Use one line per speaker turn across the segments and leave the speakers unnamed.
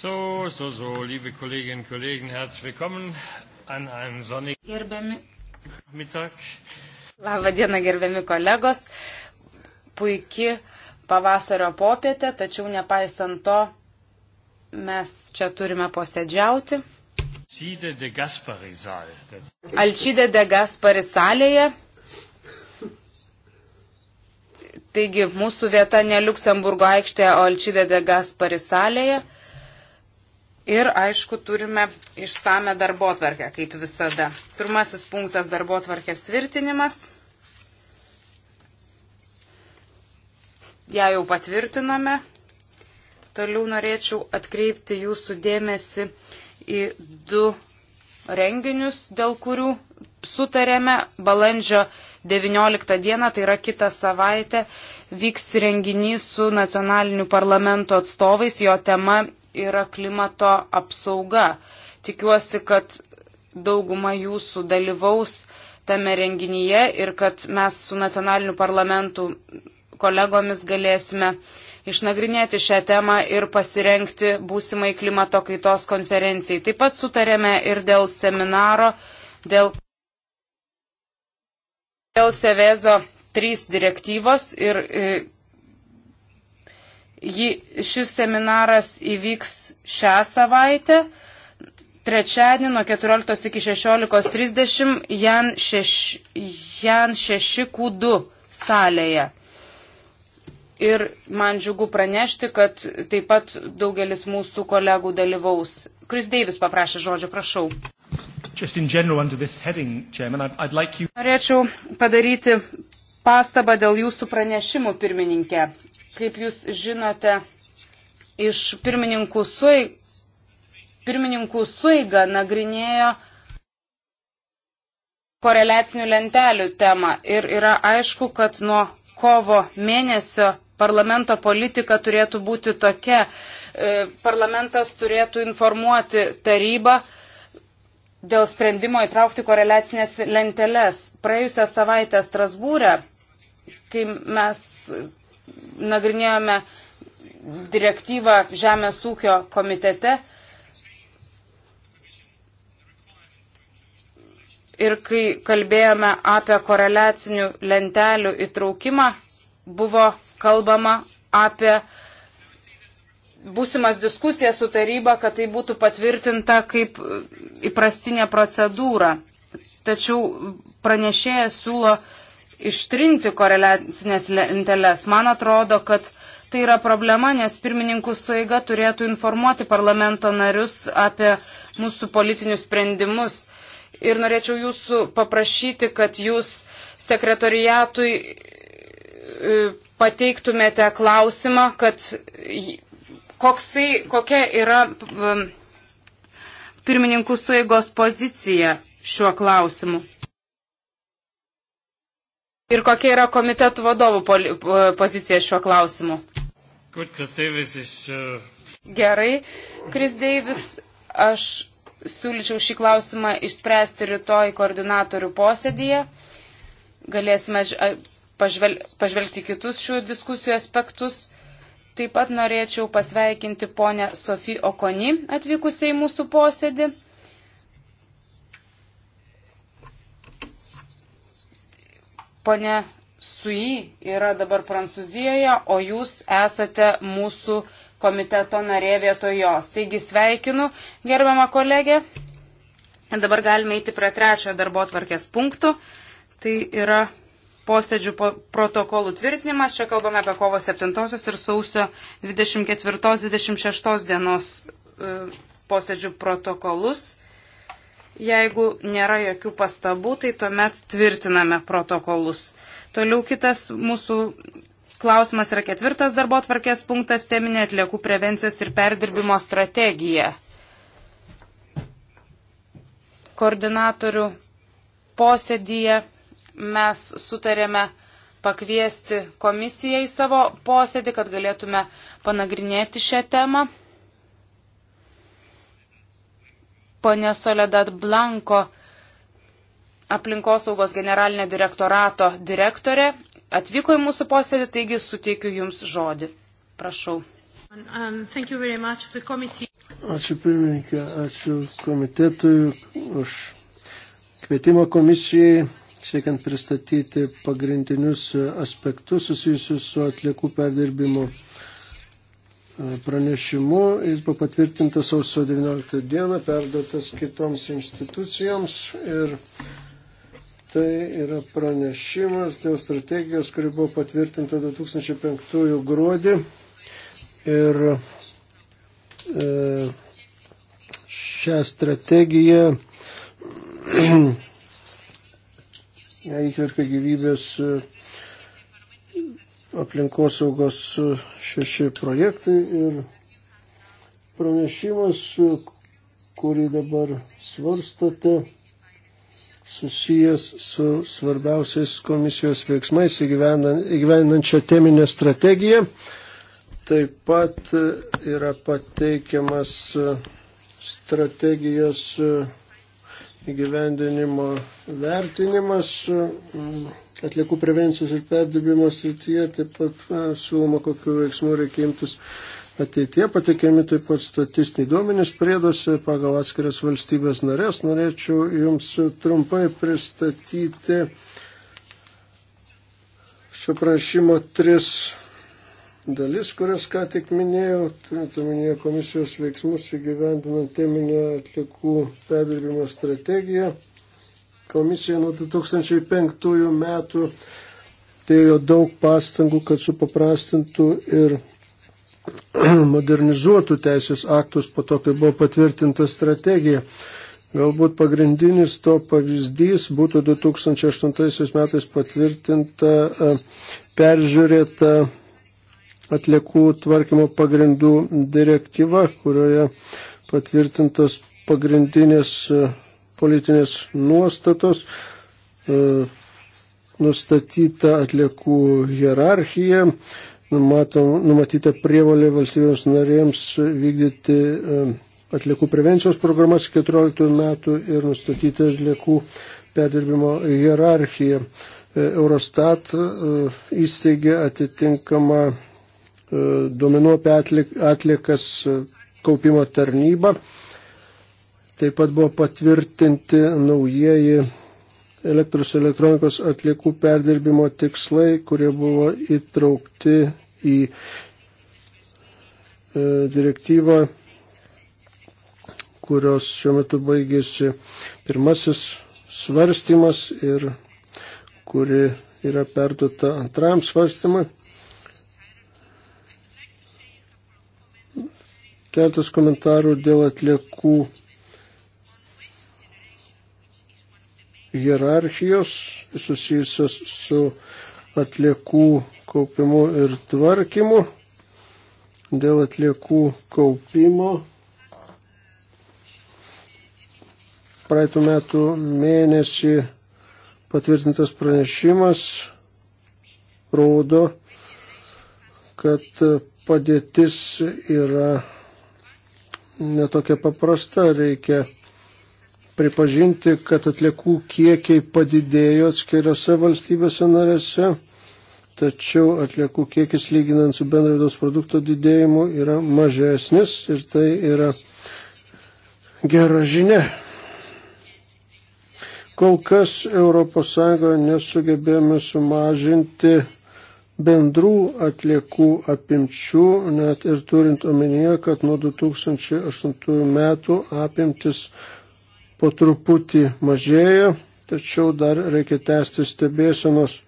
So, so, so, liebe Kolleginnen und Kollegen, herzlich willkommen an einem sonnigen gerbiami... Mittag.
Labą dieną, gerbiami kolegos. Puiki pavasario popietė, tačiau nepaisant to, mes čia turime posėdžiauti. Alčydė de Gaspari salėje. Alčydė de Gaspari salėje. Taigi mūsų vieta ne Luksemburgo aikštėje, o Alčydė de Gaspari salėje. Ir, aišku, turime išsame darbo tvarkę, kaip visada. Pirmasis punktas - darbo tvarkės tvirtinimas. Ja jau patvirtinome. Toliau norėčiau atkreipti jūsų dėmesį į du renginius, dėl kurių sutarėme balandžio 19 dieną, tai yra kitą savaitę, vyks renginys su nacionaliniu parlamento atstovais, jo tema yra klimato apsauga. Tikiuosi, kad dauguma jūsų dalyvaus tame renginyje ir kad mes su nacionaliniu parlamentu kolegomis galėsime išnagrinėti šią temą ir pasirenkti būsimai klimato kaitos konferencijai. Taip pat sutarėme ir dėl seminaro, dėl, dėl Sevezo 3 direktyvos ir Ji, šis seminaras įvyks šią savaitę, trečiadienį nuo 14 iki 16.30 Jan, 6, Jan 6Q2 salėje. Ir man džiugu pranešti, kad taip pat daugelis mūsų kolegų dalyvaus. Kris Deivis paprašė žodžio, prašau.
General,
heading, Chairman, I'd, I'd like you... Norėčiau padaryti pastabą dėl jūsų pranešimų, pirmininkė. Kaip jūs žinote, iš pirmininkų, sui, pirmininkų suiga nagrinėjo koreliacinių lentelių temą ir yra aišku, kad nuo kovo mėnesio parlamento politika turėtų būti tokia. E, parlamentas turėtų informuoti tarybą dėl sprendimo įtraukti koreliacinės lenteles. Praėjusią savaitę Strasbūrę kai mes nagrinėjome direktyvą Žemės ūkio komitete ir kai kalbėjome apie koreliacinių lentelių įtraukimą, buvo kalbama apie būsimas diskusija su taryba, kad tai būtų patvirtinta kaip įprastinė procedūra. Tačiau pranešėjas siūlo ištrinti koreliacinės lenteles. Man atrodo, kad tai yra problema, nes pirmininkų suiga turėtų informuoti parlamento narius apie mūsų politinius sprendimus. Ir norėčiau jūsų paprašyti, kad jūs sekretoriatui e, pateiktumėte klausimą, kad koksai, kokia yra pirmininkų suigos pozicija šiuo klausimu. Ir kokia yra komitetų vadovų pozicija šiuo klausimu?
Good, Chris Davis is, uh...
Gerai, Kris Deivis, aš siūlyčiau šį klausimą išspręsti rytoj koordinatorių posėdėje. Galėsime pažvel pažvelgti kitus šių diskusijų aspektus. Taip pat norėčiau pasveikinti ponę Sofiją Okoni atvykusiai mūsų posėdį. ponė Sui yra dabar Prancūzijoje, o jūs esate mūsų komiteto narė vietoj jos. Taigi sveikinu, gerbiamą kolegę. Dabar galime eiti prie trečiojo darbo tvarkės punktų. Tai yra posėdžių protokolų tvirtinimas. Čia kalbame apie kovo 7 ir sausio 24-26 dienos e, posėdžių protokolus. Jeigu nėra jokių pastabų, tai tuomet tvirtiname protokolus. Toliau kitas mūsų klausimas yra ketvirtas darbo tvarkės punktas - teminė atliekų prevencijos ir perdirbimo strategija. Koordinatorių posėdyje mes sutarėme pakviesti komisiją į savo posėdį, kad galėtume panagrinėti šią temą. ponė Soledad Blanko, aplinkosaugos generalinio direktorato direktorė, atvyko į mūsų posėdį, taigi suteikiu Jums žodį. Prašau.
Ačiū pirmininkė, ačiū komitetui už kvietimą komisijai, siekiant pristatyti pagrindinius aspektus susijusius su atliekų perdirbimo pranešimu. Jis buvo patvirtintas sausio 19 dieną, perduotas kitoms institucijoms ir Tai yra pranešimas dėl strategijos, kuri buvo patvirtinta 2005 gruodį. Ir e, šią strategiją įkvėpė gyvybės e, aplinkosaugos šeši projektai ir pranešimas, kurį dabar svarstate, susijęs su svarbiausiais komisijos veiksmais įgyvenančio teminę strategiją. Taip pat yra pateikiamas strategijos įgyvendinimo vertinimas mm, atliekų prevencijos ir perdirbimo srityje, taip pat e, siūloma, kokiu veiksmu reikia imtis ateitie, pateikiami taip pat statistiniai duomenys priedosi pagal atskiras valstybės narės. Norėčiau Jums trumpai pristatyti šio prašymo tris dalis, kurias ką tik minėjau, turintą minėjo komisijos veiksmus įgyvendinant teminę atlikų perdirbimo strategiją. Komisija nuo 2005 metų dėjo daug pastangų, kad supaprastintų ir modernizuotų teisės aktus po to, kai buvo patvirtinta strategija. Galbūt pagrindinis to pavyzdys būtų 2008 metais patvirtinta e, peržiūrėta atliekų tvarkymo pagrindų direktyva, kurioje patvirtintos pagrindinės e, politinės nuostatos, e, nustatyta atliekų hierarchija, numatom, numatyta prievalė valstybėms narėms vykdyti e, atliekų prevencijos programas 14 metų ir nustatyti atliekų perdirbimo hierarchiją. Eurostat įsteigė atitinkamą E, duomenų apie atliekas e, kaupimo tarnybą. Taip pat buvo patvirtinti naujieji elektros elektronikos atliekų perdirbimo tikslai, kurie buvo įtraukti į e, direktyvą, kurios šiuo metu baigėsi pirmasis svarstymas ir kuri yra perduota antram svarstymui. Keltas komentarų dėl atliekų hierarchijos susijusios su atliekų kaupimu ir tvarkymu. Dėl atliekų kaupimo praeitų metų mėnesį patvirtintas pranešimas rodo, kad padėtis yra netokia paprasta. Reikia pripažinti, kad atliekų kiekiai padidėjo atskiriose valstybėse narėse, tačiau atliekų kiekis lyginant su bendravidos produkto didėjimu yra mažesnis ir tai yra gera žinia. Kol kas ES nesugebėjome sumažinti bendrų atliekų apimčių, net ir turint omenyje, kad nuo 2008 metų apimtis po truputį mažėja, tačiau dar reikia tęsti stebėsenos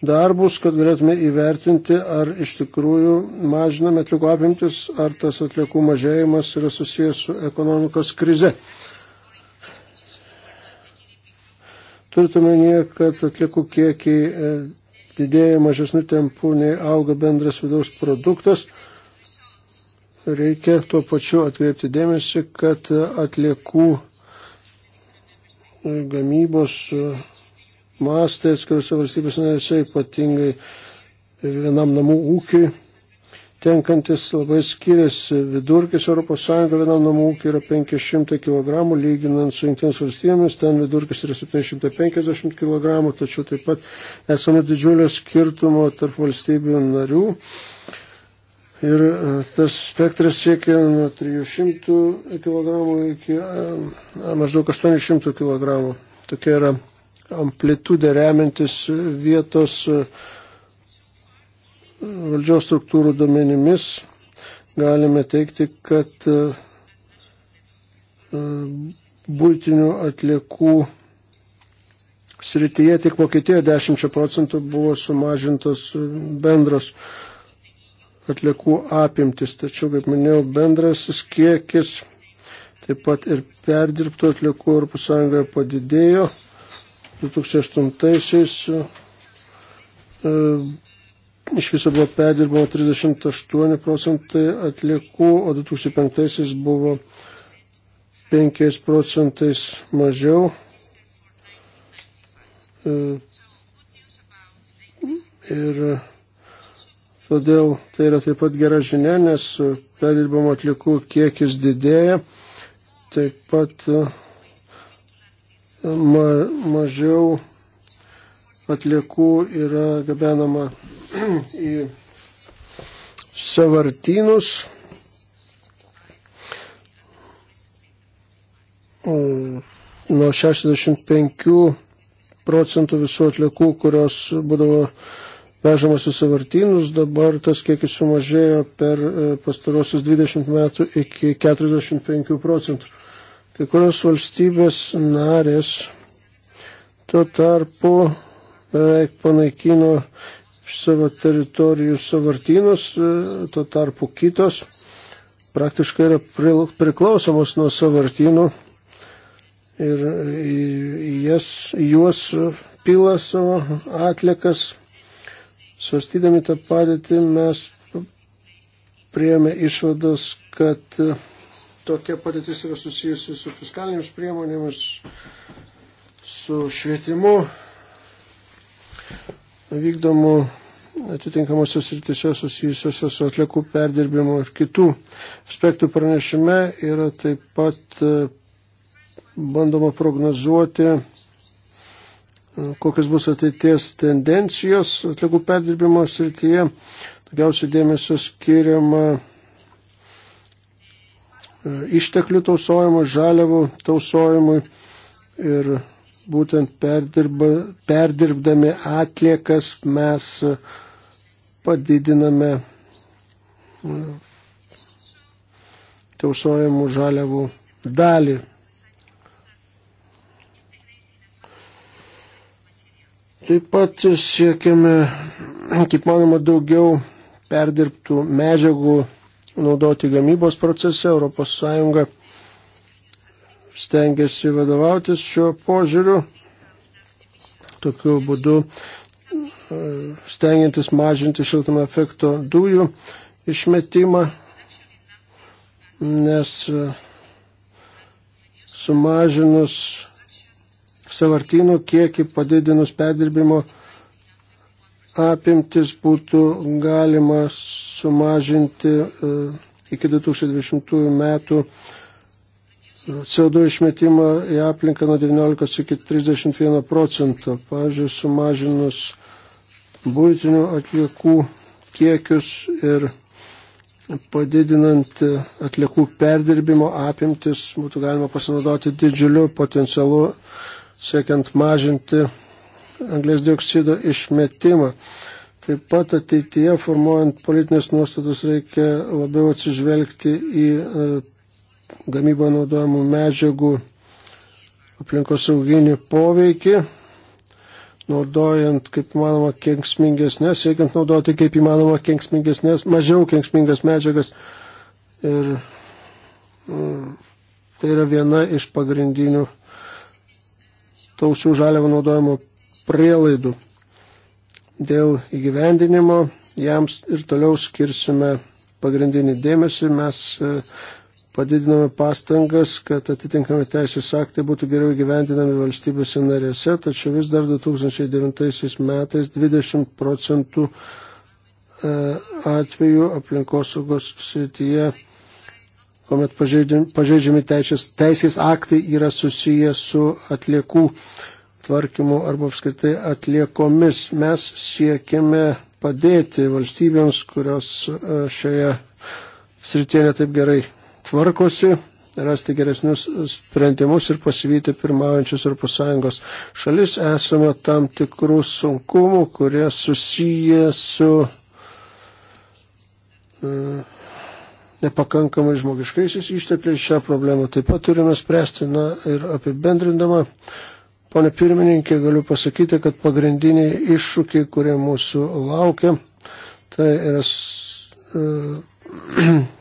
darbus, kad galėtume įvertinti, ar iš tikrųjų mažiname atliekų apimtis, ar tas atliekų mažėjimas yra susijęs su ekonomikos krize. Turite menyje, kad atliekų kiekiai e, didėja mažesnių tempų nei auga bendras vidaus produktas, reikia tuo pačiu atkreipti dėmesį, kad atliekų gamybos mastai atskirose valstybės narėse ypatingai vienam namų ūkiui tenkantis labai skiriasi. Vidurkis ES vienam namų ūkiai yra 500 kg, lyginant su Junktinėmis valstybėmis, ten vidurkis yra 750 kg, tačiau taip pat esame didžiulio skirtumo tarp valstybių narių. Ir e, tas spektras siekia nuo 300 kg iki e, e, maždaug 800 kg. Tokia yra amplitudė remiantis vietos uh, valdžios struktūrų duomenimis galime teikti, kad e, e, būtinių atliekų srityje tik Vokietijoje 10 procentų buvo sumažintos e, bendros atliekų apimtis. Tačiau, kaip minėjau, bendrasis kiekis taip pat ir perdirbtų atliekų Europos Sąjungoje padidėjo. 2008-aisiais Iš viso buvo perdirbama 38 procentai atliekų, o 2005 buvo 5 procentais mažiau. E, ir todėl tai yra taip pat gera žinia, nes perdirbamo atlikų kiekis didėja, taip pat e, ma mažiau atlikų yra gabenama į savartynus. Nuo 65 procentų visų atliekų, kurios būdavo vežamas į savartynus, dabar tas kiekis sumažėjo per e, pastarosius 20 metų iki 45 procentų. Kai kurios valstybės narės tuo tarpu beveik panaikino savo teritorijų savartynus, e, tuo tarpu kitos praktiškai yra priklausomos nuo savartynų ir į jas, į juos pila savo atlikas. Svarstydami tą padėtį mes prieėmė išvados, kad e, tokia padėtis yra susijusi su fiskalinėmis priemonėmis, su švietimu vykdomų atitinkamosios rytise susijusiuose su atliekų perdirbimu ir kitų aspektų pranešime yra taip pat e, bandoma prognozuoti, e, kokias bus ateities tendencijos atliekų perdirbimo srityje. Daugiausiai dėmesio skiriama e, išteklių tausojimo, žaliavų tausojimui ir būtent perdirba, perdirbdami atliekas mes e, padidiname e, tausojamų žaliavų dalį. Taip pat siekiame, kaip manoma, daugiau perdirbtų medžiagų naudoti gamybos procese. Europos Sąjunga stengiasi vadovautis šiuo požiūriu. Tokiu būdu e, stengiantis mažinti šiltame efekto dujų išmetimą, nes e, sumažinus savartynų kiekį, padidinus perdirbimo apimtis būtų galima sumažinti e, iki 2020 metų CO2 išmetimą į aplinką nuo 19 iki 31 procento. Pavyzdžiui, sumažinus būtinių atliekų kiekius ir padidinant atliekų perdirbimo apimtis būtų galima pasinaudoti didžiuliu potencialu siekiant mažinti anglės dioksido išmetimą. Taip pat ateityje formuojant politinės nuostatas reikia labiau atsižvelgti į e, gamyboje naudojamų medžiagų aplinkosauginį poveikį, naudojant kaip manoma kenksmingesnės, siekiant naudoti kaip įmanoma kenksmingesnės, mažiau kenksmingas medžiagas. Ir mm, tai yra viena iš pagrindinių tausių žaliavų naudojimo prielaidų. Dėl įgyvendinimo jams ir toliau skirsime pagrindinį dėmesį. Mes e, padidinome pastangas, kad atitinkami teisės aktai būtų geriau gyvendinami valstybėse narėse, tačiau vis dar 2009 metais 20 procentų e, atveju aplinkosaugos srityje, kuomet pažeidžiami teisės, teisės aktai yra susiję su atliekų tvarkymu arba apskritai atliekomis. Mes siekiame padėti valstybėms, kurios e, šioje srityje netaip gerai tvarkosi, rasti geresnius sprendimus ir pasivyti pirmaujančius Europos Sąjungos šalis. Esame tam tikrų sunkumų, kurie susiję su uh, nepakankamai žmogiškaisiais ištekliais. Šią problemą taip pat turime spręsti. Na ir apibendrindama, ponė pirmininkė, galiu pasakyti, kad pagrindiniai iššūkiai, kurie mūsų laukia, tai yra. Uh,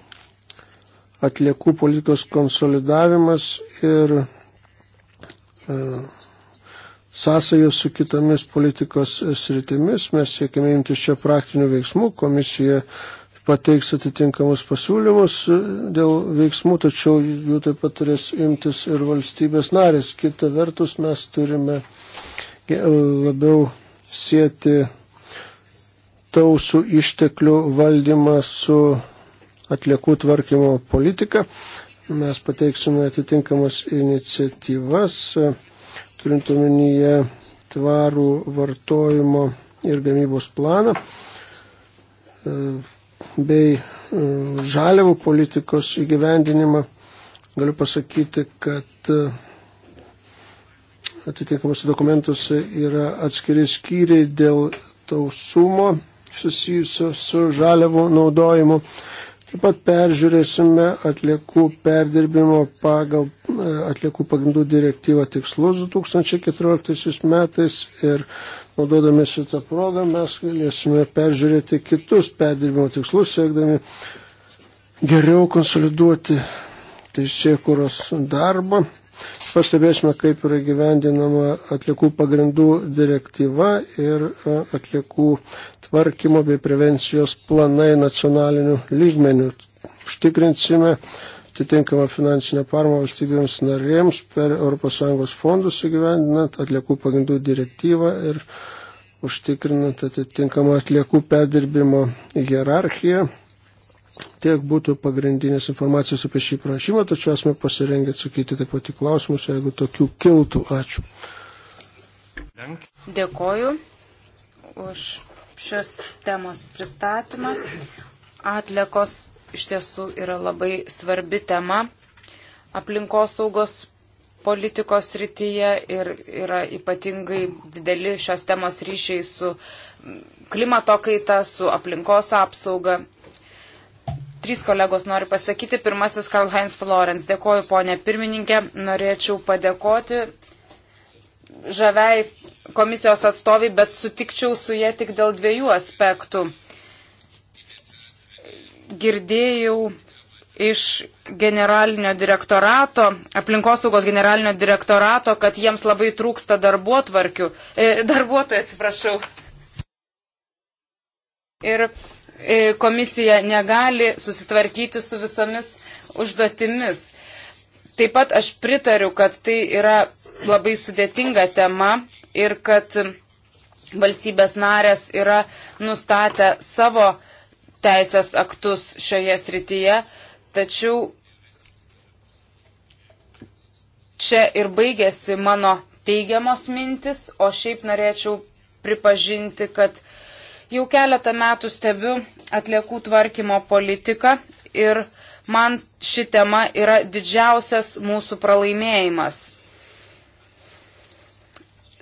atliekų politikos konsolidavimas ir e, sąsajos su kitomis politikos sritimis. Mes siekime imti čia praktinių veiksmų. Komisija pateiks atitinkamus pasiūlymus e, dėl veiksmų, tačiau jų taip pat turės imtis ir valstybės narės. Kita vertus, mes turime e, labiau sieti tausų išteklių valdymą su atliekų tvarkymo politiką. Mes pateiksime atitinkamas iniciatyvas, turint omenyje tvarų vartojimo ir gamybos planą e, bei e, žaliavų politikos įgyvendinimą. Galiu pasakyti, kad e, atitinkamus dokumentus yra atskiri skyriai dėl tausumo susijusio su žaliavų naudojimu. Taip pat peržiūrėsime atliekų perdirbimo pagal e, atliekų pagrindų direktyvą tikslus 2014 metais ir naudodamėsi tą progą mes galėsime peržiūrėti kitus perdirbimo tikslus, siekdami geriau konsoliduoti teisėkuros darbą pastebėsime, kaip yra gyvendinama atliekų pagrindų direktyva ir e, atliekų tvarkymo bei prevencijos planai nacionaliniu lygmeniu. Užtikrinsime atitinkamą finansinę paramą valstybėms narėms per ES fondus įgyvendinant atliekų pagrindų direktyvą ir užtikrinant atitinkamą atliekų perdirbimo hierarchiją Tiek būtų pagrindinės informacijos apie šį prašymą, tačiau esame pasirengę atsakyti taip pat į klausimus, jeigu tokių kiltų. Ačiū.
Dėkoju už šios temos pristatymą. Atlikos iš tiesų yra labai svarbi tema aplinkosaugos politikos rytyje ir yra ypatingai dideli šios temos ryšiai su klimato kaita, su aplinkos apsauga Trys kolegos nori pasakyti. Pirmasis Karl-Heinz Florence. Dėkoju, ponė pirmininkė. Norėčiau padėkoti žaviai komisijos atstoviai, bet sutikčiau su jie tik dėl dviejų aspektų. Girdėjau iš generalinio direktorato, aplinkosaugos generalinio direktorato, kad jiems labai trūksta darbuotvarkių, e, darbuotojų, atsiprašau. Ir E, komisija negali susitvarkyti su visomis užduotimis. Taip pat aš pritariu, kad tai yra labai sudėtinga tema ir kad valstybės narės yra nustatę savo teisės aktus šioje srityje, tačiau čia ir baigėsi mano teigiamos mintis, o šiaip norėčiau pripažinti, kad uh, Jau keletą metų stebiu atliekų tvarkymo politiką ir man ši tema yra didžiausias mūsų pralaimėjimas.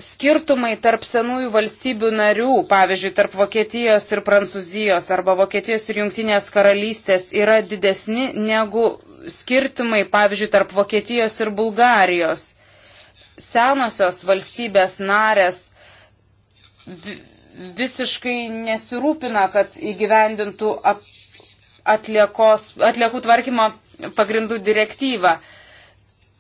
Skirtumai tarp senųjų valstybių narių, pavyzdžiui, tarp Vokietijos ir Prancūzijos arba Vokietijos ir Junktinės karalystės yra didesni negu skirtumai, pavyzdžiui, tarp Vokietijos ir Bulgarijos. Senosios valstybės narės visiškai nesirūpina, kad įgyvendintų atliekos, atliekų tvarkymo pagrindų direktyvą.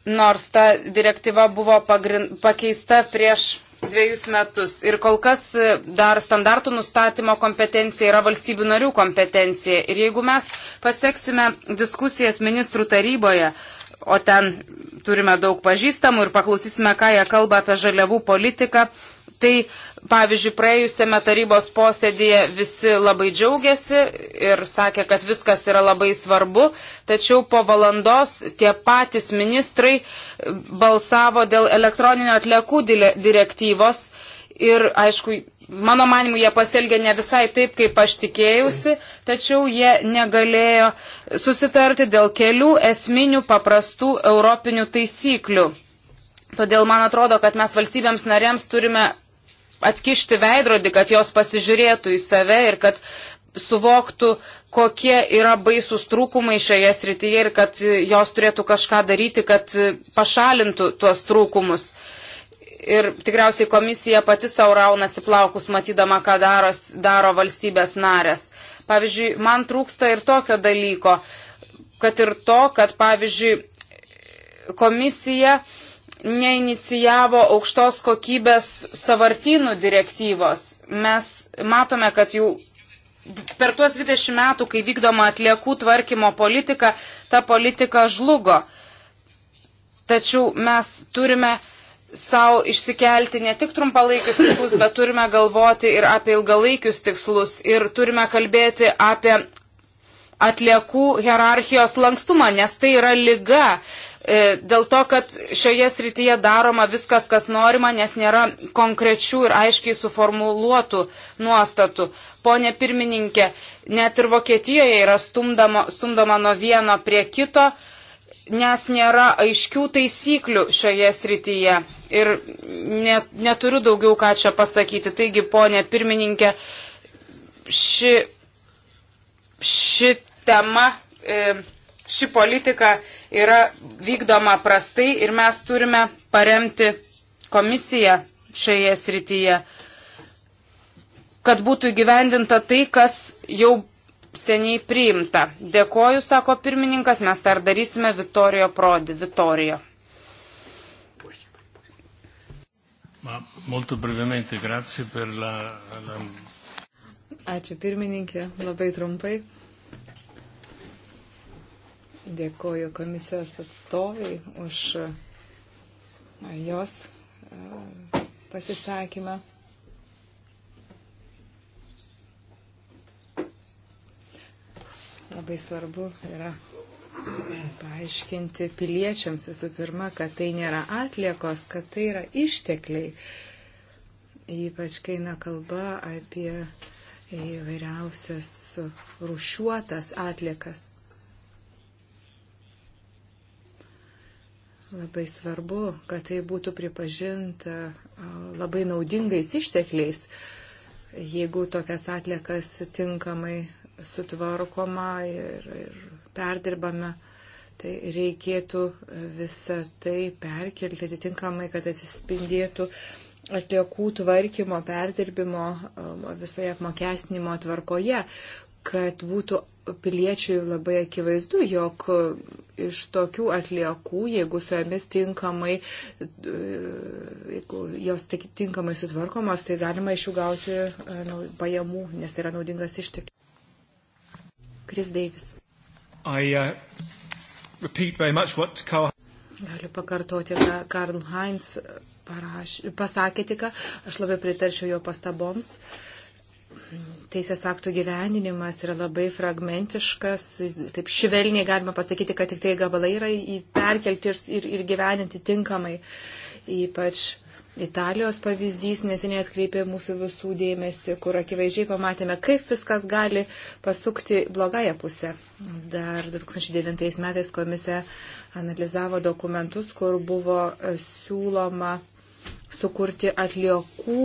Nors ta direktyva buvo pagrind, pakeista prieš dviejus metus. Ir kol kas e, dar standartų nustatymo kompetencija yra valstybių narių kompetencija. Ir jeigu mes pasieksime diskusijas ministrų taryboje, o ten turime daug pažįstamų ir paklausysime, ką jie kalba apie žaliavų politiką, tai Pavyzdžiui, praėjusiame tarybos posėdėje visi labai džiaugiasi ir sakė, kad viskas yra labai svarbu, tačiau po valandos tie patys ministrai balsavo dėl elektroninio atliekų direktyvos ir, aišku, mano manimu, jie pasielgė ne visai taip, kaip aš tikėjausi, tačiau jie negalėjo susitarti dėl kelių esminių paprastų europinių taisyklių. Todėl man atrodo, kad mes valstybėms narėms turime atkišti veidrodį, kad jos pasižiūrėtų į save ir kad suvoktų, kokie yra baisus trūkumai šioje srityje ir kad jos turėtų kažką daryti, kad pašalintų tuos trūkumus. Ir tikriausiai komisija pati savo raunasi plaukus, matydama, ką daro, daro valstybės narės. Pavyzdžiui, man trūksta ir tokio dalyko, kad ir to, kad, pavyzdžiui, komisija uh, neinicijavo aukštos kokybės savartynų direktyvos. Mes matome, kad jau per tuos 20 metų, kai vykdoma atliekų tvarkymo politika, ta politika žlugo. Tačiau mes turime savo išsikelti ne tik trumpalaikius tikslus, bet turime galvoti ir apie ilgalaikius tikslus ir turime kalbėti apie atliekų hierarchijos lankstumą, nes tai yra lyga. E, dėl to, kad šioje srityje daroma viskas, kas norima, nes nėra konkrečių ir aiškiai suformuluotų nuostatų. Pone pirmininkė, net ir Vokietijoje yra stumdama, stumdama nuo vieno prie kito, nes nėra aiškių taisyklių šioje srityje. Ir net, neturiu daugiau ką čia pasakyti. Taigi, ponė pirmininkė, ši, ši tema. E, ši politika yra vykdoma prastai ir mes turime paremti komisiją šioje srityje, kad būtų įgyvendinta tai, kas jau seniai priimta. Dėkoju, sako pirmininkas, mes dar darysime Vitorijo Prodi. Vitorijo.
Ačiū pirmininkė, labai trumpai. Dėkoju komisijos atstovai už jos pasisakymą. Labai svarbu yra paaiškinti piliečiams visų pirma, kad tai nėra atliekos, kad tai yra ištekliai. Ypač kai eina kalba apie įvairiausias rušiuotas atliekas. Labai svarbu, kad tai būtų pripažinta labai naudingais ištekliais, jeigu tokias atliekas tinkamai sutvarkoma ir, ir perdirbame. Tai reikėtų visą tai perkelti atitinkamai, kad atsispindėtų atliekų tvarkymo, perdirbimo visoje apmokestinimo tvarkoje, kad būtų piliečiui labai akivaizdu, jog iš tokių atliekų, jeigu su jomis tinkamai, jeigu jos tinkamai sutvarkomos, tai galima iš jų gauti e, pajamų, nes tai yra naudingas išteklius. Kris Deivis. Uh, Galiu pakartoti, ką Karl Heinz paraš, pasakė tik, aš labai pritarčiau jo pastaboms. Uh, teisės aktų gyveninimas yra labai fragmentiškas, taip švelniai galima pasakyti, kad tik tai gabalai yra perkelti ir, ir, ir gyveninti tinkamai. Ypač Italijos pavyzdys neseniai atkreipė mūsų visų dėmesį, kur akivaizdžiai pamatėme, kaip viskas gali pasukti blogąją pusę. Dar 2009 metais komisija analizavo dokumentus, kur buvo siūloma sukurti atliekų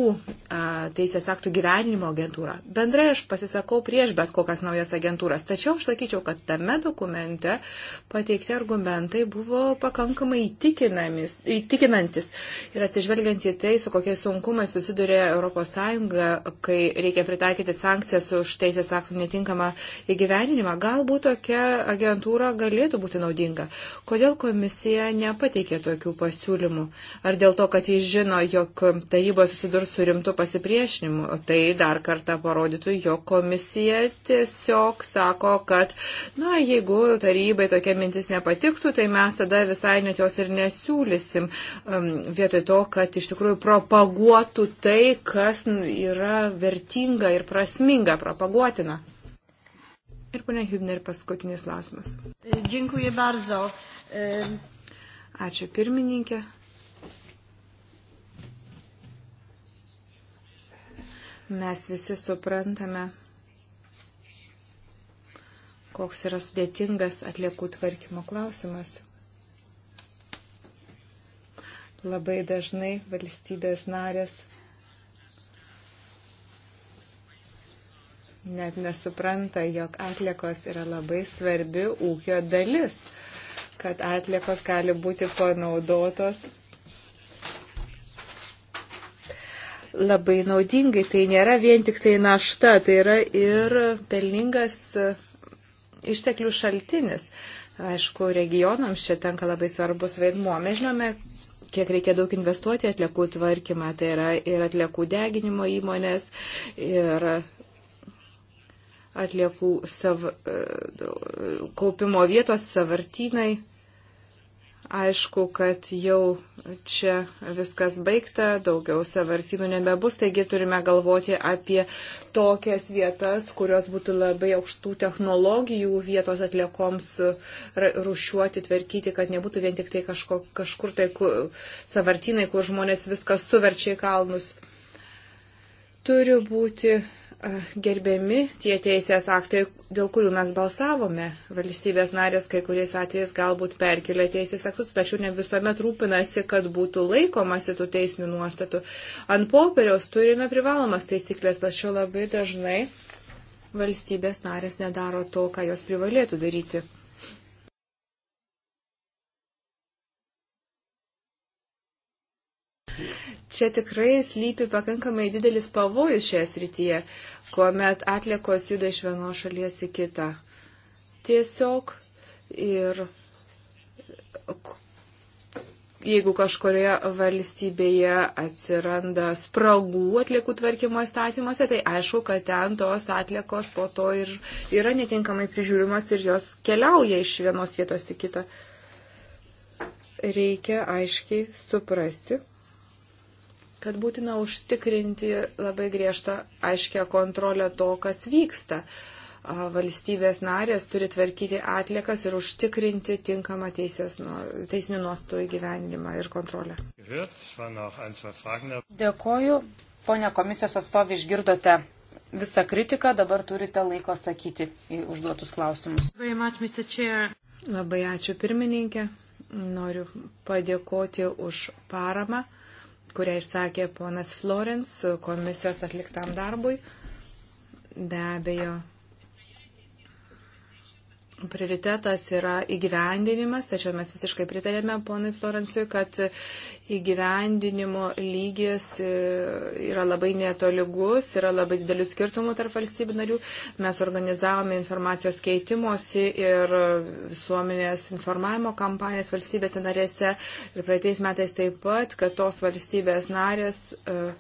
a, teisės aktų gyvenimo agentūrą. Bendrai aš pasisakau prieš bet kokias naujas agentūras, tačiau aš sakyčiau, kad tame dokumente pateikti argumentai buvo pakankamai įtikinantis ir atsižvelgiant į tai, su kokiais sunkumais susiduria ES, kai reikia pritaikyti sankcijas už teisės aktų netinkamą įgyveninimą, galbūt tokia agentūra galėtų būti naudinga. Kodėl komisija nepateikė tokių pasiūlymų? Ar dėl to, kad jis žino, patvirtino, jog taryba susidurs su rimtu pasipriešinimu. Tai dar kartą parodytų, jog komisija tiesiog sako, kad, na, jeigu tarybai tokia mintis nepatiktų, tai mes tada visai net jos ir nesiūlysim. Um, vietoj to, kad iš tikrųjų propaguotų tai, kas yra vertinga ir prasminga, propaguotina. Ir ponia Hübner, paskutinis klausimas. Dziękuję bardzo. Ačiū pirmininkė. Mes visi suprantame, koks yra sudėtingas atliekų tvarkymo klausimas. Labai dažnai valstybės narės net nesupranta, jog atliekos yra labai svarbi ūkio dalis, kad atliekos gali būti panaudotos labai naudingai. Tai nėra vien tik tai našta, tai yra ir pelningas e, išteklių šaltinis. Aišku, regionams čia tenka labai svarbus vaidmuo. Mes žinome, kiek reikia daug investuoti atliekų tvarkymą, tai yra ir atliekų deginimo įmonės, ir atliekų sav, e, kaupimo vietos savartynai. Aišku, kad jau čia viskas baigta, daugiau savartynų nebebus, taigi turime galvoti apie tokias vietas, kurios būtų labai aukštų technologijų vietos atliekoms rušiuoti, tvarkyti, kad nebūtų vien tik tai kažko, kažkur tai kur, savartynai, kur žmonės viskas suverčia į kalnus. Turi būti gerbiami tie teisės aktai, dėl kurių mes balsavome. Valstybės narės kai kuriais atvejais galbūt perkelia teisės aktus, tačiau ne visuomet rūpinasi, kad būtų laikomasi tų teisinių nuostatų. Ant popieriaus turime privalomas taisyklės, tačiau labai dažnai valstybės narės nedaro to, ką jos privalėtų daryti. Čia tikrai slypi pakankamai didelis pavojus šioje srityje. Uh, kuomet atlikos juda iš vienos šalies į kitą. Tiesiog ir jeigu kažkurioje valstybėje atsiranda spragų atliekų tvarkymo įstatymuose, tai aišku, kad ten tos atliekos po to ir yra netinkamai prižiūrimas ir jos keliauja iš vienos vietos į kitą. Reikia aiškiai suprasti, kad būtina užtikrinti labai griežtą, aiškę kontrolę to, kas vyksta. Valstybės narės turi tvarkyti atliekas ir užtikrinti tinkamą teisės, teisinių nuostų įgyvenimą ir kontrolę.
Dėkoju. Pone komisijos atstovė, išgirdote visą kritiką, dabar turite laiko atsakyti į užduotus klausimus.
Much, labai ačiū pirmininkė. Noriu padėkoti už paramą kurią išsakė ponas Florence komisijos atliktam darbui. Be abejo, prioritetas yra įgyvendinimas, tačiau mes visiškai pritarėme ponui Florencijui, kad įgyvendinimo lygis e, yra labai netoligus, yra labai didelių skirtumų tarp valstybių narių. Mes organizavome informacijos keitimosi ir visuomenės informavimo kampanijas valstybėse narėse ir praeitais metais taip pat, kad tos valstybės narės uh,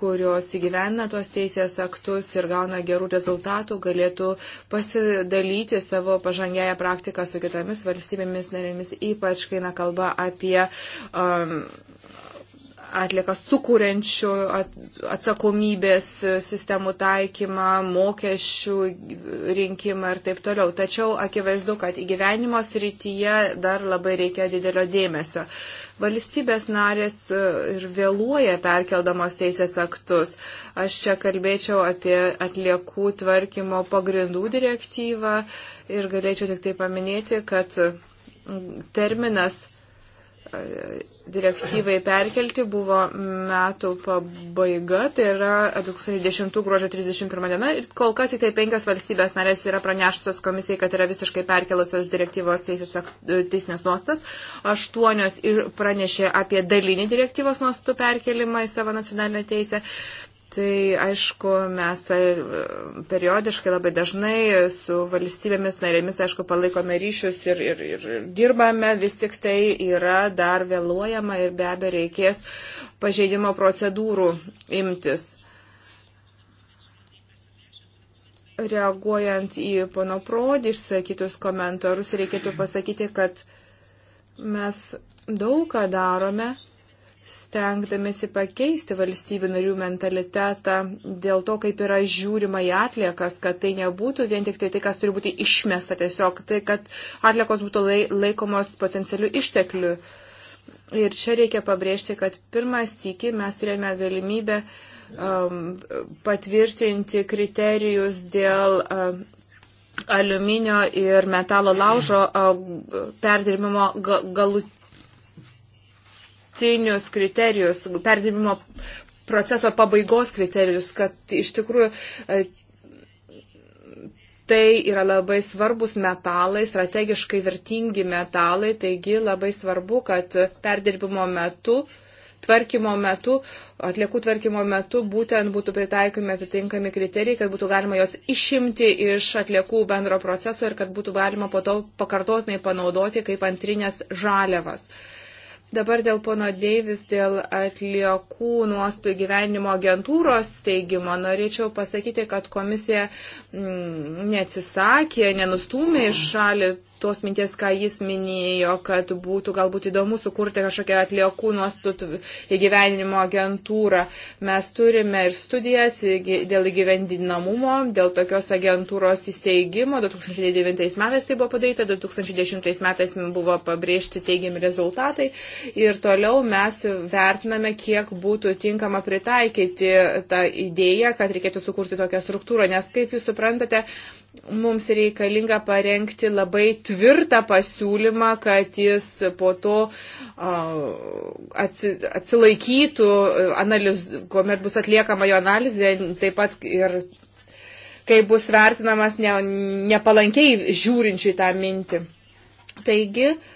kurios įgyvena tuos teisės aktus ir gauna gerų rezultatų, galėtų pasidalyti savo pažangėją praktiką su kitomis valstybėmis narėmis, ypač kai na kalba apie um, atlikas sukūrenčių atsakomybės e, sistemų taikymą, mokesčių rinkimą ir taip toliau. Tačiau akivaizdu, kad įgyvenimo srityje dar labai reikia didelio dėmesio. Valstybės narės e, ir vėluoja perkeldamos teisės aktus. Aš čia kalbėčiau apie atliekų tvarkymo pagrindų direktyvą ir galėčiau tik tai paminėti, kad terminas direktyvai perkelti buvo metų pabaiga, tai yra 2010 gruodžio 31 diena ir kol kas tik tai penkios valstybės narės yra pranešusios komisijai, kad yra visiškai perkelusios direktyvos teisinės nuostas. Aštuonios ir pranešė apie dalinį direktyvos nuostų perkelimą į savo nacionalinę teisę. Uh, tai aišku, mes e, periodiškai labai dažnai su valstybėmis narėmis, aišku, palaikome ryšius ir, ir, ir, ir dirbame, vis tik tai yra dar vėluojama ir be abejo reikės pažeidimo procedūrų imtis. Reaguojant į pono Prodį išsakytus komentarus, reikėtų pasakyti, kad mes daug ką darome stengdamėsi pakeisti valstybių narių mentalitetą dėl to, kaip yra žiūrima į atliekas, kad tai nebūtų vien tik tai tai, kas turi būti išmesta tiesiog, tai kad atliekos būtų laikomos potencialių išteklių. Ir čia reikia pabrėžti, kad pirmas tykį mes turėjome galimybę um, patvirtinti kriterijus dėl um, aliuminio ir metalo laužo um, perdirbimo ga, galutinio paskutinius kriterijus, perdirbimo proceso pabaigos kriterijus, kad iš tikrųjų e, tai yra labai svarbus metalai, strategiškai vertingi metalai, taigi labai svarbu, kad perdirbimo metu tvarkymo metu, atliekų tvarkymo metu būtent būtų pritaikomi atitinkami kriterijai, kad būtų galima jos išimti iš atliekų bendro proceso ir kad būtų galima po to pakartotinai panaudoti kaip antrinės žaliavas. Uh, Dabar dėl pono Deivis, dėl atliekų nuostų gyvenimo agentūros steigimo, norėčiau pasakyti, kad komisija mm, neatsisakė, nenustumė iš šalį tos minties, ką jis minėjo, kad būtų galbūt įdomu sukurti kažkokią atliekų nuostatų įgyveninimo agentūrą. Mes turime ir studijas dėl įgyvendinamumo, dėl tokios agentūros įsteigimo. 2009 metais tai buvo padaryta, 2010 metais buvo pabrėžti teigiami rezultatai ir toliau mes vertiname, kiek būtų tinkama pritaikyti tą idėją, kad reikėtų sukurti tokią struktūrą, nes kaip jūs suprantate, mums reikalinga parengti labai tvirtą pasiūlymą, kad jis po to atsilaikytų, analiz, kuomet bus atliekama jo analizė, taip pat ir kai bus vertinamas ne, nepalankiai žiūrinčių į tą mintį. Taigi, uh,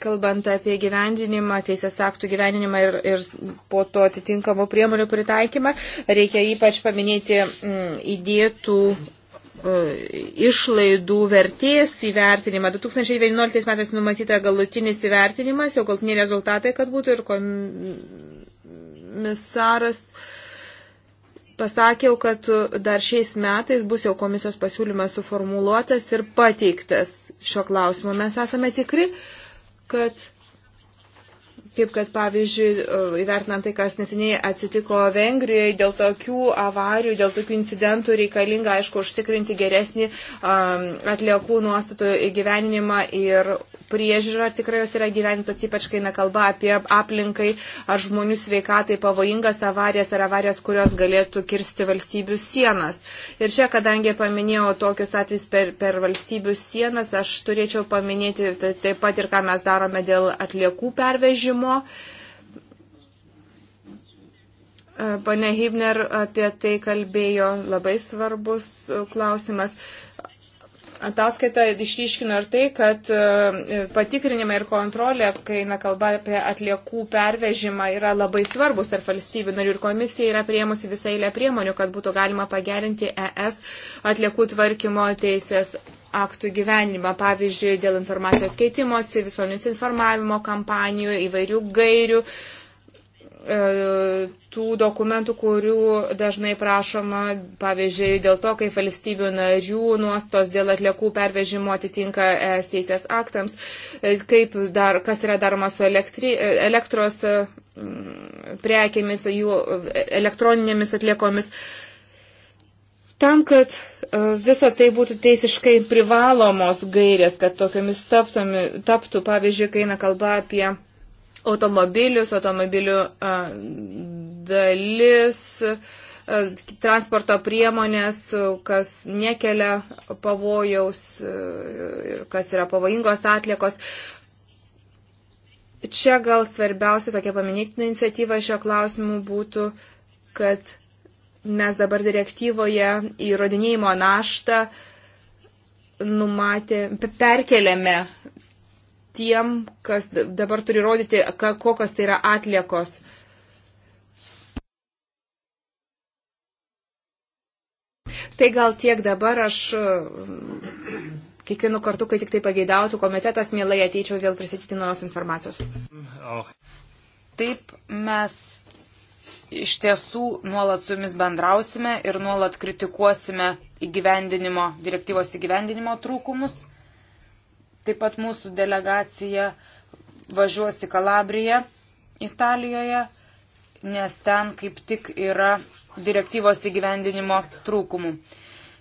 kalbant apie gyvendinimą, teisės aktų gyvendinimą ir, ir po to atitinkamų priemonių pritaikymą, reikia ypač paminėti m, mm, įdėtų e, išlaidų vertės įvertinimą. 2011 metais numatyta galutinis įvertinimas, jau galtiniai rezultatai, kad būtų ir komisaras pasakiau, kad dar šiais metais bus jau komisijos pasiūlymas suformuluotas ir pateiktas šio klausimo. Mes esame tikri, kad Kaip kad, pavyzdžiui, e, įvertinant tai, kas neseniai atsitiko Vengrijoje, dėl tokių avarijų, dėl tokių incidentų reikalinga, aišku, užtikrinti geresnį um, atliekų nuostatų įgyveninimą ir priežiūrą, ar tikrai jos yra gyvenintos, ypač kai nekalba apie aplinkai ar žmonių sveikatai pavojingas avarijas ar avarijas, kurios galėtų kirsti valstybių sienas. Ir čia, kadangi paminėjau tokius atvejus per, per valstybių sienas, aš turėčiau paminėti taip pat ir ką mes darome dėl atliekų pervežimo tyrimo. E, Pane Hibner apie tai kalbėjo labai svarbus e, klausimas. Ataskaita išryškino ir tai, kad e, patikrinimai ir kontrolė, kai eina kalba apie atliekų pervežimą, yra labai svarbus tarp valstybių narių ir komisija yra priemusi visą eilę priemonių, kad būtų galima pagerinti ES atliekų tvarkymo teisės aktų gyvenimą, pavyzdžiui, dėl informacijos keitimosi, visuomenės informavimo kampanijų, įvairių gairių, e, tų dokumentų, kurių dažnai prašoma, pavyzdžiui, dėl to, kaip valstybių narių nuostos dėl atliekų pervežimo atitinka es teisės aktams, e, kaip dar, kas yra daroma su elektri, e, elektros prekėmis, jų elektroninėmis atliekomis. Tam, kad E, visa tai būtų teisiškai privalomos gairės, kad tokiamis taptomi, taptų, pavyzdžiui, kai eina kalba apie automobilius, automobilių e, dalis, e, transporto priemonės, kas nekelia pavojaus ir kas yra pavojingos atliekos. Čia gal svarbiausia tokia paminėtina iniciatyva šio klausimu būtų, kad mes dabar direktyvoje įrodinėjimo naštą numatė, perkeliame tiem, kas dabar turi rodyti, kokios tai yra atliekos. Tai gal tiek dabar aš mm, kiekvienu kartu, kai tik tai pageidautų komitetas, mielai ateičiau vėl pristatyti naujos informacijos. Mm, oh. Taip,
mes iš tiesų nuolat su jumis bendrausime ir nuolat kritikuosime įgyvendinimo, direktyvos įgyvendinimo trūkumus. Taip pat mūsų delegacija važiuos į Kalabriją, Italijoje, nes ten kaip tik yra direktyvos įgyvendinimo trūkumų.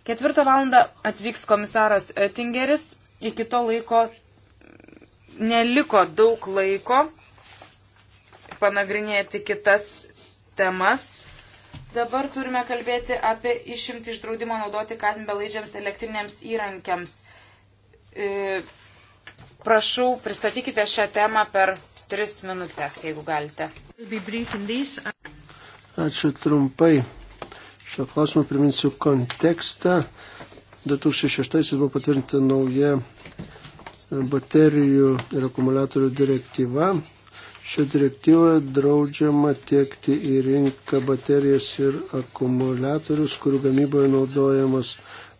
Ketvirtą valandą atvyks komisaras Oettingeris. Iki to laiko neliko daug laiko panagrinėti kitas temas. Dabar turime kalbėti apie išimti iš draudimo naudoti kadmbelaidžiams elektriniams įrankiams. E, prašau, pristatykite šią temą per tris minutės, jeigu galite.
Ačiū trumpai. Šio klausimo priminsiu kontekstą. 2006 buvo patvirtinta nauja baterijų ir akumuliatorių direktyva. Šio direktyvoje draudžiama tiekti į rinką baterijas ir akumuliatorius, kurių gamyboje naudojamas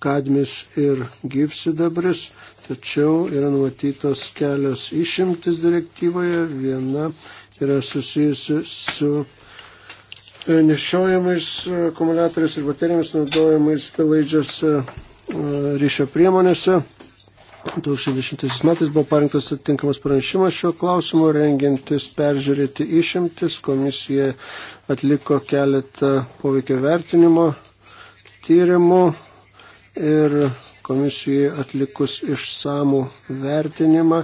kadmis ir gyvsidabris, tačiau yra numatytos kelios išimtis direktyvoje. Viena yra susijusi su e, nešiojamais e, akumuliatoriais ir baterijomis naudojamais pilaidžiose e, ryšio priemonėse. 2010 metais buvo parinktas atitinkamas pranešimas šiuo klausimu, rengiantis peržiūrėti išimtis. Komisija atliko keletą poveikio vertinimo tyrimų ir komisijai atlikus išsamų vertinimą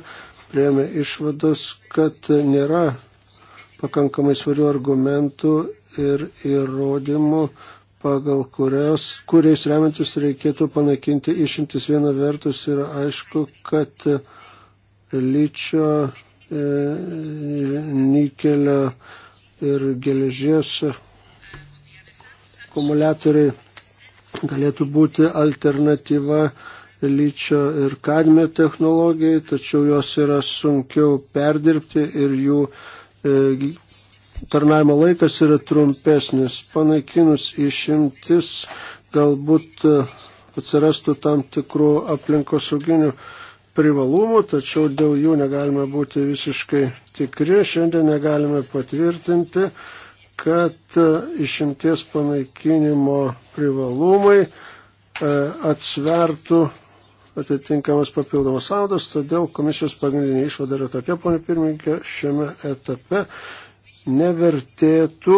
prieėmė išvados, kad nėra pakankamai svarių argumentų ir įrodymų pagal kurias, kuriais remiantis reikėtų panaikinti išimtis. Viena vertus yra aišku, kad e, lyčio, e, nikelio ir geležies akumuliatoriai galėtų būti alternatyva lyčio ir kadmio technologijai, tačiau jos yra sunkiau perdirbti ir jų e, tarnavimo laikas yra trumpesnis. Panaikinus išimtis galbūt e, atsirastų tam tikrų aplinkosauginių privalumų, tačiau dėl jų negalime būti visiškai tikri. Šiandien negalime patvirtinti, kad e, išimties panaikinimo privalumai e, atsvertų atitinkamas papildomas audas, todėl komisijos pagrindinė išvada yra tokia, ponė pirmininkė, šiame etape nevertėtų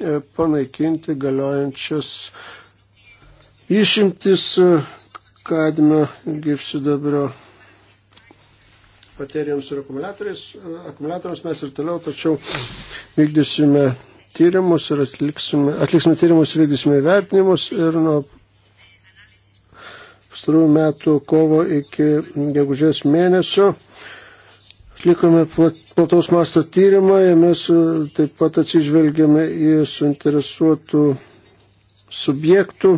e, panaikinti galiojančias išimtis e, kadmio ir gypsidabrio baterijoms ir akumuliatoriams mes ir toliau, tačiau vykdysime tyrimus ir atliksime, atliksime tyrimus, vykdysime įvertinimus ir nuo pastarųjų metų kovo iki gegužės mėnesio Atlikome plataus masto tyrimą, jame e, taip pat atsižvelgėme į suinteresuotų subjektų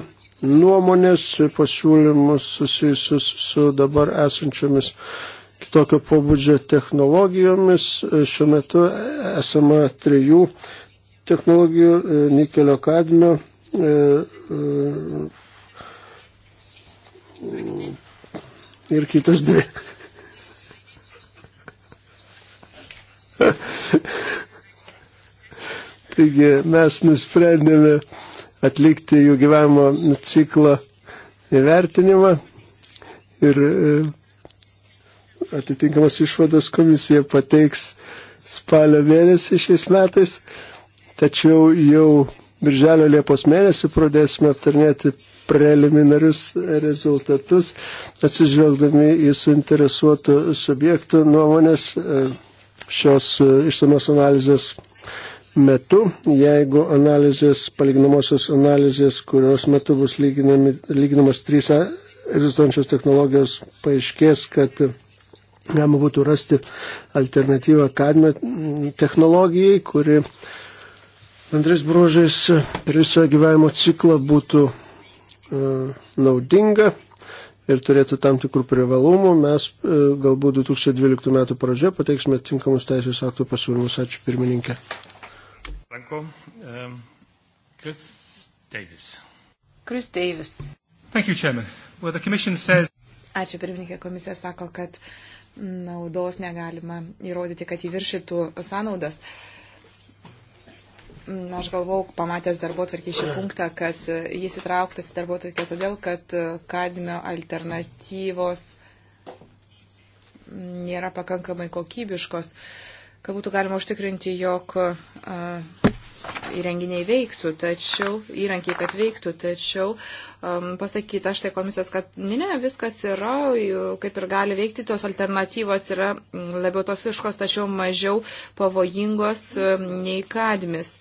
nuomonės pasiūlymus susijusius su dabar esančiomis kitokio pobūdžio technologijomis. E, šiuo metu esama trijų technologijų e, - nikelio kadmio, ir kitos dvi. Taigi mes nusprendėme atlikti jų gyvenimo ciklą įvertinimą ir e, atitinkamas išvados komisija pateiks spalio mėnesį šiais metais, tačiau jau birželio Liepos mėnesį pradėsime aptarnėti preliminarius rezultatus, atsižvelgdami į suinteresuotų subjektų nuomonės. E, šios e, išsamios analizės metu, jeigu analizės, palyginamosios analizės, kurios metu bus lyginamos trys egzistuojančios technologijos, paaiškės, kad galima būtų rasti alternatyvą kadmio technologijai, kuri bendrais bruožais per visą gyvenimo ciklą būtų e, naudinga ir turėtų tam tikrų privalumų. Mes e, galbūt 2012 metų pradžioje pateiksime tinkamus teisės aktų pasiūlymus. Ačiū pirmininkė.
Franco, um, Chris Davis. Chris Davis.
Thank you, Chairman. Well, the Commission says...
Ačiū pirmininkė, komisija sako, kad naudos negalima įrodyti, kad įviršytų sąnaudas. Uh, Aš galvau, pamatęs darbo tvarkį šį punktą, kad e, jis įtrauktas į darbo tvarkę todėl, kad e, kadmio alternatyvos nėra pakankamai kokybiškos, kad būtų galima užtikrinti, jog e, įrenginiai veiktų, tačiau, įrankiai, kad veiktų, tačiau um, pasakyta štai komisijos, kad ne, ne, viskas yra, kaip ir gali veikti, tos alternatyvos yra labiau tos iškos, tačiau mažiau pavojingos um, nei kadmis.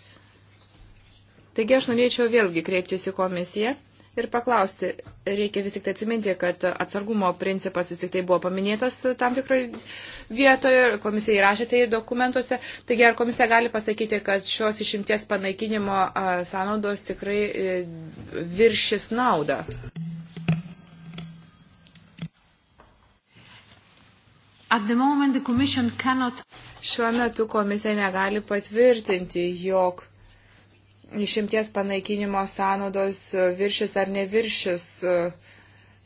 Taigi aš norėčiau vėlgi kreiptis į komisiją ir paklausti, reikia vis tik tai atsiminti, kad atsargumo principas vis tik tai buvo paminėtas tam tikroje vietoje, komisija įrašė tai dokumentuose. Taigi ar komisija gali pasakyti, kad šios išimties panaikinimo sąnaudos tikrai e, viršis naudą? Moment, cannot... Šiuo metu komisija negali patvirtinti, jog išimties panaikinimo sąnaudos viršis ar neviršis e,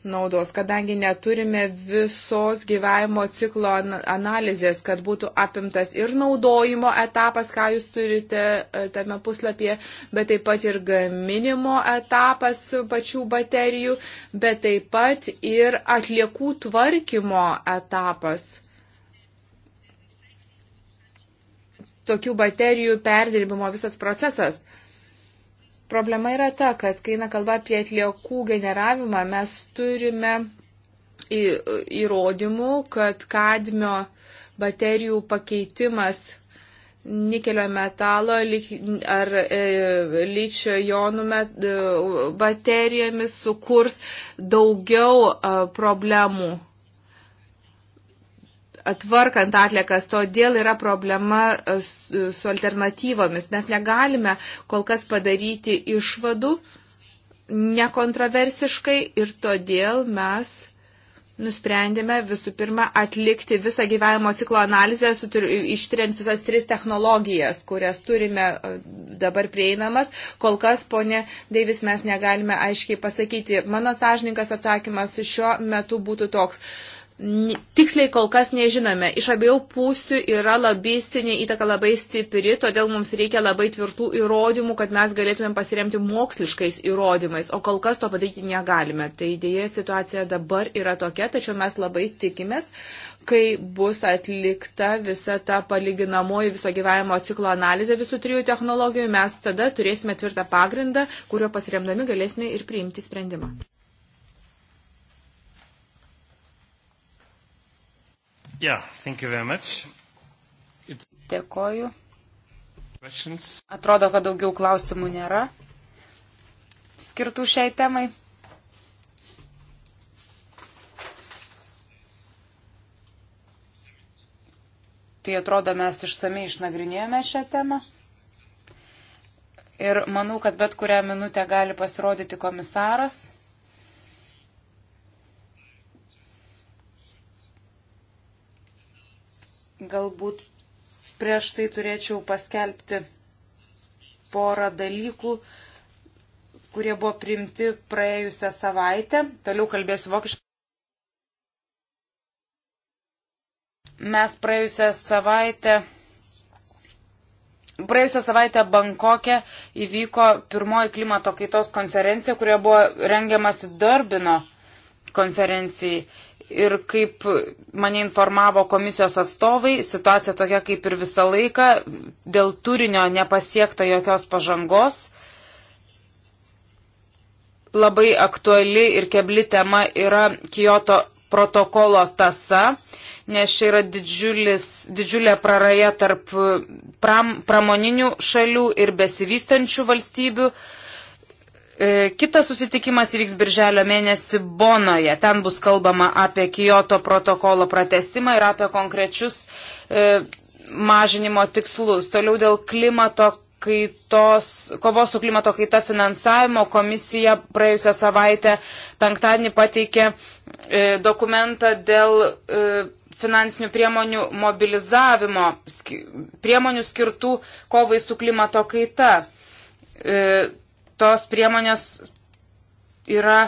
naudos, kadangi neturime visos gyvavimo ciklo analizės, kad būtų apimtas ir naudojimo etapas, ką jūs turite e, tame puslapyje, bet taip pat ir gaminimo etapas pačių baterijų, bet taip pat ir atliekų tvarkymo etapas. Tokių baterijų perdirbimo visas procesas. Problema yra ta, kad kai eina kalba apie atliekų generavimą, mes turime įrodymų, kad kadmio baterijų pakeitimas nikelio metalo ar e, lyčio jonų e, baterijomis sukurs daugiau e, problemų tvarkant atliekas, todėl yra problema e, su alternatyvomis. Mes negalime kol kas padaryti išvadų nekontroversiškai ir todėl mes nusprendėme visų pirma atlikti visą gyvenimo ciklo analizę, ištiriant visas tris technologijas, kurias turime e, dabar prieinamas. Kol kas, ponė Deivis, mes negalime aiškiai pasakyti. Mano sąžininkas atsakymas šiuo metu būtų toks. Uh, Tiksliai kol kas nežinome. Iš abiejų pusių yra lobistinė įtaka labai stipri, todėl mums reikia labai tvirtų įrodymų, kad mes galėtumėm pasiremti moksliškais įrodymais, o kol kas to padaryti negalime. Tai dėja situacija dabar yra tokia, tačiau mes labai tikimės, kai bus atlikta visa ta palyginamoji viso gyvenimo ciklo analizė visų trijų technologijų, mes tada turėsime tvirtą pagrindą, kuriuo pasiremdami galėsime ir priimti sprendimą.
Yeah, thank you very much. It's... Dėkoju. Questions. Atrodo, kad daugiau klausimų nėra skirtų šiai temai. Tai atrodo, mes išsamei išnagrinėjome šią temą. Ir manau, kad bet kurią minutę gali pasirodyti komisaras. Galbūt prieš tai turėčiau paskelbti porą dalykų, kurie buvo priimti praėjusią savaitę. Toliau kalbėsiu vokiškai. Mes praėjusią savaitę. Praėjusią savaitę Bankokė įvyko pirmoji klimato kaitos konferencija, kurioje buvo rengiamasi Durbino konferencijai ir kaip mane informavo komisijos atstovai, situacija tokia kaip ir visą laiką, dėl turinio nepasiekta jokios pažangos. Labai aktuali ir kebli tema yra Kyoto protokolo tasa, nes čia yra didžiulis, didžiulė praraja tarp pram, pramoninių šalių ir besivystančių valstybių. Uh, E, kitas susitikimas įvyks birželio mėnesį Bonoje. Ten bus kalbama apie Kyoto protokolo pratesimą ir apie konkrečius e, mažinimo tikslus. Toliau dėl klimato kaitos, kovos su klimato kaita finansavimo komisija praėjusią savaitę penktadienį pateikė e, dokumentą dėl e, finansinių priemonių mobilizavimo, sk priemonių skirtų kovai su klimato kaita. E, tos priemonės yra,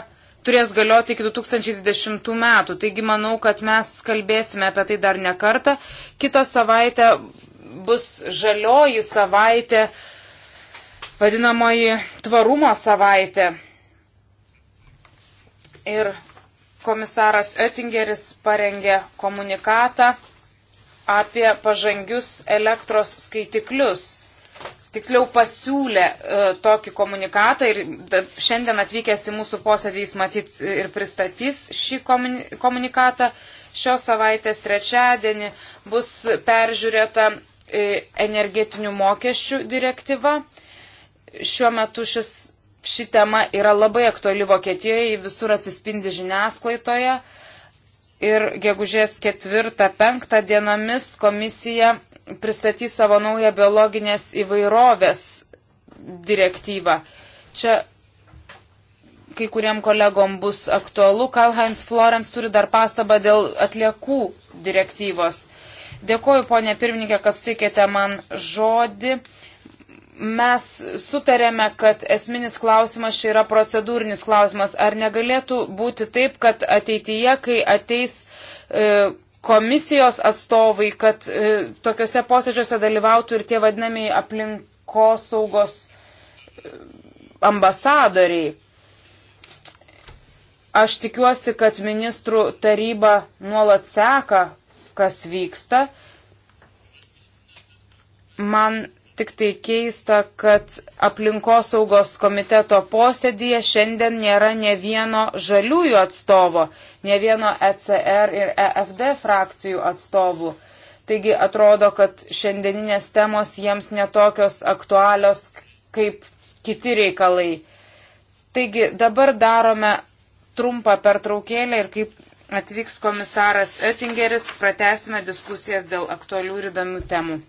turės galioti iki 2020 metų. Taigi manau, kad mes kalbėsime apie tai dar ne kartą. Kita savaitė bus žalioji savaitė, vadinamoji tvarumo savaitė. Ir komisaras Oettingeris parengė komunikatą apie pažangius elektros skaitiklius tiksliau pasiūlė e, tokį komunikatą ir da, šiandien atvykęs į mūsų posėdį jis matyt ir pristatys šį komunikatą. Šios savaitės trečiadienį bus peržiūrėta e, energetinių mokesčių direktyva. Šiuo metu šis, ši tema yra labai aktuali Vokietijoje, visur atsispindi žiniasklaidoje. Ir gegužės 4-5 dienomis komisija pristatys savo naują biologinės įvairovės direktyvą. Čia kai kuriem kolegom bus aktualu. Karl-Heinz Florence turi dar pastabą dėl atliekų direktyvos. Dėkoju, ponė pirmininkė, kad suteikėte man žodį. Mes sutarėme, kad esminis klausimas čia yra procedūrinis klausimas. Ar negalėtų būti taip, kad ateityje, kai ateis e, komisijos atstovai, kad e, tokiuose posėdžiuose dalyvautų ir tie vadinamiai aplinkosaugos e, ambasadoriai. Aš tikiuosi, kad ministrų taryba nuolat seka, kas vyksta. Man tik tai keista, kad aplinkosaugos komiteto posėdėje šiandien nėra ne vieno žaliųjų atstovo, ne vieno ECR ir EFD frakcijų atstovų. Taigi atrodo, kad šiandieninės temos jiems netokios aktualios kaip kiti reikalai. Taigi dabar darome trumpą pertraukėlę ir kaip atvyks komisaras Oettingeris, pratesime diskusijas dėl aktualių ir įdomių temų.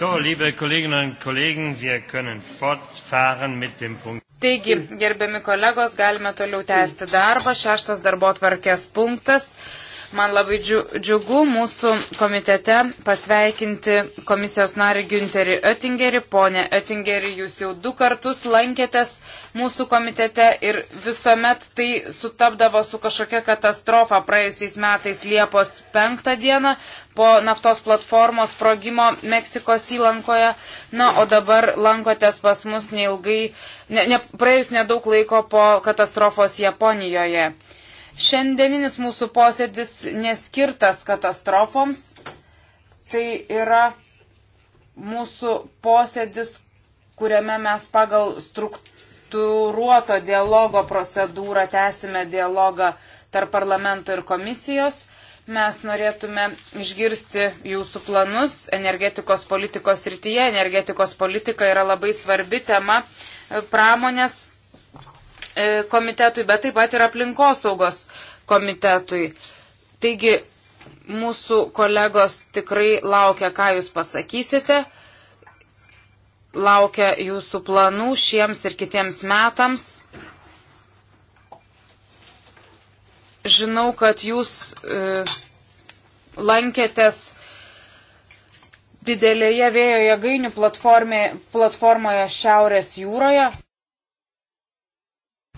So, liebe Kolleginnen und Kollegen, wir können fortfahren mit dem Punkt.
Taigi, gerbiami kolegos, galime toliau tęsti darbą. Šeštas darbo tvarkės punktas. Man labai džiugu mūsų komitete pasveikinti komisijos narį Günterį Oettingerį. Pone Oettingerį, jūs jau du kartus lankėtės mūsų komitete ir visuomet tai sutapdavo su kažkokia katastrofa. Praėjusiais metais Liepos penktą dieną po naftos platformos sprogimo Meksikos įlankoje. Na, o dabar lankotės pas mus neilgai, ne, ne, praėjus nedaug laiko po katastrofos Japonijoje. Šiandieninis mūsų posėdis neskirtas katastrofoms. Tai yra mūsų posėdis, kuriame mes pagal struktūruoto dialogo procedūrą tęsime dialogą tarp parlamento ir komisijos. Mes norėtume išgirsti jūsų planus energetikos politikos rytyje. Energetikos politika yra labai svarbi tema pramonės E, komitetui, bet taip pat ir aplinkosaugos komitetui. Taigi, mūsų kolegos tikrai laukia, ką jūs pasakysite, laukia jūsų planų šiems ir kitiems metams. Žinau, kad jūs e, lankėtės didelėje vėjo jėgainių platformoje Šiaurės jūroje.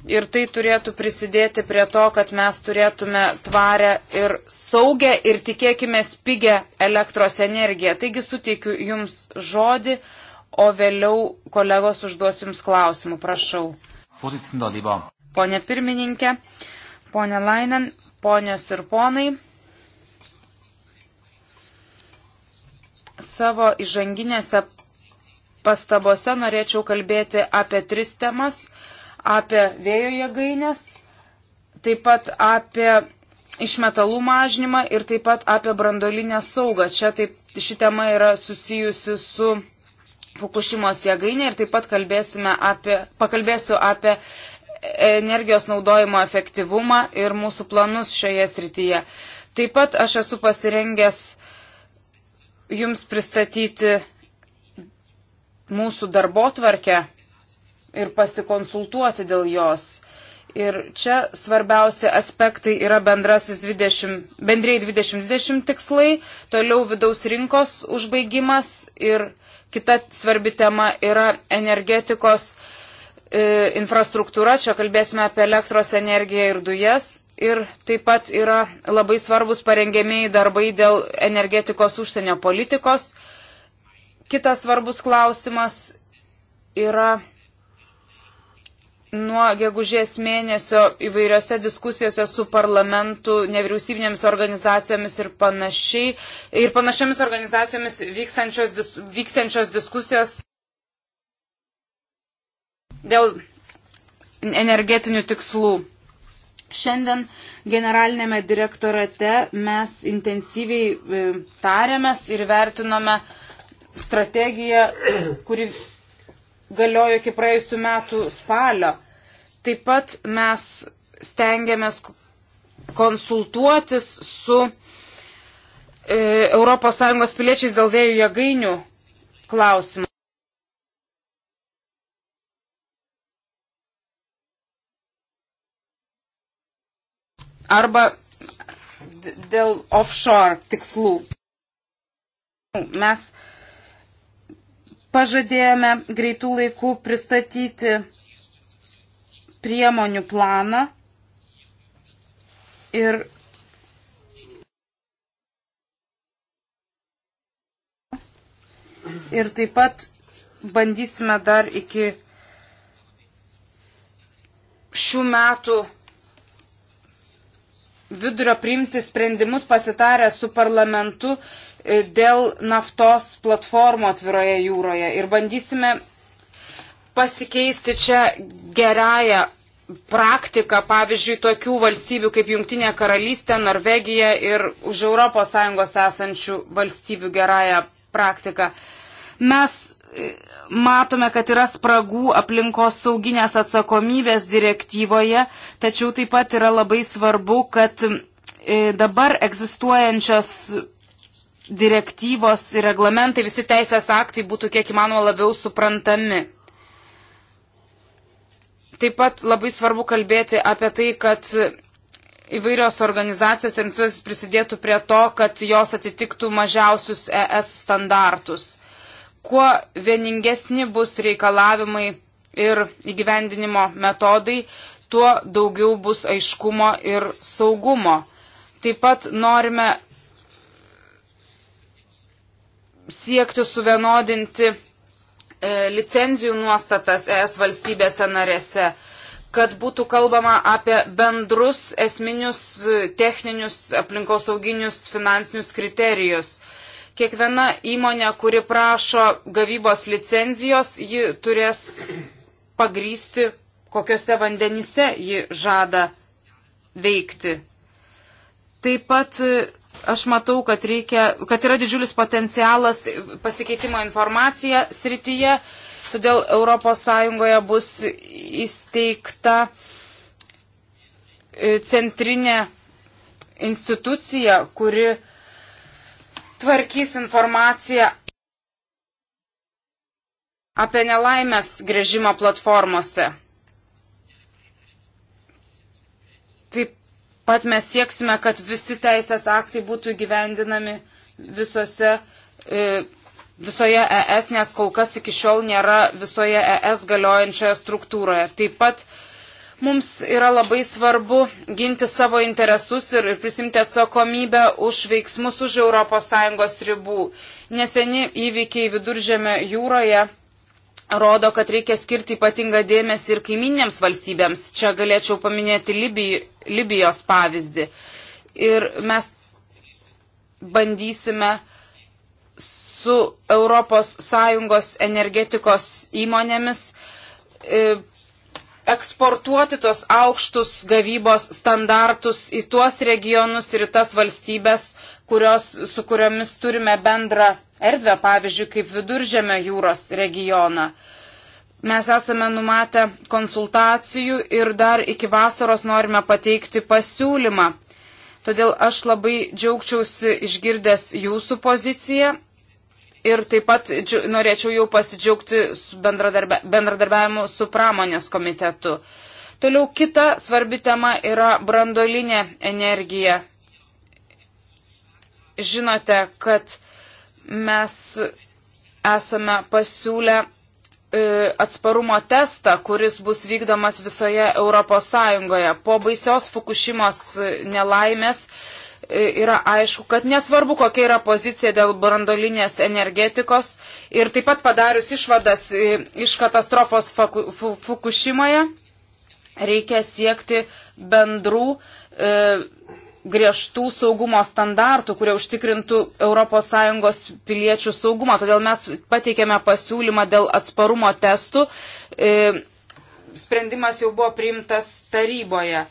Ir tai turėtų prisidėti prie to, kad mes turėtume tvarę ir saugę ir tikėkime spigę elektros energiją. Taigi suteikiu Jums žodį, o vėliau kolegos užduos Jums klausimų. Prašau. Pone pirmininkė, pone Lainen, ponios ir ponai. Savo įžanginėse pastabose norėčiau kalbėti apie tris temas apie vėjo jėgainės, taip pat apie išmetalų mažinimą ir taip pat apie brandolinę saugą. Čia taip, ši tema yra susijusi su Fukushimos jėgainė ir taip pat kalbėsime apie, pakalbėsiu apie energijos naudojimo efektyvumą ir mūsų planus šioje srityje. Taip pat aš esu pasirengęs jums pristatyti mūsų darbo tvarkę ir pasikonsultuoti dėl jos. Ir čia svarbiausi aspektai yra 20, bendrėjai 2020 tikslai, toliau vidaus rinkos užbaigimas ir kita svarbi tema yra energetikos e, infrastruktūra, čia kalbėsime apie elektros energiją ir dujas. Ir taip pat yra labai svarbus parengiamieji darbai dėl energetikos užsienio politikos. Kitas svarbus klausimas yra Nuo gegužės mėnesio įvairiose diskusijose su parlamentu, nevyriausybinėmis organizacijomis ir panašiai, ir panašiomis organizacijomis vykstančios, dis, vykstančios diskusijos dėl energetinių tikslų. Šiandien generalinėme direktorate mes intensyviai e, tarėmės ir vertinome strategiją, kuri galiojo iki praėjusių metų spalio. Taip pat mes stengiamės konsultuotis su e, ES piliečiais dėl vėjų jėgainių klausimų. Arba dėl offshore tikslų. Mes pažadėjome greitų laikų pristatyti priemonių planą ir Ir taip pat bandysime dar iki šių metų vidurio priimti sprendimus pasitarę su parlamentu E, dėl naftos platformų atviroje jūroje ir bandysime pasikeisti čia gerąją praktiką, pavyzdžiui, tokių valstybių kaip Junktinė karalystė, Norvegija ir už ES esančių valstybių gerąją praktiką. Mes e, matome, kad yra spragų aplinkos sauginės atsakomybės direktyvoje, tačiau taip pat yra labai svarbu, kad e, dabar egzistuojančios direktyvos ir reglamentai, visi teisės aktai būtų kiek įmanoma labiau suprantami. Taip pat labai svarbu kalbėti apie tai, kad įvairios organizacijos ir institucijos prisidėtų prie to, kad jos atitiktų mažiausius ES standartus. Kuo vieningesni bus reikalavimai ir įgyvendinimo metodai, tuo daugiau bus aiškumo ir saugumo. Taip pat norime siekti suvienodinti e, licenzijų nuostatas ES valstybėse narėse, kad būtų kalbama apie bendrus esminius e, techninius aplinkosauginius finansinius kriterijus. Kiekviena įmonė, kuri prašo gavybos licenzijos, ji turės pagrysti, kokiuose vandenyse ji žada veikti. Taip pat e, aš matau, kad, reikia, kad yra didžiulis potencialas pasikeitimo informacija srityje, todėl ES bus įsteigta e, centrinė institucija, kuri tvarkys informaciją apie nelaimės grėžimą platformose. pat mes sieksime, kad visi teisės aktai būtų gyvendinami visose, e, visoje ES, nes kol kas iki šiol nėra visoje ES galiojančioje struktūroje. Taip pat mums yra labai svarbu ginti savo interesus ir prisimti atsakomybę už veiksmus už ES ribų. Neseni įvykiai viduržėme jūroje rodo, kad reikia skirti ypatingą dėmesį ir kaiminėms valstybėms. Čia galėčiau paminėti Libij, Libijos pavyzdį. Ir mes bandysime su ES energetikos įmonėmis e, eksportuoti tos aukštus gavybos standartus į tuos regionus ir į tas valstybės, kurios, su kuriomis turime bendrą erdvę, pavyzdžiui, kaip viduržėme jūros regioną. Mes esame numatę konsultacijų ir dar iki vasaros norime pateikti pasiūlymą. Todėl aš labai džiaugčiausi išgirdęs jūsų poziciją ir taip pat norėčiau jau pasidžiaugti su bendradarbia, bendradarbiavimu su pramonės komitetu. Toliau kita svarbi tema yra brandolinė energija. Žinote, kad Mes esame pasiūlę e, atsparumo testą, kuris bus vykdomas visoje Europos Sąjungoje. Po baisios Fukushimos e, nelaimės e, yra aišku, kad nesvarbu, kokia yra pozicija dėl brandolinės energetikos ir taip pat padarius išvadas iš katastrofos Fukushimoje, reikia siekti bendrų griežtų saugumo standartų, kurie užtikrintų ES piliečių saugumą. Todėl mes pateikėme pasiūlymą dėl atsparumo testų. E, sprendimas jau buvo priimtas taryboje.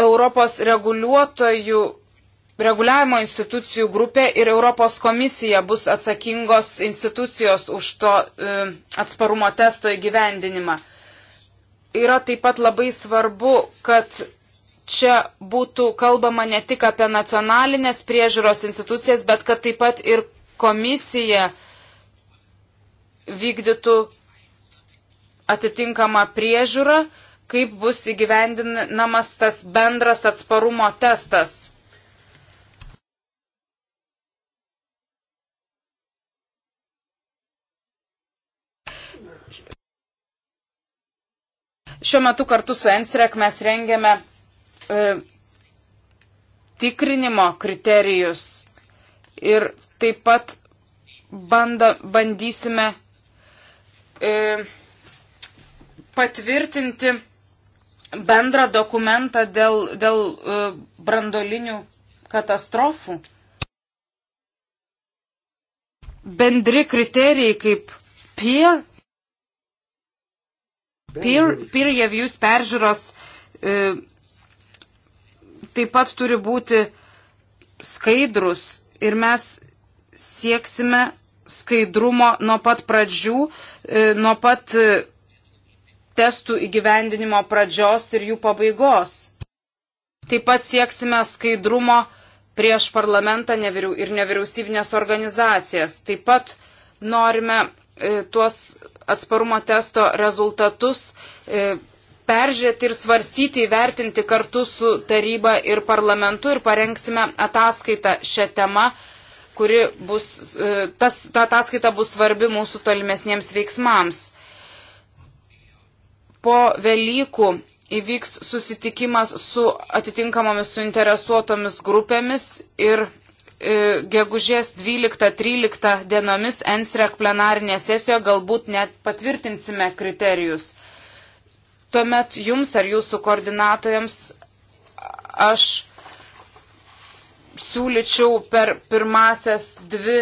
Europos reguliuotojų reguliavimo institucijų grupė ir Europos komisija bus atsakingos institucijos už to e, atsparumo testo įgyvendinimą yra taip pat labai svarbu, kad čia būtų kalbama ne tik apie nacionalinės priežiūros institucijas, bet kad taip pat ir komisija vykdytų atitinkamą priežiūrą, kaip bus įgyvendinamas tas bendras atsparumo testas. Šiuo metu kartu su ENSREK mes rengiame e, tikrinimo kriterijus ir taip pat bando, bandysime e, patvirtinti bendrą dokumentą dėl, dėl e, brandolinių katastrofų. Bendri kriterijai kaip peer Peer, peer reviews peržiūros e, taip pat turi būti skaidrus ir mes sieksime skaidrumo nuo pat pradžių, e, nuo pat e, testų įgyvendinimo pradžios ir jų pabaigos. Taip pat sieksime skaidrumo prieš parlamentą ir nevyriausybinės organizacijas. Taip pat norime e, tuos atsparumo testo rezultatus e, peržiūrėti ir svarstyti, įvertinti kartu su taryba ir parlamentu ir parengsime ataskaitą šią temą, kuri bus, e, tas, ta ataskaita bus svarbi mūsų tolimesniems veiksmams. Po Velykų įvyks susitikimas su atitinkamomis suinteresuotomis grupėmis ir E, gegužės 12-13 dienomis ENSREK plenarinėje sesijoje galbūt net patvirtinsime kriterijus. Tuomet jums ar jūsų koordinatoriams aš siūlyčiau per pirmasias dvi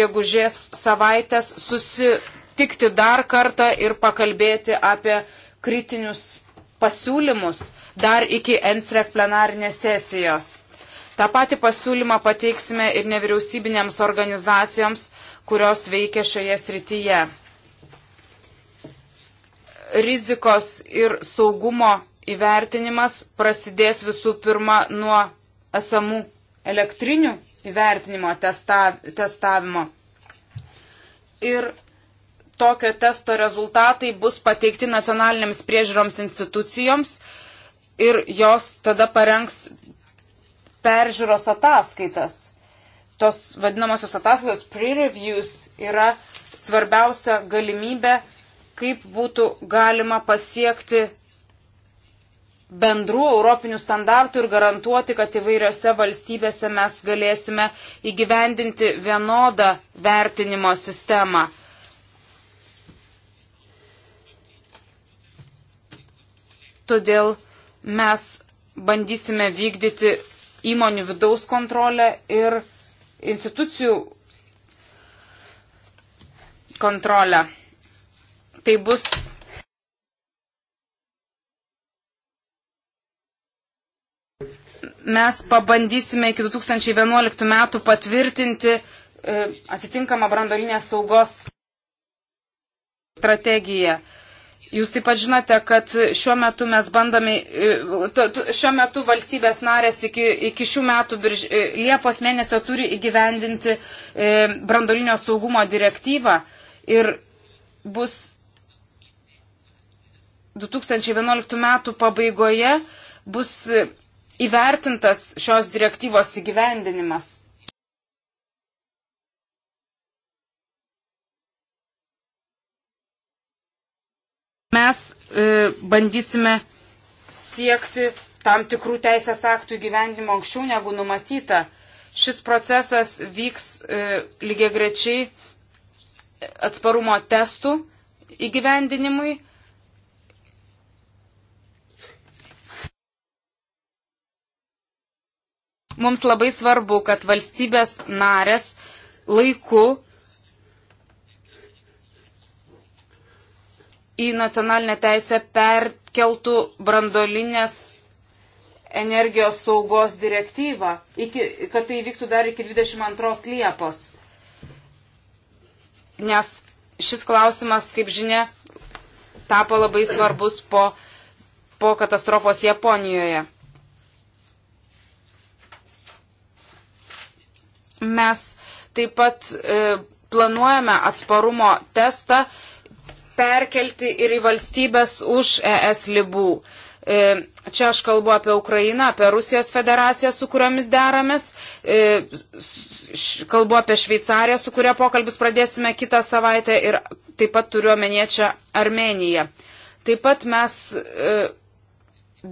gegužės savaitės susitikti dar kartą ir pakalbėti apie kritinius pasiūlymus dar iki ENSREK plenarinės sesijos. Ta pati pasiūlymą pateiksime ir nevyriausybinėms organizacijoms, kurios veikia šioje srityje. Rizikos ir saugumo įvertinimas prasidės visų pirma nuo esamų elektrinių įvertinimo testa, testavimo. Ir tokio testo rezultatai bus pateikti nacionalinėms priežiūroms institucijoms ir jos tada parengs peržiūros ataskaitas. Tos vadinamosios ataskaitos pre-reviews yra svarbiausia galimybė, kaip būtų galima pasiekti bendrų europinių standartų ir garantuoti, kad įvairiose valstybėse mes galėsime įgyvendinti vienodą vertinimo sistemą. Todėl mes bandysime vykdyti įmonių vidaus kontrolę ir institucijų kontrolę. Tai bus mes pabandysime iki 2011 metų patvirtinti e, atitinkamą brandolinės saugos strategiją. Jūs taip pat žinote, kad šiuo metu mes bandome, e, šiuo metu valstybės narės iki, iki šių metų birž, e, Liepos mėnesio turi įgyvendinti e, brandolinio saugumo direktyvą ir bus 2011 metų pabaigoje bus įvertintas šios direktyvos įgyvendinimas. mes e, bandysime siekti tam tikrų teisės aktų įgyvendimo anksčiau negu numatyta. Šis procesas vyks e, lygiai grečiai atsparumo testų įgyvendinimui. Mums labai svarbu, kad valstybės narės laiku į nacionalinę teisę perkeltų brandolinės energijos saugos direktyvą, iki, kad tai vyktų dar iki 22 Liepos. Nes šis klausimas, kaip žinia, tapo labai svarbus po, po katastrofos Japonijoje. Mes taip pat e, planuojame atsparumo testą, e, perkelti ir į valstybės už ES libų. E, čia aš kalbu apie Ukrainą, apie Rusijos federaciją, su kuriomis deramės. E, kalbu apie Šveicariją, su kuria pokalbis pradėsime kitą savaitę ir taip pat turiu omenyje čia Armeniją. Taip pat mes e,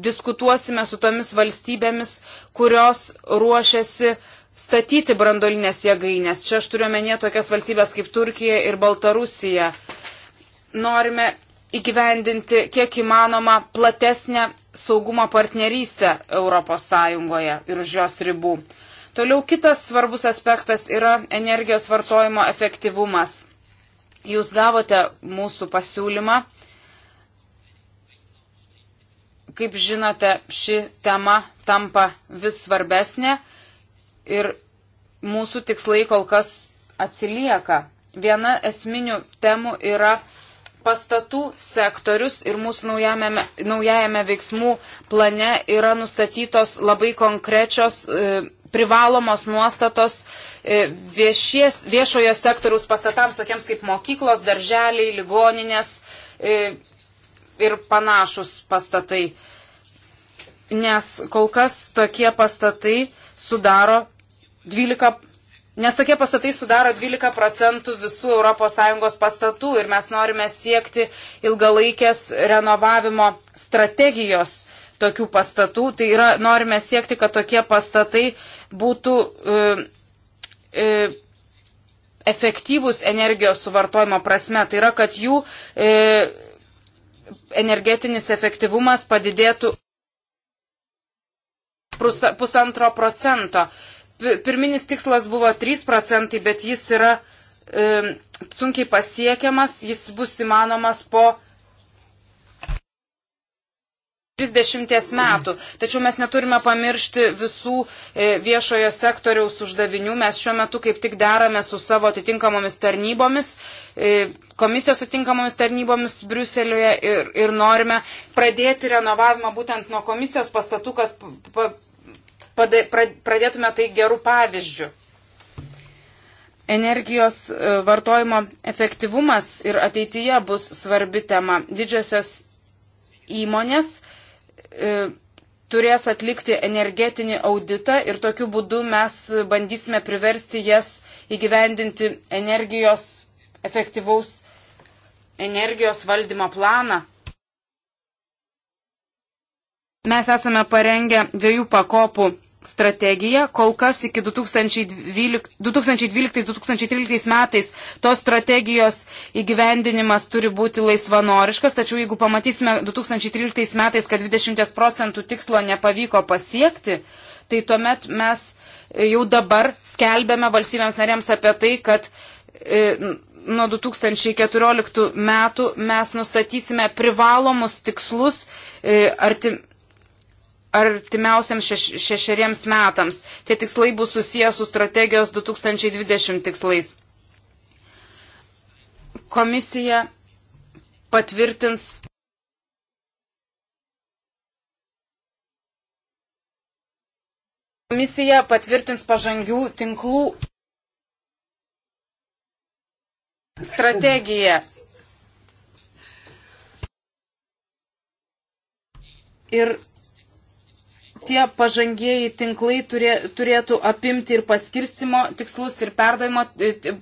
diskutuosime su tomis valstybėmis, kurios ruošiasi statyti brandolinės jėgainės. Čia aš turiu omenyje tokias valstybės kaip Turkija ir Baltarusija norime įgyvendinti kiek įmanoma platesnę saugumo partnerystę ES ir už jos ribų. Toliau kitas svarbus aspektas yra energijos vartojimo efektyvumas. Jūs gavote mūsų pasiūlymą. Kaip žinote, ši tema tampa vis svarbesnė ir mūsų tikslai kol kas atsilieka. Viena esminių temų yra pastatų sektorius ir mūsų naujajame, naujajame veiksmų plane yra nustatytos labai konkrečios e, privalomos nuostatos e, viešies, viešojo sektoriaus pastatams, tokiems kaip mokyklos, darželiai, ligoninės e, ir panašus pastatai. Nes kol kas tokie pastatai sudaro 12 Nes tokie pastatai sudaro 12 procentų visų ES pastatų ir mes norime siekti ilgalaikės renovavimo strategijos tokių pastatų. Tai yra, norime siekti, kad tokie pastatai būtų e, e, efektyvūs energijos suvartojimo prasme. Tai yra, kad jų e, energetinis efektyvumas padidėtų pusantro procento. E, pirminis tikslas buvo 3 procentai, bet jis yra e, sunkiai pasiekiamas, jis bus įmanomas po 30 metų. Tačiau mes neturime pamiršti visų e, viešojo sektoriaus uždavinių. Mes šiuo metu kaip tik derame su savo atitinkamomis tarnybomis, e, komisijos atitinkamomis tarnybomis Briuselioje ir, ir norime pradėti renovavimą būtent nuo komisijos pastatų, kad pradėtume tai gerų pavyzdžių. Energijos e, vartojimo efektyvumas ir ateityje bus svarbi tema. Didžiosios įmonės e, turės atlikti energetinį auditą ir tokiu būdu mes bandysime priversti jas įgyvendinti energijos efektyvaus energijos valdymo planą. Mes esame parengę dviejų pakopų strategiją. Kol kas iki 2012-2013 metais tos strategijos įgyvendinimas turi būti laisvanoriškas, tačiau jeigu pamatysime 2013 metais, kad 20 procentų tikslo nepavyko pasiekti, tai tuomet mes jau dabar skelbėme valstybėms narėms apie tai, kad nuo 2014 metų mes nustatysime privalomus tikslus artim artimiausiams šeš, šešeriems metams. Tie tikslai bus susijęs su strategijos 2020 tikslais. Komisija patvirtins. Komisija patvirtins pažangių tinklų strategiją. Ir tie pažangieji tinklai turė, turėtų apimti ir paskirstimo tikslus, ir perdavimo, e,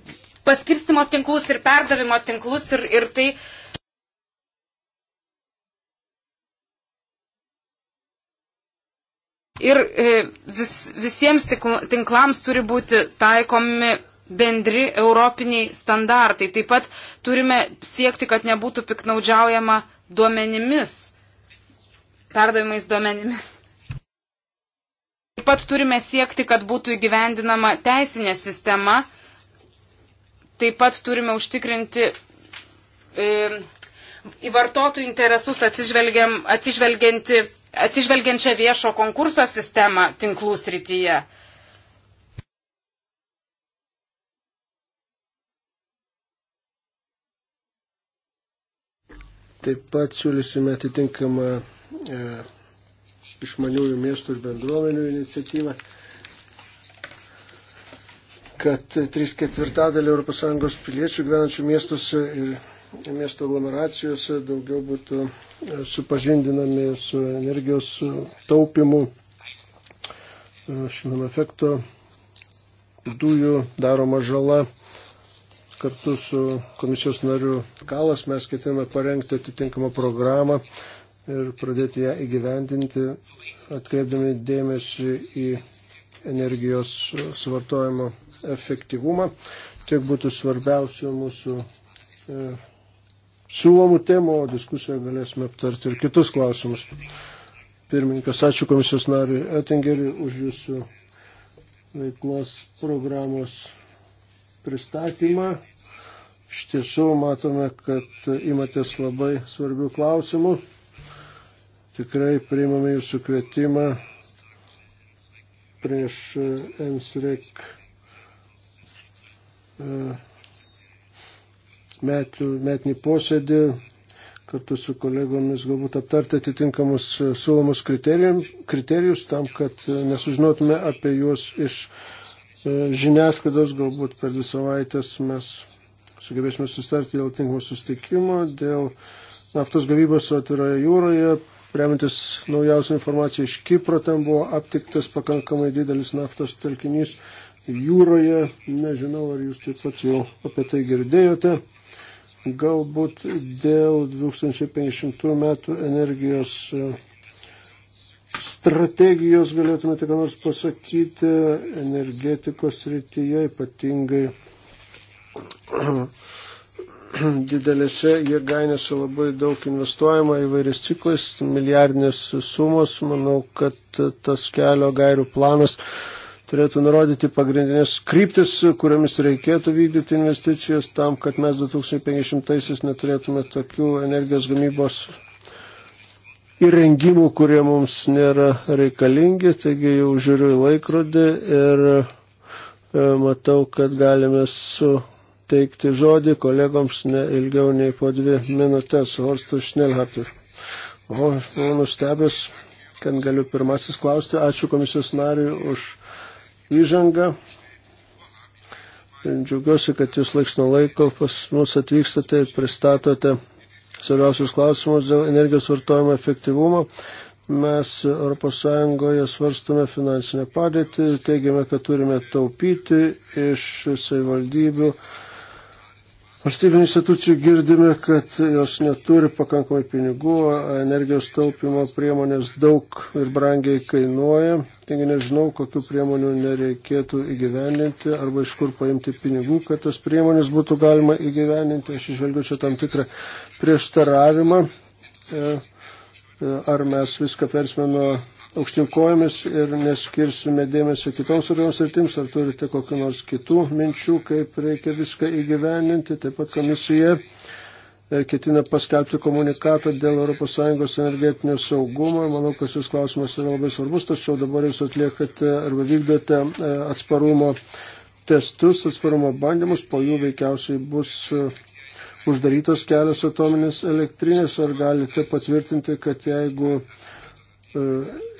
paskirstimo tinklus, ir perdavimo tinklus, ir, ir tai. Ir e, vis, visiems tinklams turi būti taikomi bendri europiniai standartai. Taip pat turime siekti, kad nebūtų piknaudžiaujama duomenimis, perdavimais duomenimis. Taip pat turime siekti, kad būtų įgyvendinama teisinė sistema. Taip pat turime užtikrinti e, į vartotojų interesus atsižvelgiančią viešo konkurso sistemą tinklų srityje.
Taip pat siūlysime atitinkamą e, išmaniųjų miestų ir bendruomenių iniciatyvą, kad 3 ketvirtadalį ES piliečių gyvenančių miestuose ir miesto aglomeracijose daugiau būtų e, supažindinami su energijos taupimu, e, šiltnamio efekto dujų daroma žala. Kartu su komisijos nariu Kalas mes ketiname parengti atitinkamą programą ir pradėti ją įgyvendinti, atkreipdami dėmesį į energijos suvartojimo efektyvumą. Tiek būtų svarbiausių mūsų e, siūlomų temų, o diskusijoje galėsime aptarti ir kitus klausimus. Pirmininkas, ačiū komisijos nariui Ettingeriui už jūsų veiklos programos pristatymą. Iš tiesų matome, kad imatės labai svarbių klausimų. Tikrai priimame jūsų kvietimą prieš e, Ensrek e, metinį posėdį kartu su kolegomis galbūt aptarti atitinkamus e, siūlomus kriterijus tam, kad nesužinotume apie juos iš žiniasklaidos, galbūt per dvi savaitės mes sugebėsime sustarti dėl tinkamo sustikimo, dėl naftos gavybos atviroje jūroje, remintis naujausią informaciją iš Kipro, ten buvo aptiktas pakankamai didelis naftos telkinys jūroje. Nežinau, ar jūs taip pat jau apie tai girdėjote. Galbūt dėl 2050 metų energijos e, strategijos galėtumėte ką nors pasakyti energetikos rytyje, ypatingai didelėse jėgainėse labai daug investuojama įvairiais ciklais, milijardinės sumos. Manau, kad tas kelio gairių planas turėtų nurodyti pagrindinės kryptis, kuriamis reikėtų vykdyti investicijas tam, kad mes 2500-aisiais neturėtume tokių energijos gamybos įrengimų, kurie mums nėra reikalingi, taigi jau žiūriu į laikrodį ir e, matau, kad galime su suteikti žodį kolegoms ne ilgiau nei po dvi minutės. Horstas Šnelhartas. O, buvau nustebęs, kad galiu pirmasis klausti. Ačiū komisijos nariui už įžangą. Džiaugiuosi, kad jūs laiks nuo laiko pas mus atvykstate ir pristatote svarbiausius klausimus dėl energijos vartojimo efektyvumo. Mes ES svarstame finansinę padėtį, teigiame, kad turime taupyti iš savivaldybių valstybinių institucijų girdime, kad jos neturi pakankamai pinigų, energijos taupimo priemonės daug ir brangiai kainuoja, taigi nežinau, kokiu priemonių nereikėtų įgyvendinti arba iš kur paimti pinigų, kad tas priemonės būtų galima įgyvendinti. Aš išvelgiu čia tam tikrą prieštaravimą. E, e ar mes viską persime nuo aukštinkojomis ir neskirsime dėmesio kitoms svarbioms sritims, ar turite kokiu nors kitų minčių, kaip reikia viską įgyveninti. Taip pat komisija e, ketina paskelbti komunikatą dėl ES energetinio saugumo. Manau, kad šis klausimas yra labai svarbus, tačiau dabar jūs atliekate arba vykdote e, atsparumo testus, atsparumo bandymus, po jų veikiausiai bus e, uždarytos kelios atominės elektrinės, ar galite patvirtinti, kad jeigu E,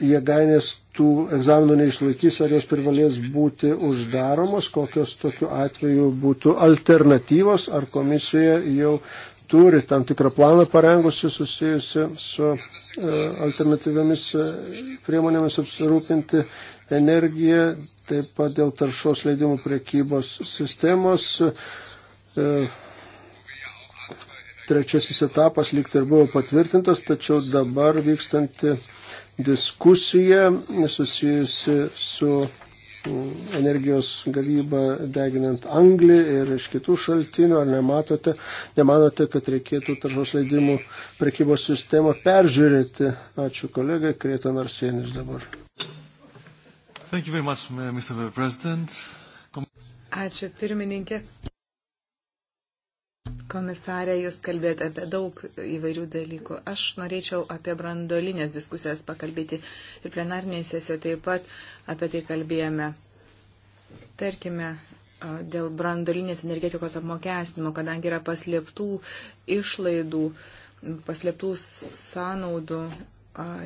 jėgainės tų egzaminų neišlaikys, ar jos privalės būti uždaromos, kokios tokiu atveju būtų alternatyvos, ar komisija jau turi tam tikrą planą parengusi susijusi su e, alternatyviamis e, priemonėmis apsirūpinti energiją, taip pat dėl taršos leidimų priekybos sistemos. E, trečiasis etapas lyg tai ir buvo patvirtintas, tačiau dabar vykstanti diskusija susijusi su mm, energijos gavybą deginant anglį ir iš kitų šaltinių, ar nematote, nemanote, kad reikėtų taršos leidimų prekybos sistemą peržiūrėti. Ačiū kolegai, Kreta Narsienis dabar. Much,
Ačiū pirmininkė. Komisarė, jūs kalbėjote apie daug įvairių dalykų. Aš norėčiau apie brandolinės diskusijas pakalbėti ir plenarnėje sesijoje taip pat apie tai kalbėjome. Tarkime, dėl brandolinės energetikos apmokestinimo, kadangi yra paslėptų išlaidų, paslėptų sąnaudų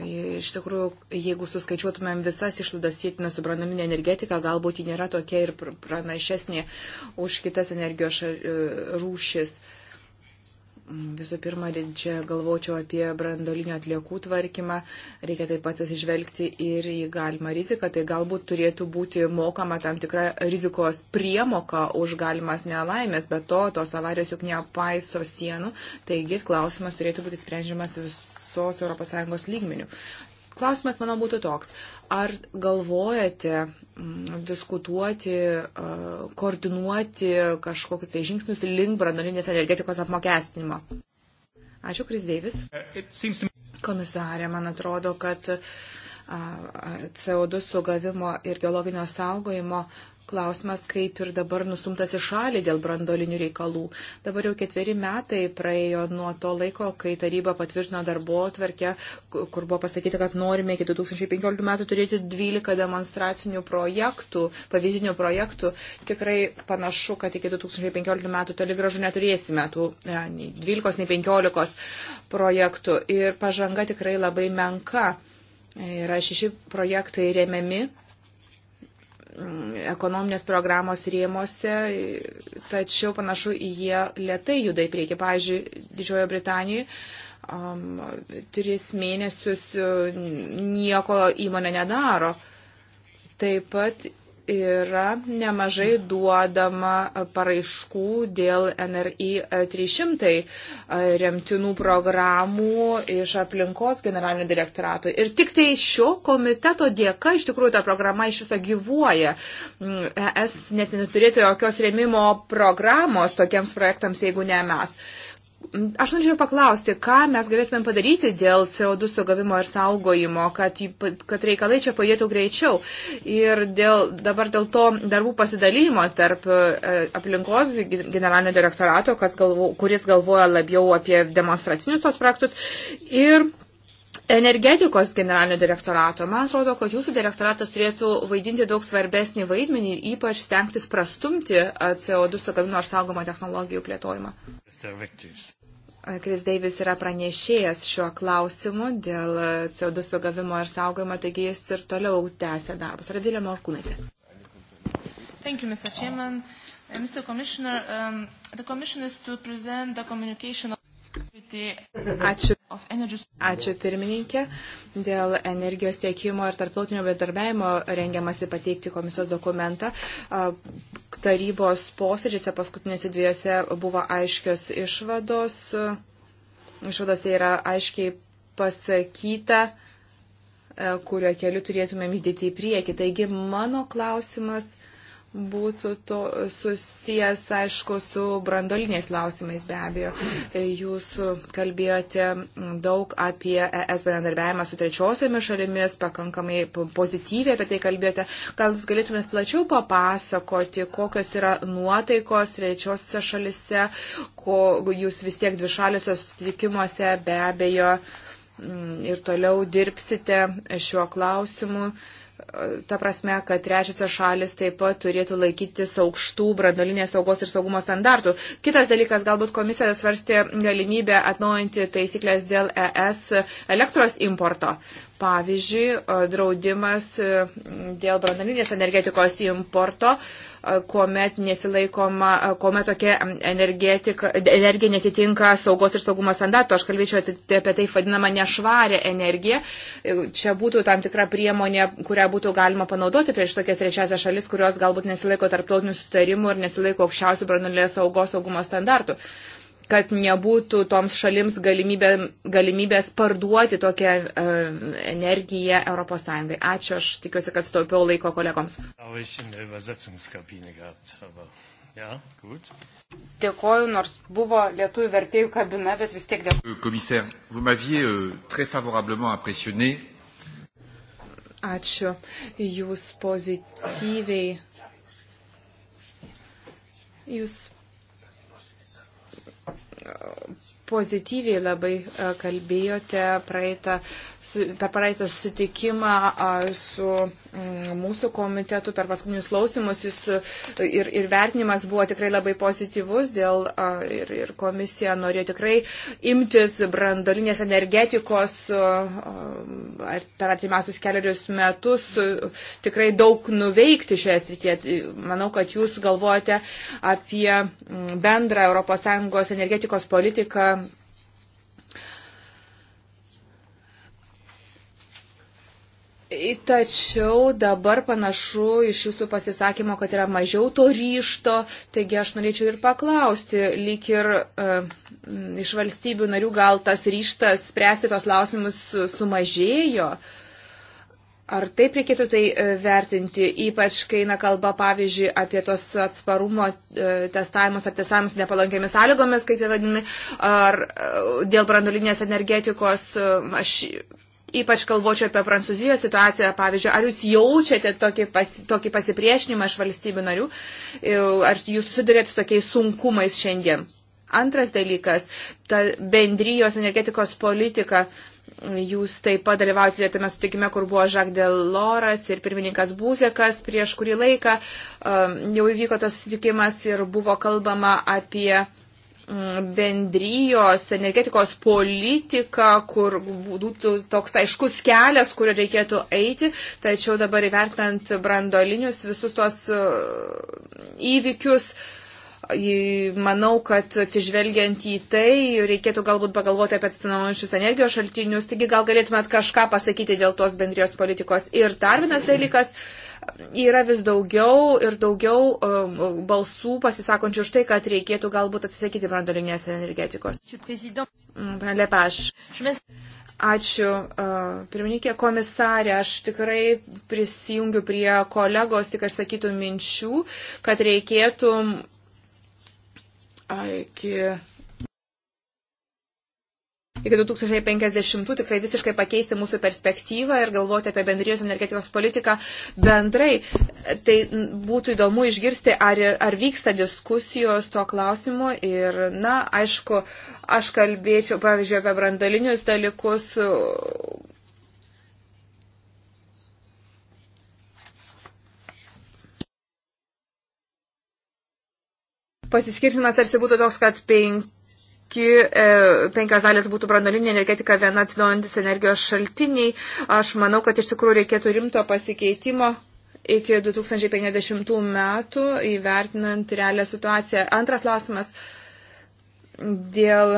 Iš tikrųjų, jeigu suskaičiuotumėm visas išlaidas sėtinas su branaminė energetika, galbūt ji nėra tokia ir pranašesnė už kitas energijos e, rūšis. Visų pirma, čia galvočiau apie brandolinio atliekų tvarkymą, reikia taip pat atsižvelgti ir į galimą riziką, tai galbūt turėtų būti mokama tam tikra rizikos priemoka už galimas nelaimės, bet to tos avarijos juk nepaiso sienų, taigi klausimas turėtų būti sprendžiamas visų visos ES lygmenių. Klausimas, manau, būtų toks. Ar galvojate mm, diskutuoti, koordinuoti kažkokius tai žingsnius link brandolinės energetikos apmokestinimo? Ačiū, Kris Deivis. Uh, Komisarė, man atrodo, kad CO2 sugavimo ir biologinio saugojimo klausimas kaip ir dabar nusumtas į šalį dėl brandolinių reikalų. Dabar jau ketveri metai praėjo nuo to laiko, kai taryba patvirtino darbo atverkę, kur buvo pasakyta, kad norime iki 2015 metų turėti 12 demonstracinių projektų, pavyzdinių projektų. Tikrai panašu, kad iki 2015 metų toli gražu neturėsime tų ja, e, nei 12, nei 15 projektų. Ir pažanga tikrai labai menka. E, yra šeši projektai remiami ekonominės programos rėmose, tačiau panašu į jie lietai juda į priekį. Pavyzdžiui, Didžiojo Britanijoje um, tris mėnesius uh, nieko įmonė nedaro. Taip pat yra nemažai duodama paraiškų dėl NRI 300 e, remtinų programų iš aplinkos generalinio direktorato. Ir tik tai šio komiteto dėka iš tikrųjų ta programa iš viso gyvuoja. Mm, ES net neturėtų jokios remimo programos tokiems projektams, jeigu ne mes. Aš norėčiau paklausti, ką mes galėtumėm padaryti dėl CO2 sugavimo ir saugojimo, kad, kad reikalai čia pajėtų greičiau. Ir dėl, dabar dėl to darbų pasidalymo tarp e, aplinkos generalinio direktorato, galvo, kuris galvoja labiau apie demonstracinius tos projektus, ir energetikos generalinio direktorato. Man atrodo, kad jūsų direktoratas turėtų vaidinti daug svarbesnį vaidmenį ir ypač stengtis prastumti CO2 sukabino ar saugomą technologijų plėtojimą. Kris Deivis yra pranešėjas šiuo klausimu dėl CO2 sugavimo ir saugojimo, taigi jis ir toliau tęsia darbus. Radilė Morkūnaitė. Thank you, Mr. Chairman. Uh, Mr. Commissioner, um, the Commission is to present the communication Ačiū. Ačiū pirmininkė. Dėl energijos tiekimo ir tarptautinio bedarbiavimo rengiamasi pateikti komisijos dokumentą. Tarybos posėdžiuose paskutinėse dviejose buvo aiškios išvados. Išvadose yra aiškiai pasakyta, kurio keliu turėtumėm judėti į priekį. Taigi mano klausimas būtų to susijęs, aišku, su brandoliniais klausimais be abejo. Jūs kalbėjote daug apie ES bendradarbiavimą su trečiosiomis šalimis, pakankamai pozityviai apie tai kalbėjote. Gal jūs galėtumėt plačiau papasakoti, kokios yra nuotaikos trečiosiose šalise, ko jūs vis tiek dvišaliuose sutikimuose be abejo mm, ir toliau dirbsite šiuo klausimu. Uh, ta prasme, kad trečiosios šalis taip pat turėtų laikytis aukštų brandolinės saugos ir saugumo standartų. Kitas dalykas, galbūt komisija svarstė galimybę atnaujinti taisyklės dėl ES elektros importo. Pavyzdžiui, e, draudimas e, dėl brandalinės energetikos importo, e, kuomet nesilaikoma, kuomet tokia energija netitinka saugos ir saugumo standarto. Aš kalbėčiau tai apie tai vadinamą nešvarę energiją. Čia būtų tam tikra priemonė, kurią būtų galima panaudoti prieš tokias trečiasias šalis, kurios galbūt nesilaiko tarptautinių sutarimų ir nesilaiko aukščiausių brandalinės saugos saugumo standartų. Uh, kad nebūtų toms šalims galimybė, galimybės parduoti tokią uh, energiją ES. Ačiū, aš tikiuosi, kad staupiau laiko kolegoms.
Dėkoju, nors buvo lietuvių vertėjų kabina,
bet vis tiek
dėkoju. Euh, euh,
Ačiū. Jūs pozityviai Jūs pozityviai labai e, kalbėjote praeitą, per praeitą sutikimą e, su Mm, mūsų komitetų per paskutinius klausimus jis e, ir, ir vertinimas buvo tikrai labai pozityvus dėl ir, ir komisija norėjo tikrai imtis brandolinės energetikos e, per artimiausius keliarius metus e, tikrai daug nuveikti šioje srityje. Tai manau, kad jūs galvojate apie mm, bendrą ES energetikos politiką Tačiau dabar panašu iš jūsų pasisakymo, kad yra mažiau to ryšto, taigi aš norėčiau ir paklausti, lyg ir uh, iš valstybių narių gal tas ryštas spręsti tos lausimus sumažėjo. Ar taip reikėtų tai e, vertinti, ypač kai na, kalba, pavyzdžiui, apie tos atsparumo e, testavimus ar testavimus nepalankiamis sąlygomis, kaip jie vadinami, ar dėl brandulinės energetikos, aš Ypač kalbočiau apie Prancūzijos situaciją, pavyzdžiui, ar jūs jaučiate tokį, pas, tokį pasipriešinimą iš valstybių narių, ar jūs susidurėte su tokiais sunkumais šiandien. Antras dalykas, ta bendrijos energetikos politika jūs taip pat dalyvaujate tame sutikime, kur buvo Žak Deloras ir pirmininkas Būzekas. Prieš kurį laiką um, jau įvyko tas sutikimas ir buvo kalbama apie Mm, bendrijos energetikos politiką, kur būtų toks aiškus kelias, kurio reikėtų eiti, tačiau dabar įvertinant brandolinius visus tuos mm, įvykius, manau, kad atsižvelgiant į tai, reikėtų galbūt pagalvoti apie atsinaujančius energijos šaltinius, taigi gal galėtumėt kažką pasakyti dėl tos bendrijos politikos. Ir dar vienas dalykas. Mm yra vis daugiau ir daugiau um, balsų pasisakančių už tai, kad reikėtų galbūt atsisakyti brandolinės energetikos. Mm, Lepaš. Ačiū, uh, pirmininkė komisarė, aš tikrai prisijungiu prie kolegos, tik aš sakytų minčių, kad reikėtų. Ai, iki iki 2050 tikrai visiškai pakeisti mūsų perspektyvą ir galvoti apie bendrijos energetikos politiką bendrai. Tai būtų įdomu išgirsti, ar, ar vyksta diskusijos tuo klausimu ir, na, aišku, aš kalbėčiau, pavyzdžiui, apie brandalinius dalykus pasiskirstimas tarsi būtų toks, kad penk, E, penkios dalis būtų branolinė energetika, viena atsinaujantis energijos šaltiniai. Aš manau, kad iš tikrųjų reikėtų rimto pasikeitimo iki 2050 metų įvertinant realią situaciją. Antras klausimas dėl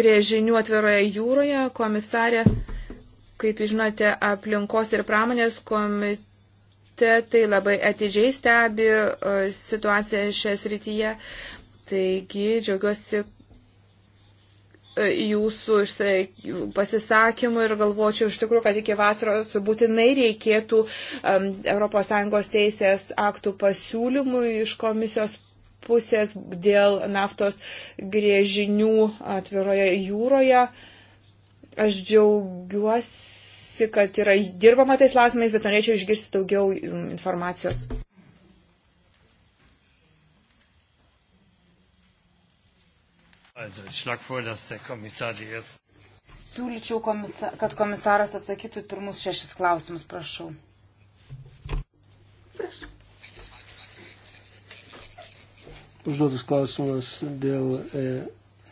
grėžinių atviroje jūroje. Komisarė, kaip žinote, aplinkos ir pramonės komitė komitetai labai atidžiai stebi e, situaciją šią srityje. Taigi džiaugiuosi e, jūsų pasisakymų ir galvočiau iš tikrųjų, kad iki vasaros būtinai reikėtų um, ES teisės aktų pasiūlymų iš komisijos pusės dėl naftos grėžinių atviroje jūroje. Aš džiaugiuosi, kad yra dirbama tais klausimais, bet norėčiau išgirsti daugiau informacijos.
Siūlyčiau,
komisa kad komisaras atsakytų pirmus šešis klausimus, prašau. Prašau.
Užduotas klausimas dėl e,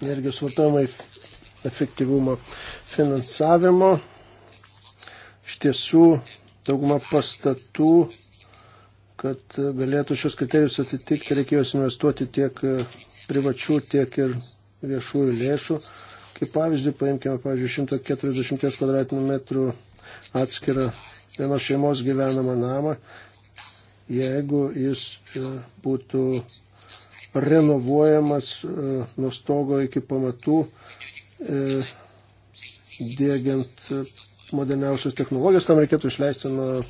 energijos vartojimo efektyvumo finansavimo. Iš tiesų, dauguma pastatų, kad galėtų šios kriterijus atitikti, reikėjo investuoti tiek e, privačių, tiek ir viešųjų lėšų. Kaip pavyzdį, paimkime, pavyzdžiui, 140 kvadratinių metrų atskirą vienos šeimos gyvenamą namą. Jeigu jis e, būtų renovuojamas e, nuo stogo iki pamatų, e, dėgiant moderniausios technologijos, tam reikėtų išleisti nuo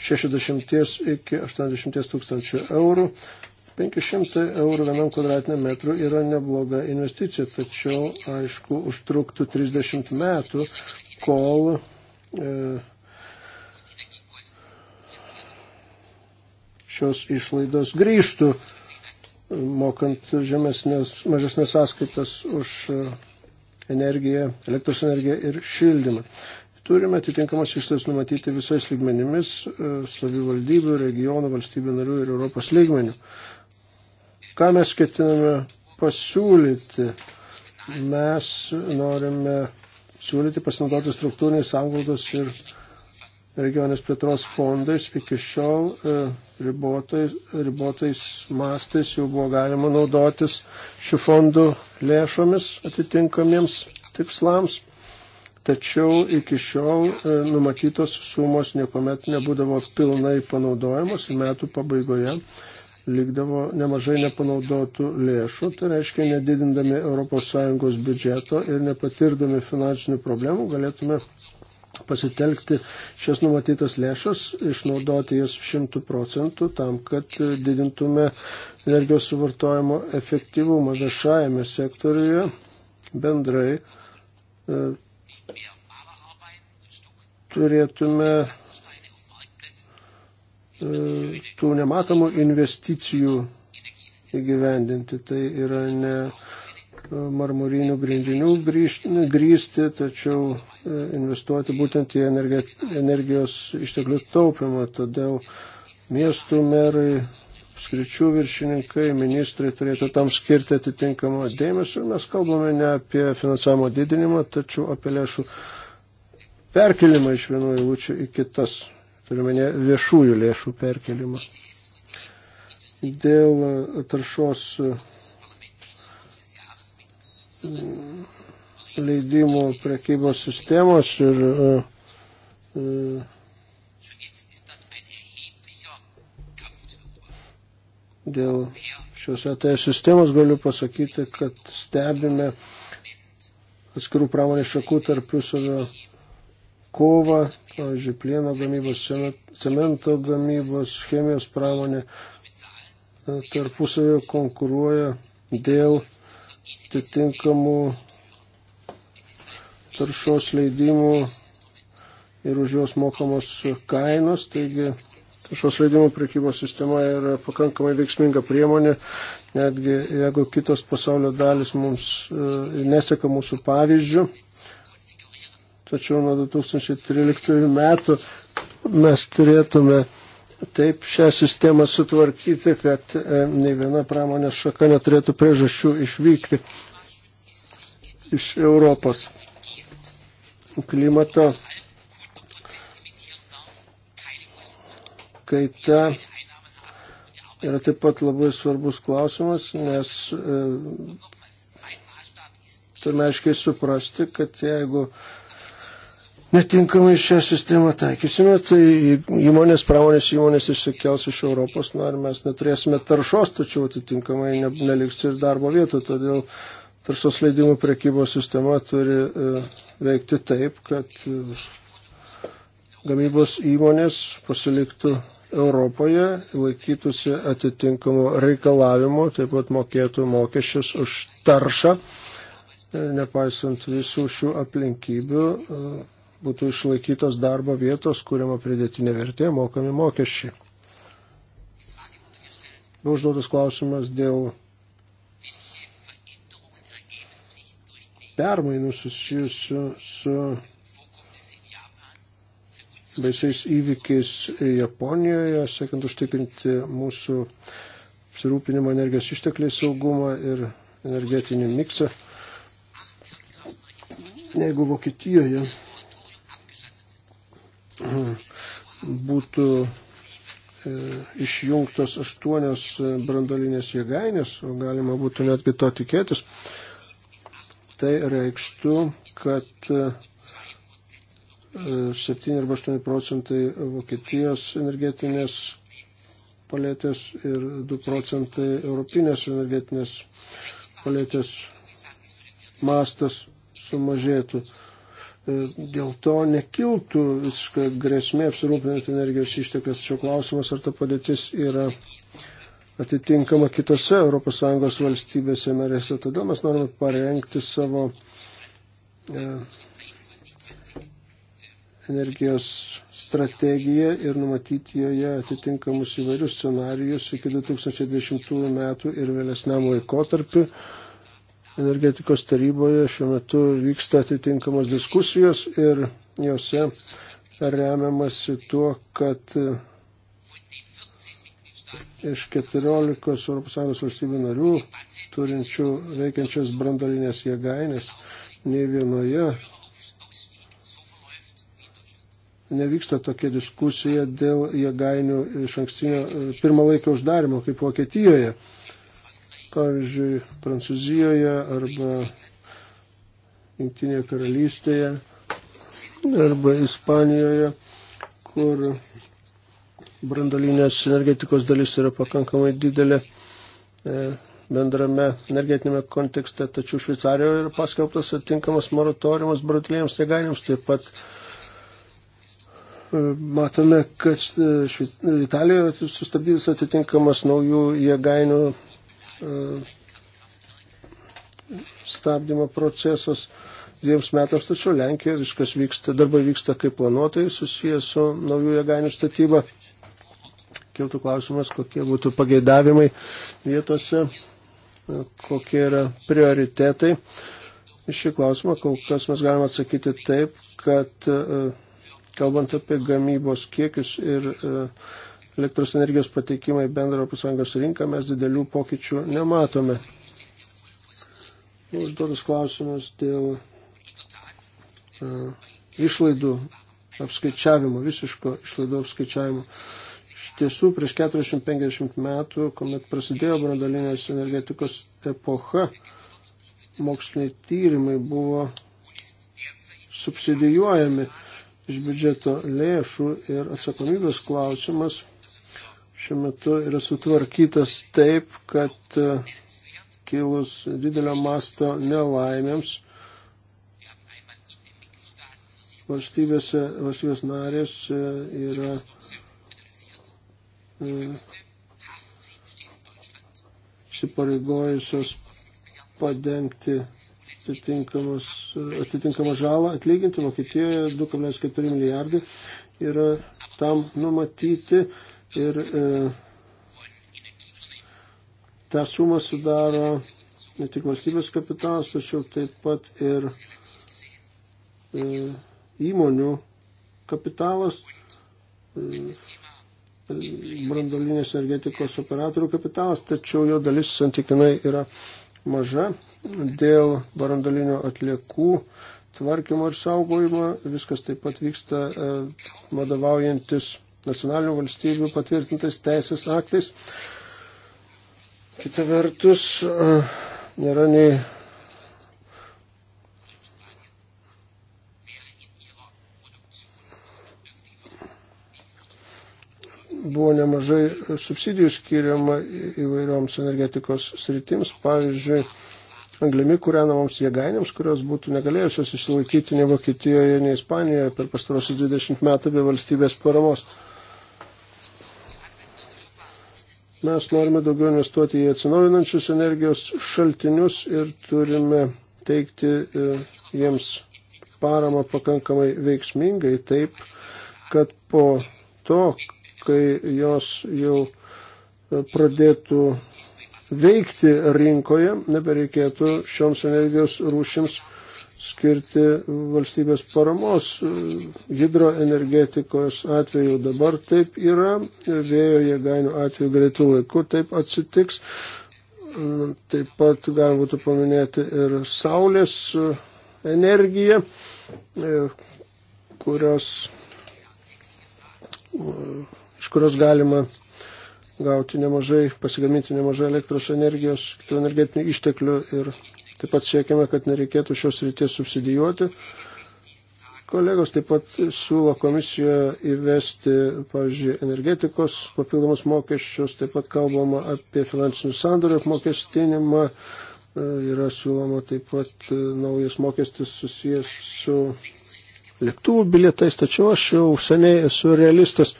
60 iki 80 tūkstančių eurų. 500 eurų vienam kvadratiniam metrui yra nebloga investicija, tačiau, aišku, užtruktų 30 metų, kol e, šios išlaidos grįžtų, mokant žemesnės, mažesnės sąskaitas už e, energiją, elektros energiją ir šildymą. Turime atitinkamas išlaidas numatyti visais lygmenimis e, - savivaldybių, regionų, valstybių narių ir Europos lygmenių. Ką mes ketiname pasiūlyti? Mes norime siūlyti pasinaudoti struktūriniais anglodos ir regionės plėtros fondais. Iki šiol e, ribotais, ribotais mastais jau buvo galima naudotis šių fondų lėšomis atitinkamiems tikslams. Tačiau iki šiol e, numatytos sumos niekuomet nebūdavo pilnai panaudojamos ir metų pabaigoje likdavo nemažai nepanaudotų lėšų, tai reiškia, nedidindami ES biudžeto ir nepatirdami finansinių problemų galėtume pasitelkti šias numatytas lėšas, išnaudoti jas šimtų procentų tam, kad didintume energijos suvartojimo efektyvumą viešajame sektoriuje bendrai e, turėtume E, tų nematomų investicijų įgyvendinti. Tai yra ne e, marmurinių grindinių grįsti, tačiau e, investuoti būtent į energijos išteklių taupimą. Todėl miestų merai, skričių viršininkai, ministrai turėtų tam skirti atitinkamą dėmesį. Mes kalbame ne apie finansavimo didinimą, tačiau apie lėšų perkelimą iš vienų eilučių į kitas turime ne viešųjų lėšų perkelimą. Dėl taršos mm, leidimų prekybos sistemos ir mm, dėl šios ATS e sistemos galiu pasakyti, kad stebime atskirų pramonės šakų tarpusavio kovą pavyzdžiui, plieno gamybos, cemento gamybos, chemijos pramonė e, tarpusavio konkuruoja dėl atitinkamų taršos leidimų ir už juos mokamos kainos. Taigi, taršos leidimų prekybos sistema yra pakankamai veiksminga priemonė, netgi jeigu kitos pasaulio dalis mums e, neseka mūsų pavyzdžių tačiau nuo 2013 metų mes turėtume taip šią sistemą sutvarkyti, kad e, nei viena pramonės šaka neturėtų priežasčių išvykti iš Europos. Klimato kaita yra taip pat labai svarbus klausimas, nes e, turime aiškiai suprasti, kad jeigu e, netinkamai šią sistemą taikysime, tai įmonės, pramonės įmonės išsikels iš Europos, na ir mes neturėsime taršos, tačiau atitinkamai ne, neliks ir darbo vietų, todėl taršos leidimų prekybos sistema turi e, veikti taip, kad e, gamybos įmonės pasiliktų Europoje laikytųsi atitinkamų reikalavimų, taip pat mokėtų mokesčius už taršą, e, nepaisant visų šių aplinkybių, e, būtų išlaikytos darbo vietos, kuriama pridėtinė vertė, mokami mokesčiai. Buvo užduotas klausimas dėl permainų susijusių su baisiais įvykiais Japonijoje, siekiant užtikrinti mūsų apsirūpinimo energijos ištekliai saugumą ir energetinį miksą. Jeigu Vokietijoje būtų e, išjungtos aštuonios e, brandolinės jėgainės, o galima būtų netgi to tikėtis, tai reikštų, kad 7 e, arba 8 procentai Vokietijos energetinės palėtės ir 2 procentai europinės energetinės palėtės mastas sumažėtų dėl to nekiltų visiškai grėsmė apsirūpinant energijos ištekas. Šio klausimas, ar ta padėtis yra atitinkama kitose ES valstybėse narėse. Todėl mes norime parengti savo e, energijos strategiją ir numatyti joje atitinkamus įvairius scenarijus iki 2020 metų ir vėlesniam laikotarpiu energetikos taryboje šiuo metu vyksta atitinkamos diskusijos ir jose remiamasi tuo, kad iš 14 ES valstybių narių turinčių veikiančias brandalinės jėgainės, nei vienoje nevyksta tokia diskusija dėl jėgainių iš ankstinio e, pirmalaikio uždarimo kaip Vokietijoje. Pavyzdžiui, Prancūzijoje arba Junktinėje karalystėje arba Ispanijoje, kur brandolinės energetikos dalis yra pakankamai didelė e, bendrame energetinėme kontekste, tačiau Šveicarijoje yra paskelbtas atinkamas moratoriumas brandolinėms jėgainėms. Taip pat e, matome, kad e, Italijoje sustabdytas atitinkamas naujų jėgainių E, stabdymo procesas dviems metams, tačiau Lenkijoje viskas vyksta, darbai vyksta kaip planuotai susijęs su naujų jėgainių statyba. Kiltų klausimas, kokie būtų pageidavimai vietose, e, kokie yra prioritetai. Iš šį klausimą kol kas mes galime atsakyti taip, kad e, kalbant apie gamybos kiekius ir uh, elektros energijos pateikimą į bendrą ES rinką mes didelių pokyčių nematome. Užduotas klausimas dėl uh, išlaidų apskaičiavimo, visiško išlaidų apskaičiavimo. Iš tiesų, prieš 450 metų, kuomet prasidėjo brandalinės energetikos epocha, moksliniai tyrimai buvo subsidijuojami iš biudžeto lėšų ir atsakomybės klausimas šiuo metu yra sutvarkytas taip, kad e, kilus didelio masto nelaimėms valstybės, valstybės narės e, yra e, įsipareigojusios padengti atitinkamą žalą atlyginti. Vokietijoje 2,4 milijardai yra tam numatyti ir e, tą sumą sudaro ne tik valstybės kapitalas, tačiau taip pat ir e, įmonių kapitalas, e, e, brandolinės energetikos operatorių kapitalas, tačiau jo dalis santykinai yra maža dėl brandolinio atliekų tvarkymo ir saugojimo. Viskas taip pat vyksta e, vadovaujantis nacionalinių valstybių patvirtintais teisės aktais. Kita vertus, nėra nei buvo nemažai subsidijų skiriama įvairioms energetikos sritims, pavyzdžiui, anglimi kūrenamoms jėgainėms, kurios būtų negalėjusios išsilaikyti nei Vokietijoje, nei Ispanijoje per pastarosius 20 metų be valstybės paramos. Mes norime daugiau investuoti į atsinaujinančius energijos šaltinius ir turime teikti e, jiems paramą pakankamai veiksmingai taip, kad po to, kai jos jau e, pradėtų veikti rinkoje, nebereikėtų šioms energijos rūšims skirti valstybės paramos e, hidroenergetikos atveju. Dabar taip yra, vėjo jėgainių atveju greitų laikų taip atsitiks. E, taip pat galima būtų paminėti ir saulės e, energiją, kurios, iš kurios galima gauti nemažai, pasigaminti nemažai elektros energijos, energetinių išteklių ir Taip pat siekiame, kad nereikėtų šios ryties subsidijuoti. Kolegos taip pat siūlo komisijoje įvesti, pavyzdžiui, energetikos papildomus mokesčius, taip pat kalbama apie finansinių sandorių apmokestinimą, e, yra siūloma taip pat e, naujas mokestis susijęs su lėktuvų bilietais, tačiau aš jau seniai esu realistas.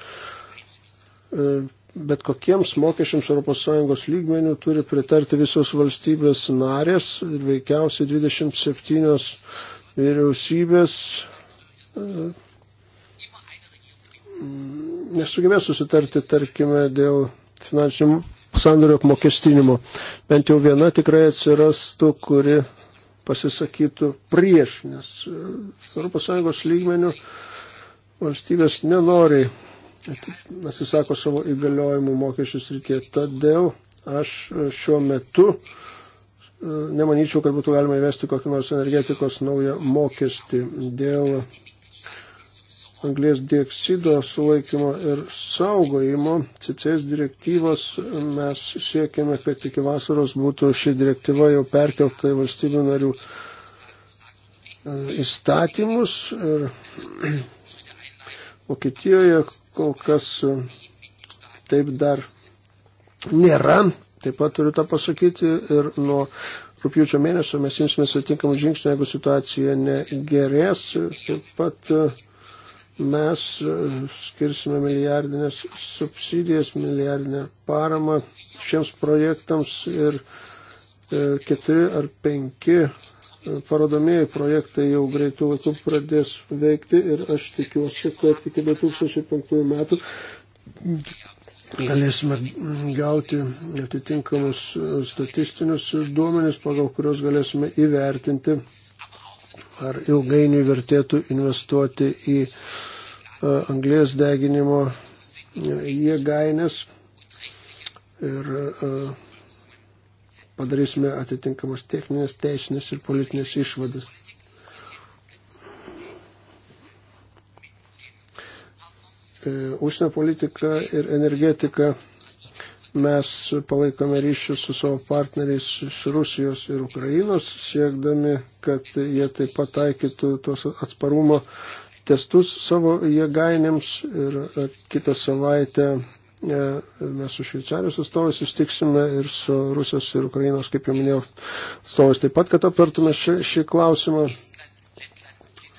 E, bet kokiems mokesčiams ES lygmenių turi pritarti visos valstybės narės ir veikiausiai 27 vyriausybės e, nesugebės susitarti, tarkime, dėl finansinių sandorio apmokestinimo. Bent jau viena tikrai atsirastų, kuri pasisakytų prieš, nes ES lygmenių valstybės nenori atsisako savo įgaliojimų mokesčių srityje. Todėl aš šiuo metu e, nemanyčiau, kad būtų galima įvesti kokį nors energetikos naują mokestį dėl anglės dioksido sulaikymo ir saugojimo. CCS direktyvos mes siekiame, kad iki vasaros būtų ši direktyva jau perkelta į valstybių narių e, įstatymus ir Vokietijoje kol kas e, taip dar nėra. Taip pat turiu tą pasakyti ir nuo rūpjūčio mėnesio mes imsimės atitinkamų žingsnių, jeigu situacija negerės. Taip pat e, mes e, skirsime milijardinės subsidijas, milijardinę paramą šiems projektams ir keturi ar penki parodomieji projektai jau greitų laikų pradės veikti ir aš tikiuosi, kad iki 2005 metų galėsime gauti atitinkamus statistinius duomenis, pagal kurios galėsime įvertinti, ar ilgainiui vertėtų investuoti į e, anglės deginimo e, jėgainės ir uh, padarysime atitinkamas techninės, teisinės ir politinės išvadas. E, užsienio politika ir energetika mes palaikome ryšius su savo partneriais iš Rusijos ir Ukrainos, siekdami, kad jie taip pat taikytų tos atsparumo testus savo jėgainėms ir e, kitą savaitę E, mes su Šveicarijos atstovais sustiksime ir su Rusijos ir Ukrainos, kaip jau minėjau, atstovais taip pat, kad aptartume šį, šį klausimą.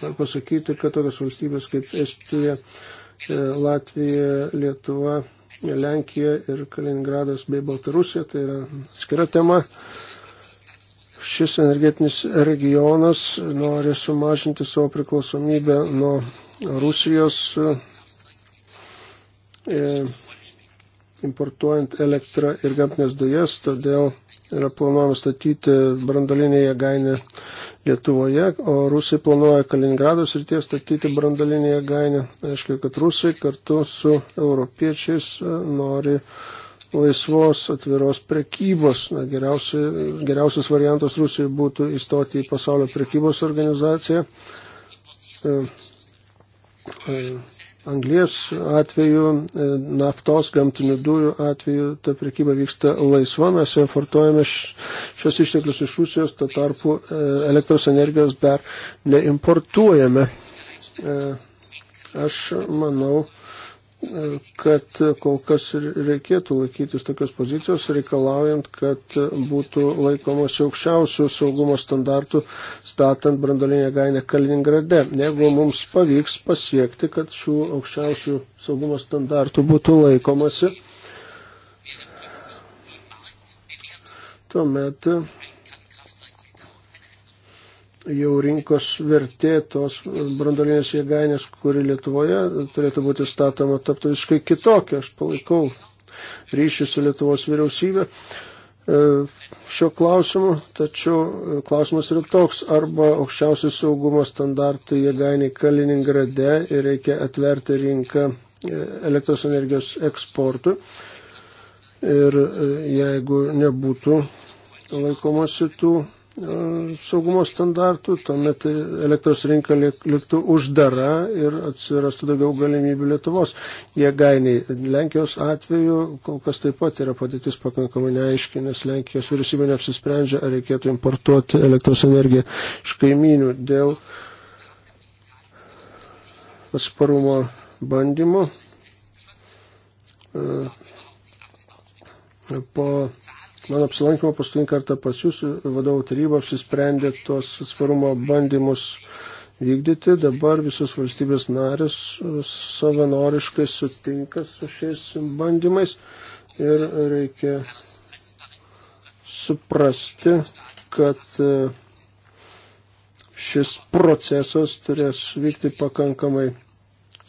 Noriu pasakyti, kad tokios valstybės kaip Estija, e, Latvija, Lietuva, Lenkija ir Kaliningradas bei Baltarusija, tai yra skira tema. Šis energetinis regionas nori sumažinti savo priklausomybę nuo Rusijos. E, importuojant elektrą ir gamtinės dujas, todėl yra planuojama statyti brandalinę jėgainę Lietuvoje, o rusai planuoja Kaliningrado srityje statyti brandalinę jėgainę. Aišku, kad rusai kartu su europiečiais e, nori laisvos atviros prekybos. Na, geriausias, geriausias variantas Rusijai būtų įstoti į pasaulio prekybos organizaciją. E, e, anglies atveju, e, naftos, gamtinių dujų atveju ta prekyba vyksta laisva, mes importuojame šios išteklius iš Rusijos, to tarpu e, elektros energijos dar neimportuojame. E, aš manau, kad kol kas reikėtų laikytis tokios pozicijos, reikalaujant, kad būtų laikomas aukščiausių saugumo standartų statant brandolinę gainę Kaliningrade. Jeigu mums pavyks pasiekti, kad šių aukščiausių saugumo standartų būtų laikomasi, tuomet jau rinkos vertė tos brandolinės jėgainės, kuri Lietuvoje turėtų būti statoma, taptų visiškai kitokia. Aš palaikau ryšį su Lietuvos vyriausybė e, šio klausimu, tačiau klausimas yra toks, arba aukščiausi saugumo standartai jėgainiai Kaliningrade ir reikia atverti rinką e, elektros energijos eksportui. Ir e, jeigu nebūtų laikomasi tų E, saugumo standartų, tuomet elektros rinka liktų uždara ir atsirastų daugiau galimybių Lietuvos jėgainiai. Lenkijos atveju kol kas taip pat yra padėtis pakankamai neaiški, nes Lenkijos vyriausybė neapsisprendžia, ar reikėtų importuoti elektros energiją iš kaimynių dėl atsparumo bandymų. E, po Mano apsilankimo paskutinį kartą pas jūs vadovų taryba apsisprendė tuos atsparumo bandymus vykdyti. Dabar visos valstybės narės uh, savanoriškai sutinka su šiais bandymais ir reikia suprasti, kad uh, šis procesas turės vykti pakankamai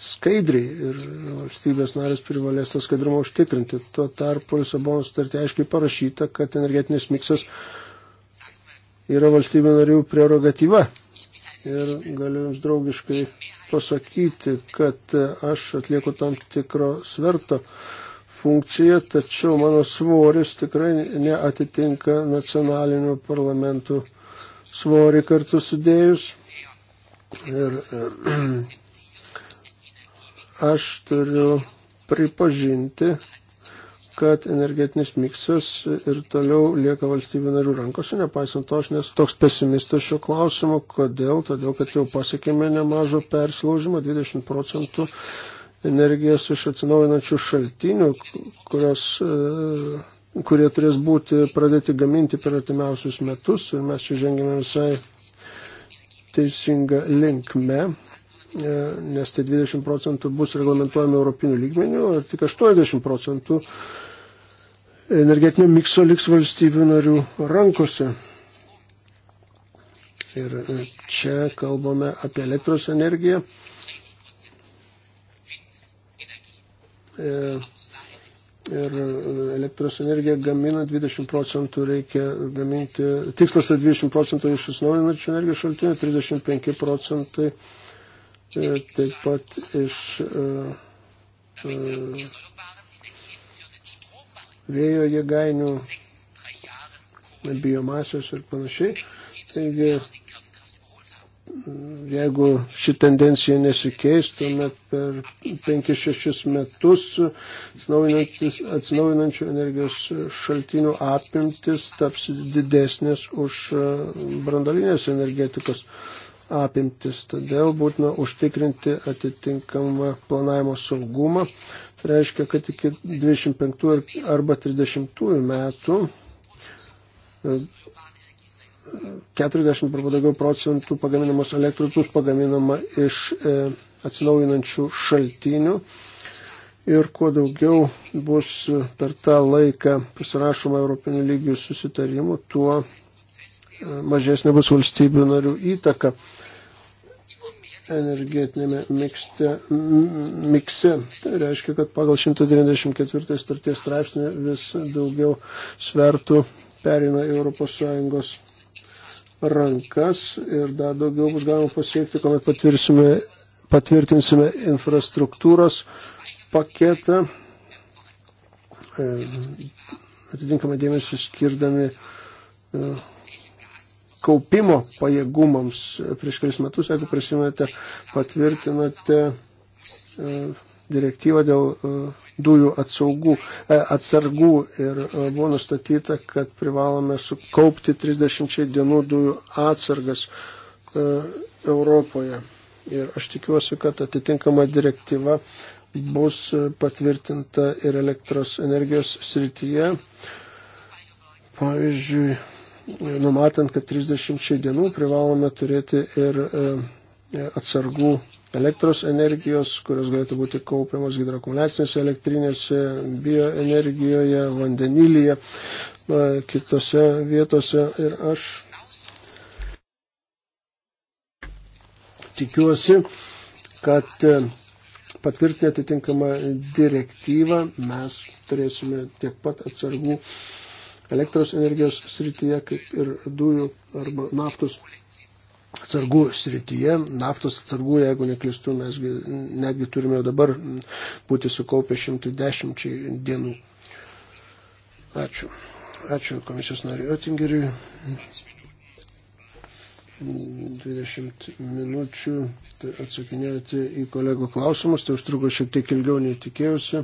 skaidriai ir valstybės narės privalės tą skaidrumą užtikrinti. Tuo tarpu Lisabono sutartė aiškiai parašyta, kad energetinis miksas yra valstybė narių prerogatyva. Ir galiu jums draugiškai pasakyti, kad aš atlieku tam tikro sverto funkciją, tačiau mano svoris tikrai neatitinka nacionalinių parlamentų svorį kartu sudėjus. Ir, ir Aš turiu pripažinti, kad energetinis miksas ir toliau lieka valstybių narių rankose, nepaisant to, aš nesu toks pesimistas šiuo klausimu. Kodėl? Todėl, kad jau pasiekėme nemažo persilaužimo, 20 procentų energijos iš atsinaujinančių šaltinių, kurios, e, kurie turės būti pradėti gaminti per atimiausius metus ir mes čia žengėme visai teisinga linkme. E, nes tai 20 procentų bus reglamentuojami europinių lygmenių, ir tik 80 procentų energetinio mikso liks valstybių narių rankose. Ir e, čia kalbame apie elektros energiją. E, ir elektros energiją gamina 20 procentų reikia gaminti, tikslas yra 20 procentų iš atsinaujinančių energijos šaltinių, 35 procentai E, taip pat iš e, e, vėjo jėgainių, biomasės ir panašiai. Taigi, jeigu ši tendencija nesikeis, tuomet per 5-6 metus atsinaujinančių energijos šaltinių apimtis taps didesnės už brandalinės energetikos. Uh, apimtis. Todėl būtina užtikrinti atitinkamą planavimo saugumą. Tai reiškia, kad iki 25 arba 30 metų 40 e, arba daugiau procentų pagaminamos elektros bus pagaminama iš e, atsinaujinančių šaltinių ir kuo daugiau bus per tą laiką pasirašoma Europinių lygių susitarimų, tuo mažesnė bus valstybių narių įtaka energetinėme mikste, mikse. Tai reiškia, kad pagal 194 starties straipsnį vis daugiau svertų perina ES rankas ir dar daugiau bus galima pasiekti, kuomet patvirtinsime infrastruktūros paketą, e, atitinkamą dėmesį skirdami e, kaupimo pajėgumams prieš kelis metus, jeigu prisimenate, patvirtinote e, direktyvą dėl e, dujų atsaugų, e, atsargų ir buvo nustatyta, kad privalome sukaupti 30 dienų dujų atsargas Europoje. Ir aš tikiuosi, kad atitinkama direktyva bus patvirtinta ir elektros energijos srityje. Pavyzdžiui, numatant, kad 30 dienų privalome turėti ir e, e, atsargų elektros energijos, kurios galėtų būti kaupiamos hidroakumuliacinėse elektrinėse, bioenergijoje, vandenilyje, e, kitose vietose. Ir aš tikiuosi, kad patvirtinę atitinkamą direktyvą mes turėsime tiek pat atsargų elektros energijos srityje, kaip ir dujų arba naftos atsargų srityje. Naftos atsargų, jeigu neklistu, mes netgi turime jau dabar būti sukaupę 110 dienų. Ačiū. Ačiū komisijos nariu Otingeriui. 20 minučių tai atsakinėti į kolegų klausimus, tai užtruko šiek tiek ilgiau nei tikėjausi.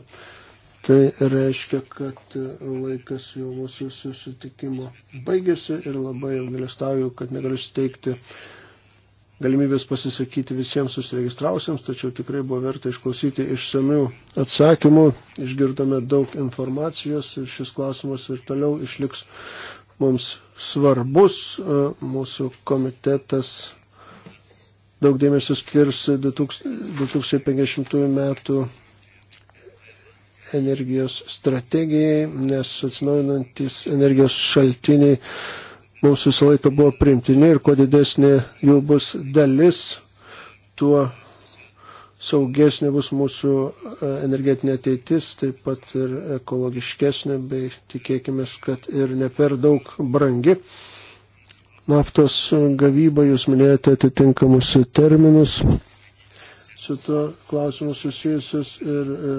Tai reiškia, kad laikas jau mūsų susitikimo baigėsi ir labai apgalėstauju, kad negaliu steigti galimybės pasisakyti visiems susiregistrausiems, tačiau tikrai buvo verta išklausyti išsamių atsakymų, išgirdome daug informacijos ir šis klausimas ir toliau išliks mums svarbus. Mūsų komitetas daug dėmesio skirs 2050 metų energijos strategijai, nes atsinaujinantis energijos šaltiniai mums visą laiką buvo primtini ir kuo didesnė jų bus dalis, tuo saugesnė bus mūsų e, energetinė ateitis, taip pat ir ekologiškesnė, bei tikėkime, kad ir ne per daug brangi. Naftos gavybą jūs minėjote atitinkamus terminus su tuo klausimu susijusius ir e,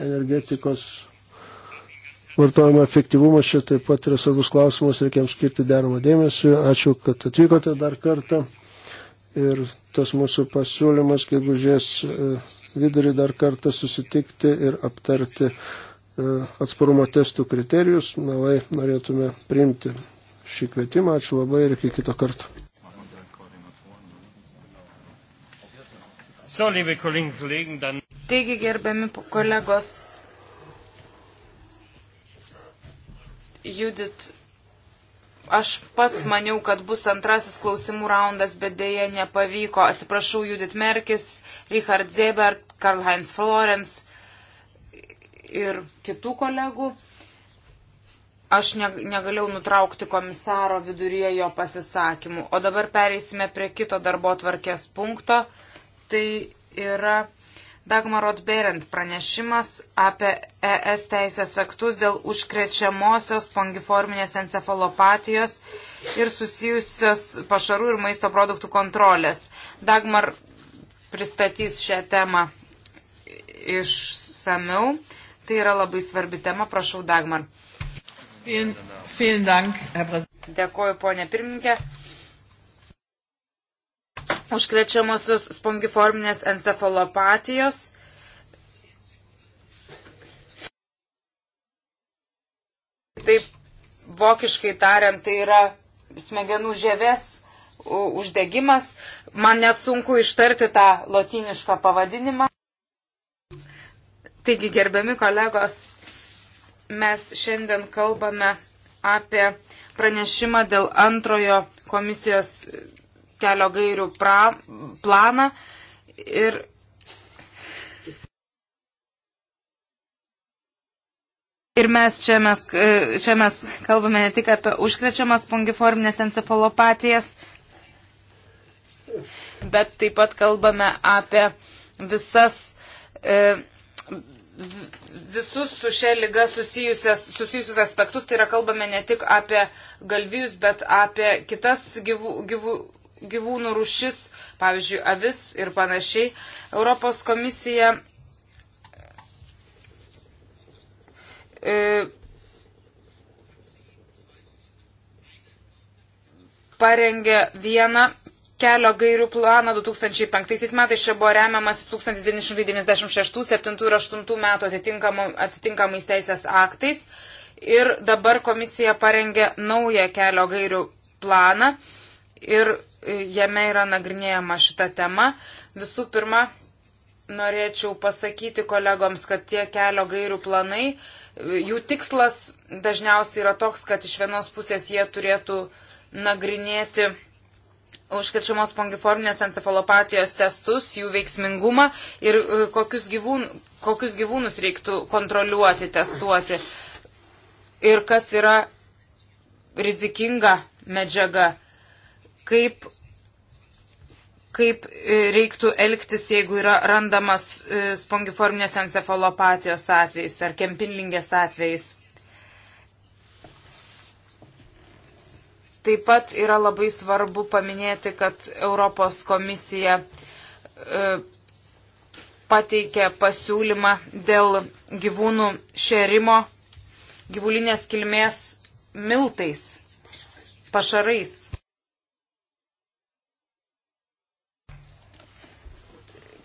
energetikos vartojimo efektyvumas čia taip pat yra svarbus klausimas, reikiam skirti deramą dėmesį. Ačiū, kad atvykote dar kartą. Ir tas mūsų pasiūlymas, gegužės e, vidurį dar kartą susitikti ir aptarti e, atsparumo testų kriterijus, melai norėtume priimti šį kvietimą. Ačiū labai ir iki kito karto. So, liebe Kolleginnen und Kollegen,
dann Taigi, gerbiami kolegos, Judit, aš pats maniau, kad bus antrasis klausimų raundas, bet dėje nepavyko. Atsiprašau, Judit Merkis, Richard Zebert, Karl-Heinz Florence ir kitų kolegų. Aš negalėjau nutraukti komisaro viduryje jo pasisakymų. O dabar pereisime prie kito darbo tvarkės punkto. Tai yra Dagmarot Berend pranešimas apie ES teisės aktus dėl užkrečiamosios fungiforminės encefalopatijos ir susijusios pašarų ir maisto produktų kontrolės. Dagmar pristatys šią temą išsamiau. Tai yra labai svarbi tema. Prašau, Dagmar. Vielen, vielen Dank, Dėkuoju, ponė pirmininkė užkrečiamosios spongiforminės encefalopatijos. Taip, vokiškai tariant, tai yra smegenų žievės uždegimas. Man net sunku ištarti tą lotinišką pavadinimą. Taigi, gerbiami kolegos, mes šiandien kalbame apie pranešimą dėl antrojo komisijos kelio gairių pra, planą ir Ir mes čia, mes čia mes kalbame ne tik apie užkrečiamas pongiforminės encepalopatijas, bet taip pat kalbame apie visas, e, visus su šia lyga susijusius aspektus. Tai yra kalbame ne tik apie galvijus, bet apie kitas gyvų, gyvų, gyvūnų rušis, pavyzdžiui, avis ir panašiai. Europos komisija e, parengė vieną kelio gairių planą 2005 metais. Čia buvo remiamas 1996, 7 ir 8 metų atitinkamais teisės aktais. Ir dabar komisija parengė naują kelio gairių planą. Ir jame yra nagrinėjama šita tema. Visų pirma, norėčiau pasakyti kolegoms, kad tie kelio gairių planai, jų tikslas dažniausiai yra toks, kad iš vienos pusės jie turėtų nagrinėti užkrečiamos pongiforminės encefalopatijos testus, jų veiksmingumą ir e, kokius, gyvūn, kokius gyvūnus reiktų kontroliuoti, testuoti ir kas yra rizikinga medžiaga kaip, kaip e, reiktų elgtis, jeigu yra randamas e, spongiforminės encefalopatijos atvejais ar kempinlingės atvejais. Taip pat yra labai svarbu paminėti, kad Europos komisija e, pateikė pasiūlymą dėl gyvūnų šerimo gyvulinės kilmės miltais, pašarais.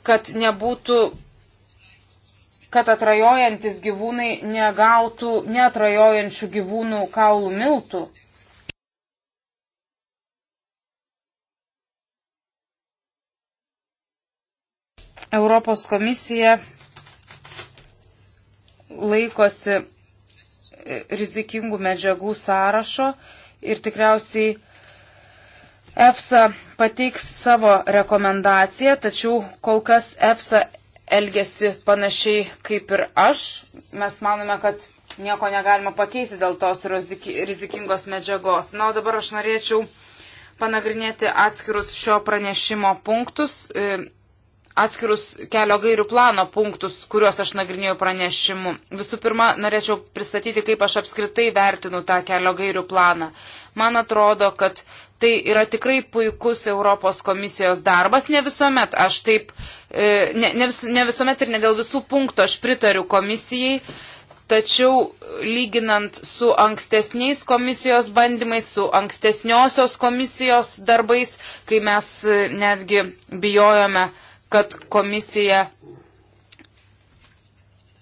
kad nebūtų, kad atrajojantis gyvūnai negautų neatrajojančių gyvūnų kaulų miltų. Europos komisija laikosi rizikingų medžiagų sąrašo ir tikriausiai EFSA pateiks savo rekomendaciją, tačiau kol kas EFSA elgesi panašiai kaip ir aš. Mes manome, kad nieko negalima pakeisti dėl tos rizikingos medžiagos. Na, o dabar aš norėčiau panagrinėti atskirus šio pranešimo punktus, e, atskirus kelio gairių plano punktus, kuriuos aš nagrinėjau pranešimu. Visų pirma, norėčiau pristatyti, kaip aš apskritai vertinu tą kelio gairių planą. Man atrodo, kad uh, Tai yra tikrai puikus Europos komisijos darbas, ne visuomet aš taip, e, ne, ne, vis, ne visuomet ir ne dėl visų punktų aš pritariu komisijai, tačiau lyginant su ankstesniais komisijos bandymais, su ankstesniosios komisijos darbais, kai mes e, netgi bijojome, kad komisija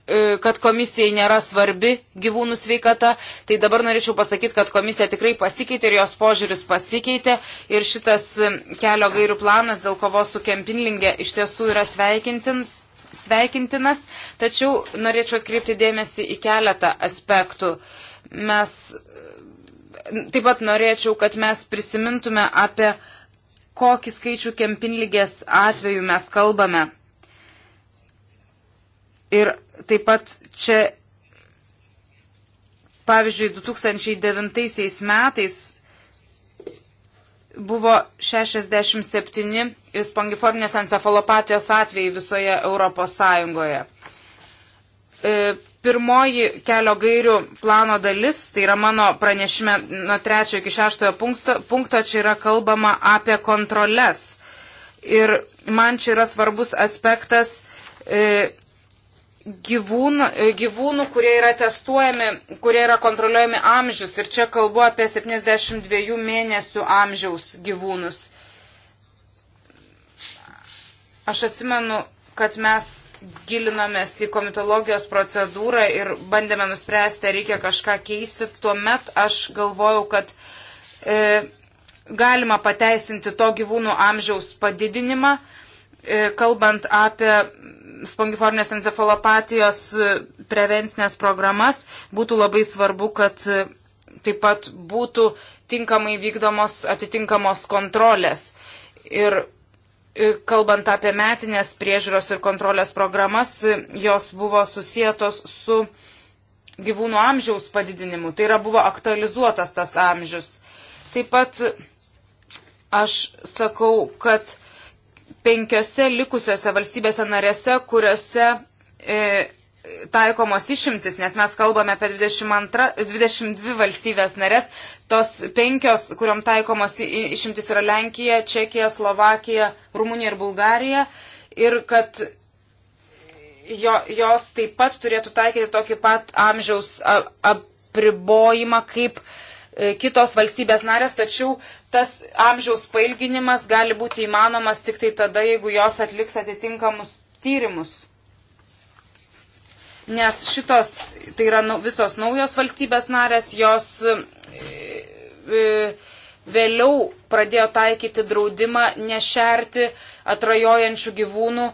E, kad komisijai nėra svarbi gyvūnų sveikata, tai dabar norėčiau pasakyti, kad komisija tikrai pasikeitė ir jos požiūris pasikeitė ir šitas e, kelio gairių planas dėl kovos su kempinlinge iš tiesų yra sveikintin, sveikintinas, tačiau norėčiau atkreipti dėmesį į keletą aspektų. Mes e, taip pat norėčiau, kad mes prisimintume apie kokį skaičių kempinlygės atveju mes kalbame. Ir Taip pat čia, pavyzdžiui, 2009 metais buvo 67 spongiforminės encefalopatijos atvejai visoje Europos Sąjungoje. E, pirmoji kelio gairių plano dalis, tai yra mano pranešime nuo trečio iki šeštojo punkto, punkto čia yra kalbama apie kontrolės. Ir man čia yra svarbus aspektas e, gyvūnų, e, gyvūnų, kurie yra testuojami, kurie yra kontroliuojami amžius. Ir čia kalbu apie 72 mėnesių amžiaus gyvūnus. Aš atsimenu, kad mes gilinomės į komitologijos procedūrą ir bandėme nuspręsti, ar reikia kažką keisti. Tuomet aš galvojau, kad e, galima pateisinti to gyvūnų amžiaus padidinimą, e, kalbant apie spongiforminės encefalopatijos e, prevencinės programas, būtų labai svarbu, kad e, taip pat būtų tinkamai vykdomos atitinkamos kontrolės. Ir e, kalbant apie metinės priežiūros ir kontrolės programas, jos buvo susijėtos su gyvūnų amžiaus padidinimu. Tai yra buvo aktualizuotas tas amžius. Taip pat aš sakau, kad penkiose likusiose valstybėse narėse, kuriuose e, taikomos išimtis, nes mes kalbame apie 22, 22 valstybės narės, tos penkios, kuriuom taikomos išimtis yra Lenkija, Čekija, Slovakija, Rumunija ir Bulgarija, ir kad jo, jos taip pat turėtų taikyti tokį pat amžiaus apribojimą kaip e, E, kitos valstybės narės, tačiau tas amžiaus pailginimas gali būti įmanomas tik tai tada, jeigu jos atliks atitinkamus tyrimus. Nes šitos, tai yra nu, visos naujos valstybės narės, jos e, e, vėliau pradėjo taikyti draudimą nešerti atrajojančių gyvūnų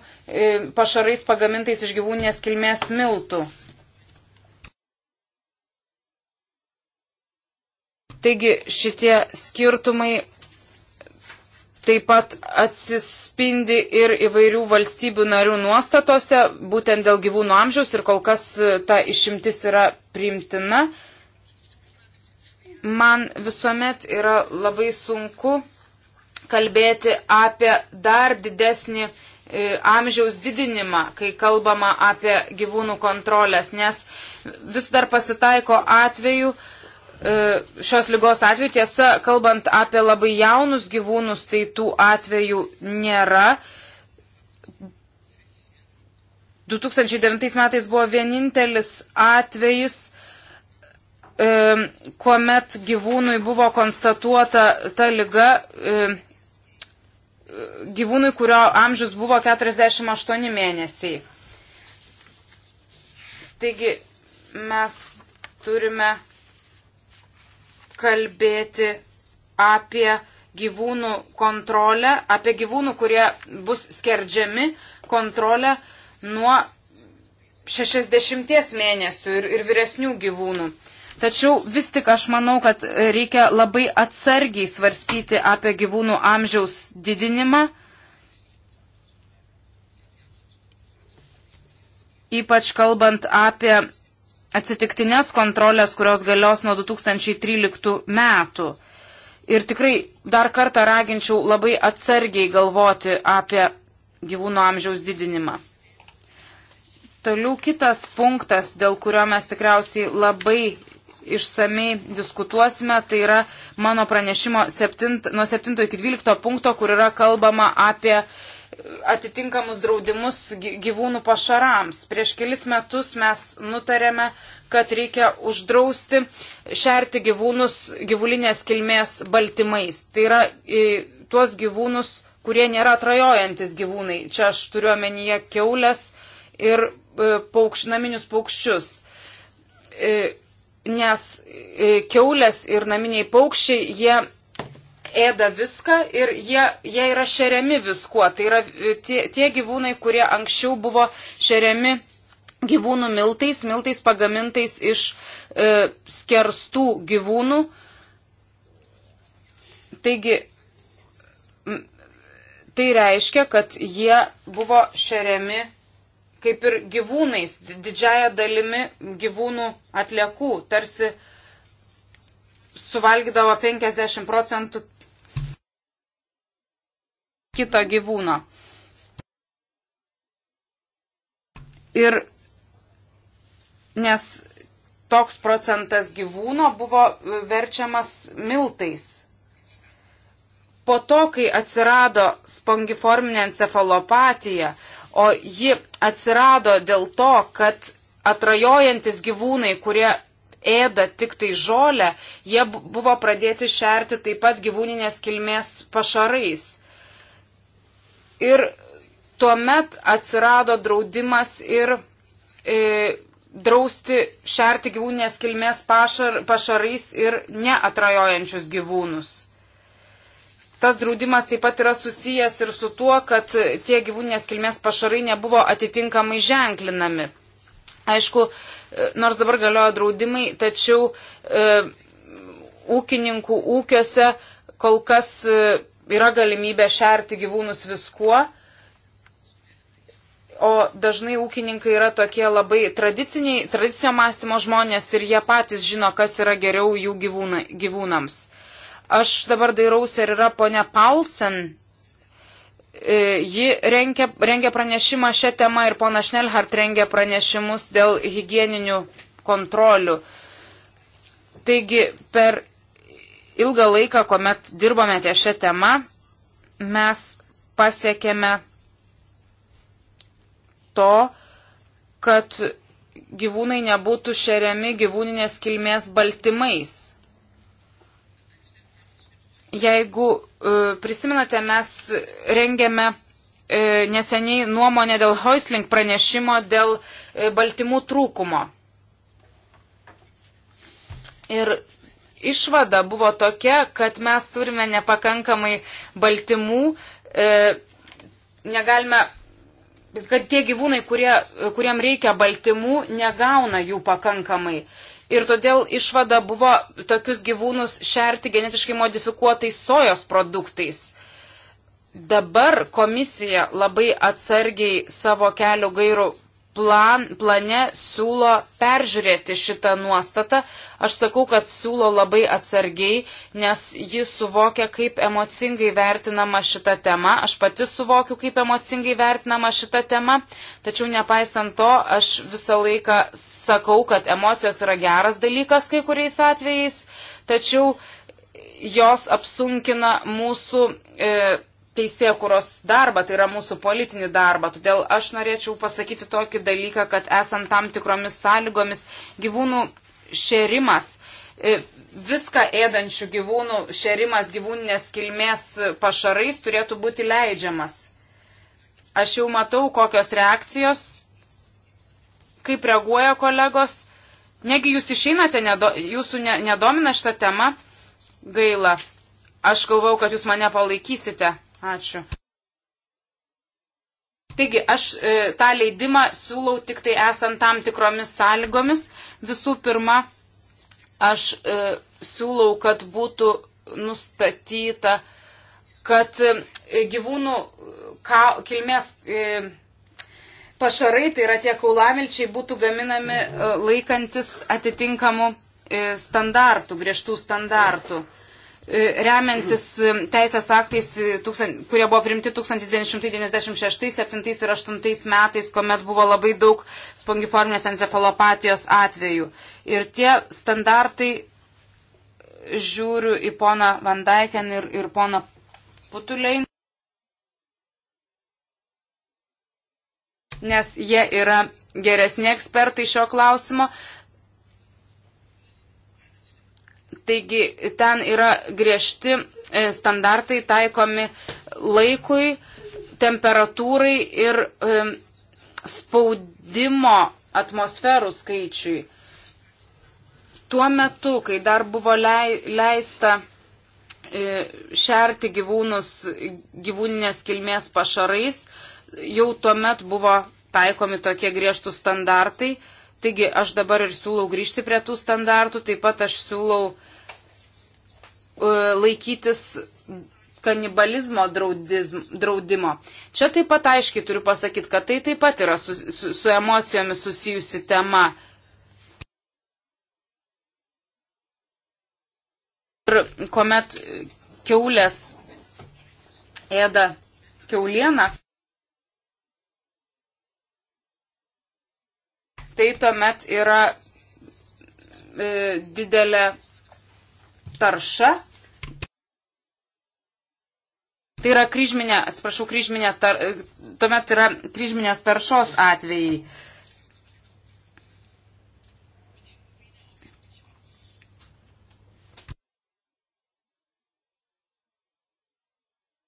pašarais pagamintais iš gyvūninės kilmės miltų. Taigi šitie skirtumai taip pat atsispindi ir įvairių valstybių narių nuostatose, būtent dėl gyvūnų amžiaus ir kol kas e, ta išimtis yra primtina. Man visuomet yra labai sunku kalbėti apie dar didesnį e, amžiaus didinimą, kai kalbama apie gyvūnų kontrolės, nes vis dar pasitaiko atveju, E, šios lygos atveju. Tiesa, kalbant apie labai jaunus gyvūnus, tai tų atvejų nėra. 2009 metais buvo vienintelis atvejis, e, kuomet gyvūnui buvo konstatuota ta lyga, e, gyvūnui, kurio amžius buvo 48 mėnesiai. Taigi mes turime kalbėti apie gyvūnų kontrolę, apie gyvūnų, kurie bus skerdžiami kontrolę nuo 60 mėnesių ir, ir vyresnių gyvūnų. Tačiau vis tik aš manau, kad reikia labai atsargiai svarstyti apie gyvūnų amžiaus didinimą. Ypač kalbant apie atsitiktinės kontrolės, kurios galios nuo 2013 metų. Ir tikrai dar kartą raginčiau labai atsargiai galvoti apie gyvūnų amžiaus didinimą. Toliau kitas punktas, dėl kurio mes tikriausiai labai išsamei diskutuosime, tai yra mano pranešimo 7, nuo 7 iki 12 punkto, kur yra kalbama apie atitinkamus draudimus gyvūnų pašarams. Prieš kelis metus mes nutarėme, kad reikia uždrausti šerti gyvūnus gyvulinės kilmės baltymais. Tai yra į, tuos gyvūnus, kurie nėra trajojantis gyvūnai. Čia aš turiu omenyje keulės ir e, paukš, naminius paukščius. E, nes e, keulės ir naminiai paukščiai, jie ėda viską ir jie, jie yra šeriami viskuo. Tai yra e, tie, tie gyvūnai, kurie anksčiau buvo šeriami gyvūnų miltais, miltais pagamintais iš e, skerstų gyvūnų. Taigi, tai reiškia, kad jie buvo šeriami kaip ir gyvūnais, didžiaja dalimi gyvūnų atliekų, tarsi suvalgydavo 50 procentų kito gyvūno. Ir nes toks procentas gyvūno buvo verčiamas miltais. Po to, kai atsirado spongiforminė encefalopatija, o ji atsirado dėl to, kad atrajojantis gyvūnai, kurie ėda tik tai žolę, jie buvo pradėti šerti taip pat gyvūninės kilmės pašarais. Ir tuomet atsirado draudimas ir e, drausti šerti gyvūninės kilmės pašar, pašarais ir neatrajojančius gyvūnus. Tas draudimas taip pat yra susijęs ir su tuo, kad tie gyvūninės kilmės pašarai nebuvo atitinkamai ženklinami. Aišku, e, nors dabar galioja draudimai, tačiau e, ūkininkų ūkiuose kol kas e, yra galimybė šerti gyvūnus viskuo, o dažnai ūkininkai yra tokie labai tradiciniai, tradicinio mąstymo žmonės ir jie patys žino, kas yra geriau jų gyvūna, gyvūnams. Aš dabar dairausi, ar yra ponia Paulsen. E, ji rengia, rengia pranešimą šią temą ir pona Šnelhart rengia pranešimus dėl hygieninių kontrolių. Taigi per ilgą laiką, kuomet dirbome ties šią temą, mes pasiekėme to, kad gyvūnai nebūtų šeriami gyvūninės kilmės baltymais. Jeigu e, prisiminate, mes rengėme e, neseniai nuomonę dėl Hoisling pranešimo dėl e, baltymų trūkumo. Ir išvada buvo tokia, kad mes turime nepakankamai baltymų, e, negalime, kad tie gyvūnai, kurie, kuriem reikia baltymų, negauna jų pakankamai. Ir todėl išvada buvo tokius gyvūnus šerti genetiškai modifikuotais sojos produktais. Dabar komisija labai atsargiai savo kelių gairių plan, plane siūlo peržiūrėti šitą nuostatą. Aš sakau, kad siūlo labai atsargiai, nes jis suvokia, kaip emocingai vertinama šita tema. Aš pati suvokiu, kaip emocingai vertinama šita tema. Tačiau nepaisant to, aš visą laiką sakau, kad emocijos yra geras dalykas kai kuriais atvejais. Tačiau jos apsunkina mūsų. E, teisėkuros darbą, tai yra mūsų politinį darbą. Todėl aš norėčiau pasakyti tokį dalyką, kad esant tam tikromis sąlygomis gyvūnų šerimas, e, viską ėdančių gyvūnų šerimas gyvūninės kilmės pašarais turėtų būti leidžiamas. Aš jau matau, kokios reakcijos, kaip reaguoja kolegos. Negi jūs išeinate, nedo, jūsų nedomina šitą temą? Gaila. Aš galvau, kad jūs mane palaikysite. Ačiū. Taigi, aš e, tą leidimą siūlau tik tai esant tam tikromis sąlygomis. Visų pirma, aš e, siūlau, kad būtų nustatyta, kad e, gyvūnų ka, kilmės e, pašarai, tai yra tie kaulamilčiai, būtų gaminami e, laikantis atitinkamų e, standartų, griežtų standartų. E, E, remiantis e, teisės aktais, e, kurie buvo primti 1996, 7 ir 8 metais, kuomet buvo labai daug spongiforminės encefalopatijos atvejų. Ir tie standartai, žiūriu į poną Vandaiken ir, ir poną Putulein, nes jie yra geresni ekspertai šio klausimo. Taigi ten yra griežti e, standartai taikomi laikui, temperatūrai ir e, spaudimo atmosferų skaičiui. Tuo metu, kai dar buvo leista e, šerti gyvūnus gyvūninės kilmės pašarais, jau tuo metu buvo taikomi tokie griežtų standartai. Taigi aš dabar ir siūlau grįžti prie tų standartų, taip pat aš siūlau uh, E, laikytis kanibalizmo draudimo. Čia taip pat aiškiai turiu pasakyti, kad tai taip pat yra su, su, su emocijomis susijusi tema. Ir kuomet keulės ėda keulieną, tai tuomet yra e, didelė tarša. Tai yra kryžminė, atsiprašau, kryžminė, tar, tuomet yra kryžminės taršos atvejai.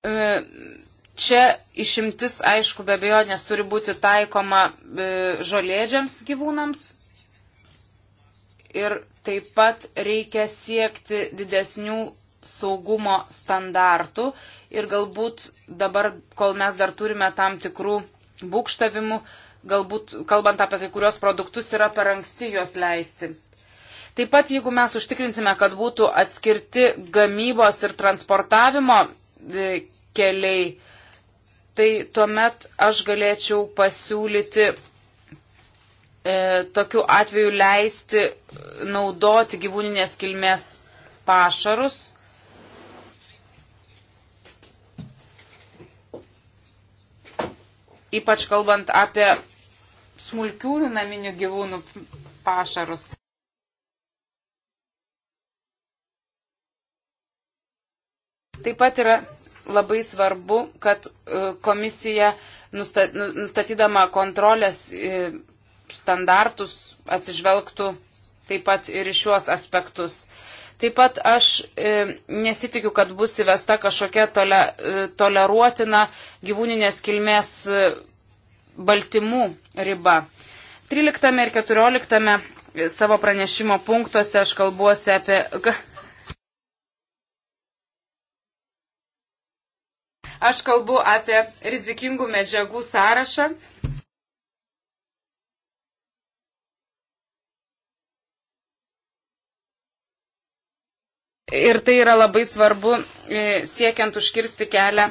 E, čia išimtis, aišku, be abejo, nes turi būti taikoma e, žolėdžiams gyvūnams. Ir Taip pat reikia siekti didesnių saugumo standartų ir galbūt dabar, kol mes dar turime tam tikrų būkštavimų, galbūt kalbant apie kai kurios produktus yra per anksti juos leisti. Taip pat, jeigu mes užtikrinsime, kad būtų atskirti gamybos ir transportavimo e, keliai, tai tuomet aš galėčiau pasiūlyti E, tokiu atveju leisti naudoti gyvūninės kilmės pašarus. Ypač kalbant apie smulkiųjų naminių gyvūnų pašarus. Taip pat yra labai svarbu, kad e, komisija nu-, nustatydama kontrolės e, standartus atsižvelgtų taip pat ir į šiuos aspektus. Taip pat aš e, nesitikiu, kad bus įvesta kažkokia tole, e, toleruotina gyvūninės kilmės e, baltymų riba. 13 ir 14 savo pranešimo punktuose aš kalbuosi apie. Aš kalbu apie rizikingų medžiagų sąrašą. Ir tai yra labai svarbu e, siekiant užkirsti kelią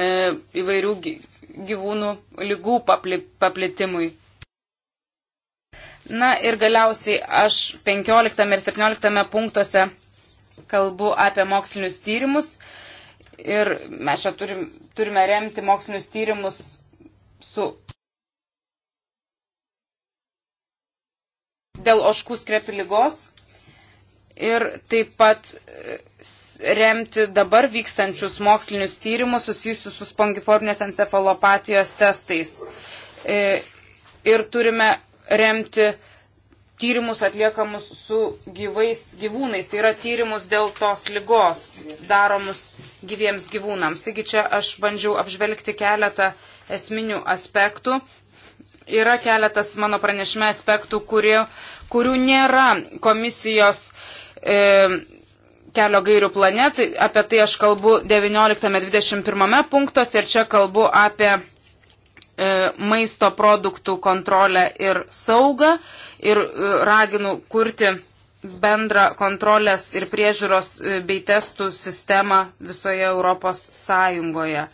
e, įvairių gyvūnų lygų paplitimui. Na ir galiausiai aš 15 ir 17 punktuose kalbu apie mokslinius tyrimus ir mes čia turim, turime remti mokslinius tyrimus su. Dėl oškų skrepi lygos ir taip pat e, remti dabar vykstančius mokslinius tyrimus susijusius su spongiforminės encefalopatijos testais. E, ir turime remti tyrimus atliekamus su gyvais gyvūnais, tai yra tyrimus dėl tos lygos daromus gyviems gyvūnams. Taigi čia aš bandžiau apžvelgti keletą esminių aspektų. Yra keletas mano pranešime aspektų, kurie, kurių nėra komisijos E, kelio gairių plane, tai apie tai aš kalbu 19-21 punktuose ir čia kalbu apie e, maisto produktų kontrolę ir saugą ir e, raginu kurti bendrą kontrolės ir priežiūros bei testų sistemą visoje Europos Sąjungoje.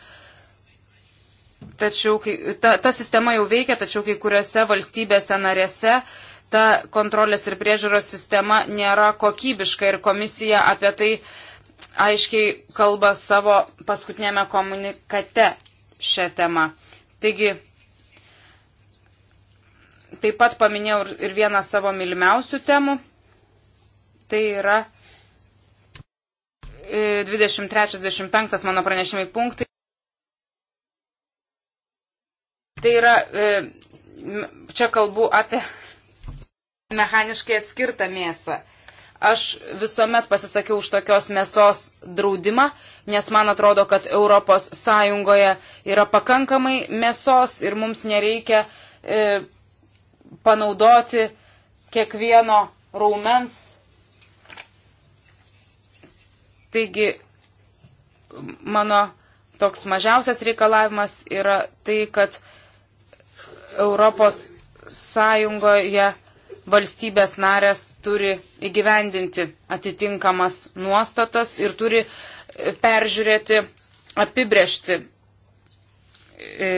Tačiau ta, ta sistema jau veikia, tačiau kai kuriuose valstybėse narėse uh, ta kontrolės ir priežiūros sistema nėra kokybiška ir komisija apie tai aiškiai kalba savo paskutinėme komunikate šią temą. Taigi, taip pat paminėjau ir vieną savo mylimiausių temų. Tai yra 23-25 e, mano pranešimai punktai. Tai yra, e, čia kalbu apie mechaniškai atskirtą mėsą. Aš visuomet pasisakiau už tokios mėsos draudimą, nes man atrodo, kad ES yra pakankamai mėsos ir mums nereikia e, panaudoti kiekvieno raumens. Taigi mano toks mažiausias reikalavimas yra tai, kad Europos Sąjungoje valstybės narės turi įgyvendinti atitinkamas nuostatas ir turi e, peržiūrėti, apibrėžti e,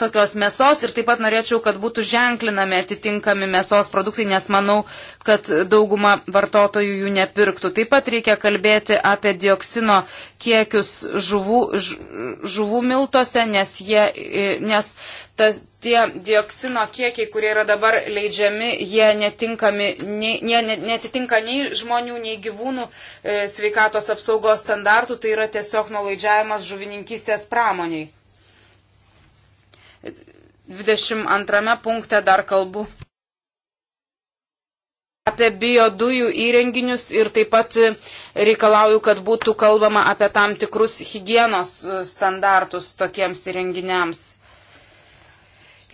tokios mėsos ir taip pat norėčiau, kad būtų ženklinami atitinkami mėsos produktai, nes manau, kad dauguma vartotojų jų nepirktų. Taip pat reikia kalbėti apie dioksino kiekius žuvų, žuvų miltose, nes, jie, nes tas, tie dioksino kiekiai, kurie yra dabar leidžiami, jie netinkami, nei, nie, netitinka nei žmonių, nei gyvūnų e, sveikatos apsaugos standartų, tai yra tiesiog nuolaidžiavimas žuvininkystės pramoniai. 22 punkte dar kalbu apie biodujų įrenginius ir taip pat reikalauju, kad būtų kalbama apie tam tikrus higienos standartus tokiems įrenginiams.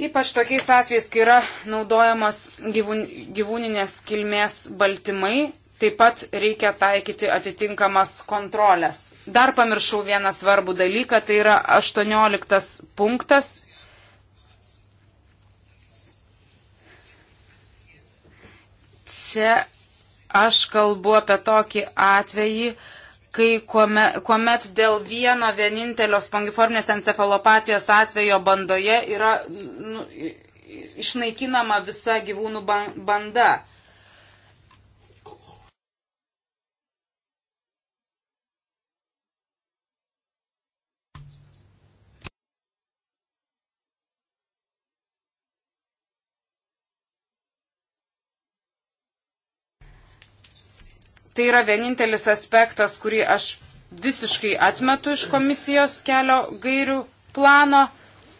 Ypač tokiais atvejais, kai yra naudojamas gyvūn, gyvūninės kilmės baltymai, taip pat reikia taikyti atitinkamas kontrolės. Dar pamiršau vieną svarbų dalyką, tai yra 18 punktas Čia aš kalbu apie tokį atvejį, kai kuomet, kuomet dėl vieno vienintelio spongiforminės encefalopatijos atvejo bandoje yra nu, išnaikinama visa gyvūnų banda. tai yra vienintelis aspektas, kurį aš visiškai atmetu iš komisijos kelio gairių plano.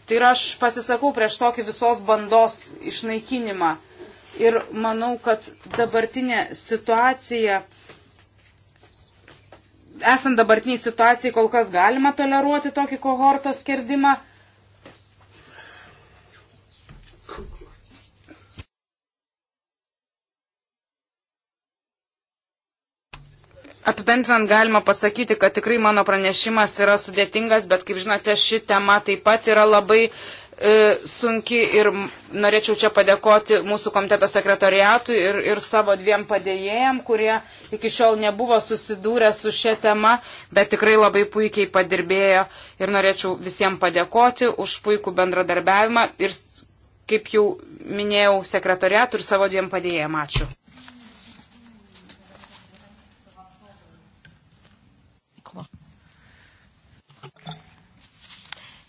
Tai yra aš pasisakau prieš tokį visos bandos išnaikinimą. Ir manau, kad dabartinė situacija, esant dabartiniai situacijai, kol kas galima toleruoti tokį kohortos skerdimą, Apibendrinant galima pasakyti, kad tikrai mano pranešimas yra sudėtingas, bet kaip žinote, ši tema taip pat yra labai e, sunki ir norėčiau čia padėkoti mūsų komiteto sekretariatui ir, ir savo dviem padėjėjam, kurie iki šiol nebuvo susidūrę su šia tema, bet tikrai labai puikiai padirbėjo ir norėčiau visiems padėkoti už puikų bendradarbiavimą ir, kaip jau minėjau, sekretariatui ir savo dviem padėjėjam. Ačiū.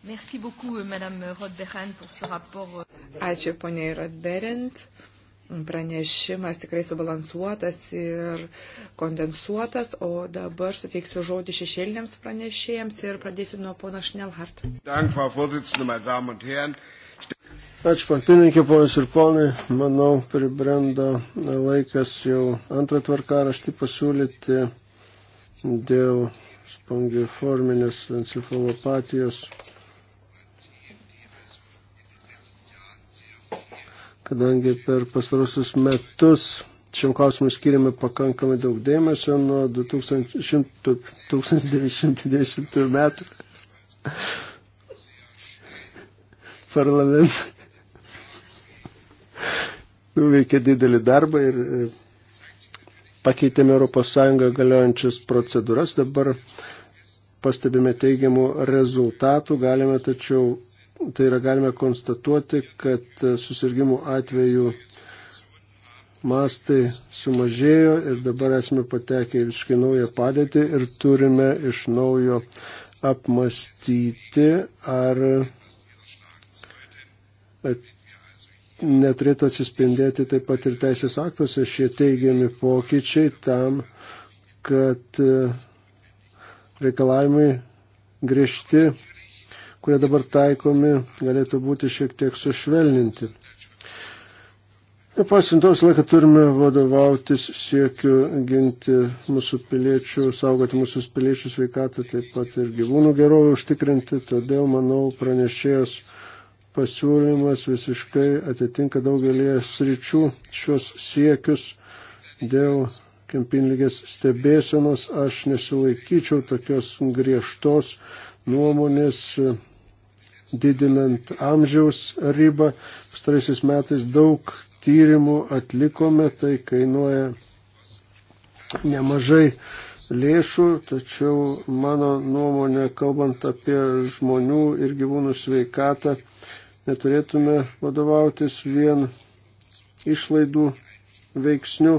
Merci beaucoup, euh, Madame Rodberant, pour ce rapport. Euh. Ačiū, poniai Rodberant. Pranešimas tikrai subalansuotas ir kondensuotas, o dabar suteiksiu žodį šešėliniams pranešėjams ir pradėsiu nuo pono Šnelhart.
Ačiū, pankpininkė, ponas ir ponai. Manau, pribrendo laikas jau antrą tvarkaraštį pasiūlyti dėl spongiforminės encefalopatijos kadangi per pastarusius metus šiam klausimui skiriame pakankamai daug dėmesio nuo 1990 metų. Parlament nuveikė didelį darbą ir e, pakeitėme ES galiojančias procedūras. Dabar pastebime teigiamų rezultatų, galime tačiau Tai yra galime konstatuoti, kad susirgymų atveju mastai sumažėjo ir dabar esame patekę į visiškai naują padėtį ir turime iš naujo apmastyti, ar neturėtų atsispindėti taip pat ir teisės aktuose šie teigiami pokyčiai tam, kad e, reikalavimai griežti kurie dabar taikomi, galėtų būti šiek tiek sušvelninti. Nepaisant to, visą laiką turime vadovautis siekiu ginti mūsų piliečių, saugoti mūsų piliečių sveikatą, taip pat ir gyvūnų gerovę užtikrinti. Todėl, manau, pranešėjos pasiūlymas visiškai atitinka daugelį sričių šios siekius dėl kempinlygės stebėsenos. Aš nesilaikyčiau tokios griežtos nuomonės didinant amžiaus ribą. Pastaraisiais metais daug tyrimų atlikome, tai kainuoja nemažai lėšų, tačiau mano nuomonė, kalbant apie žmonių ir gyvūnų sveikatą, neturėtume vadovautis vien išlaidų veiksnių,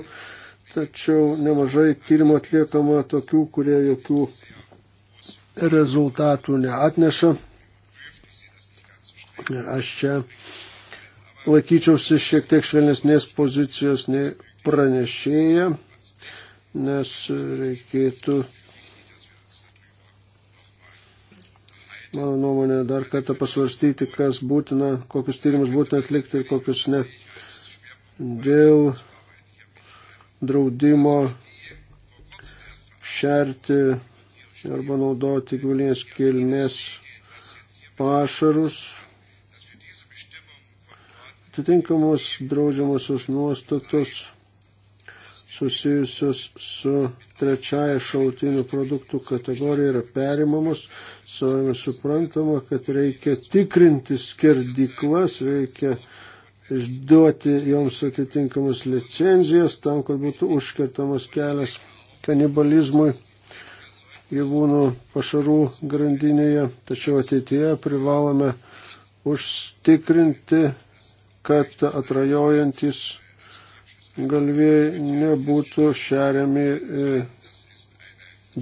tačiau nemažai tyrimų atliekama tokių, kurie jokių rezultatų neatneša. Aš čia laikyčiausi šiek tiek švelnesnės pozicijos nei pranešėja, nes reikėtų, mano nuomonė, dar kartą pasvarstyti, kas būtina, kokius tyrimus būtina atlikti ir kokius ne. Dėl draudimo šerti arba naudoti gyvulinės kilmės pašarus Atitinkamos draudžiamosios nuostatos susijusios su trečiaja šalutinių produktų kategorija yra perimamos. Savame suprantama, kad reikia tikrinti skerdiklas, reikia išduoti joms atitinkamas licenzijas tam, kad būtų užkertamas kelias kanibalizmui gyvūnų pašarų grandinėje. Tačiau ateityje privalome užtikrinti kad atrajojantis galvėjai nebūtų šeriami e,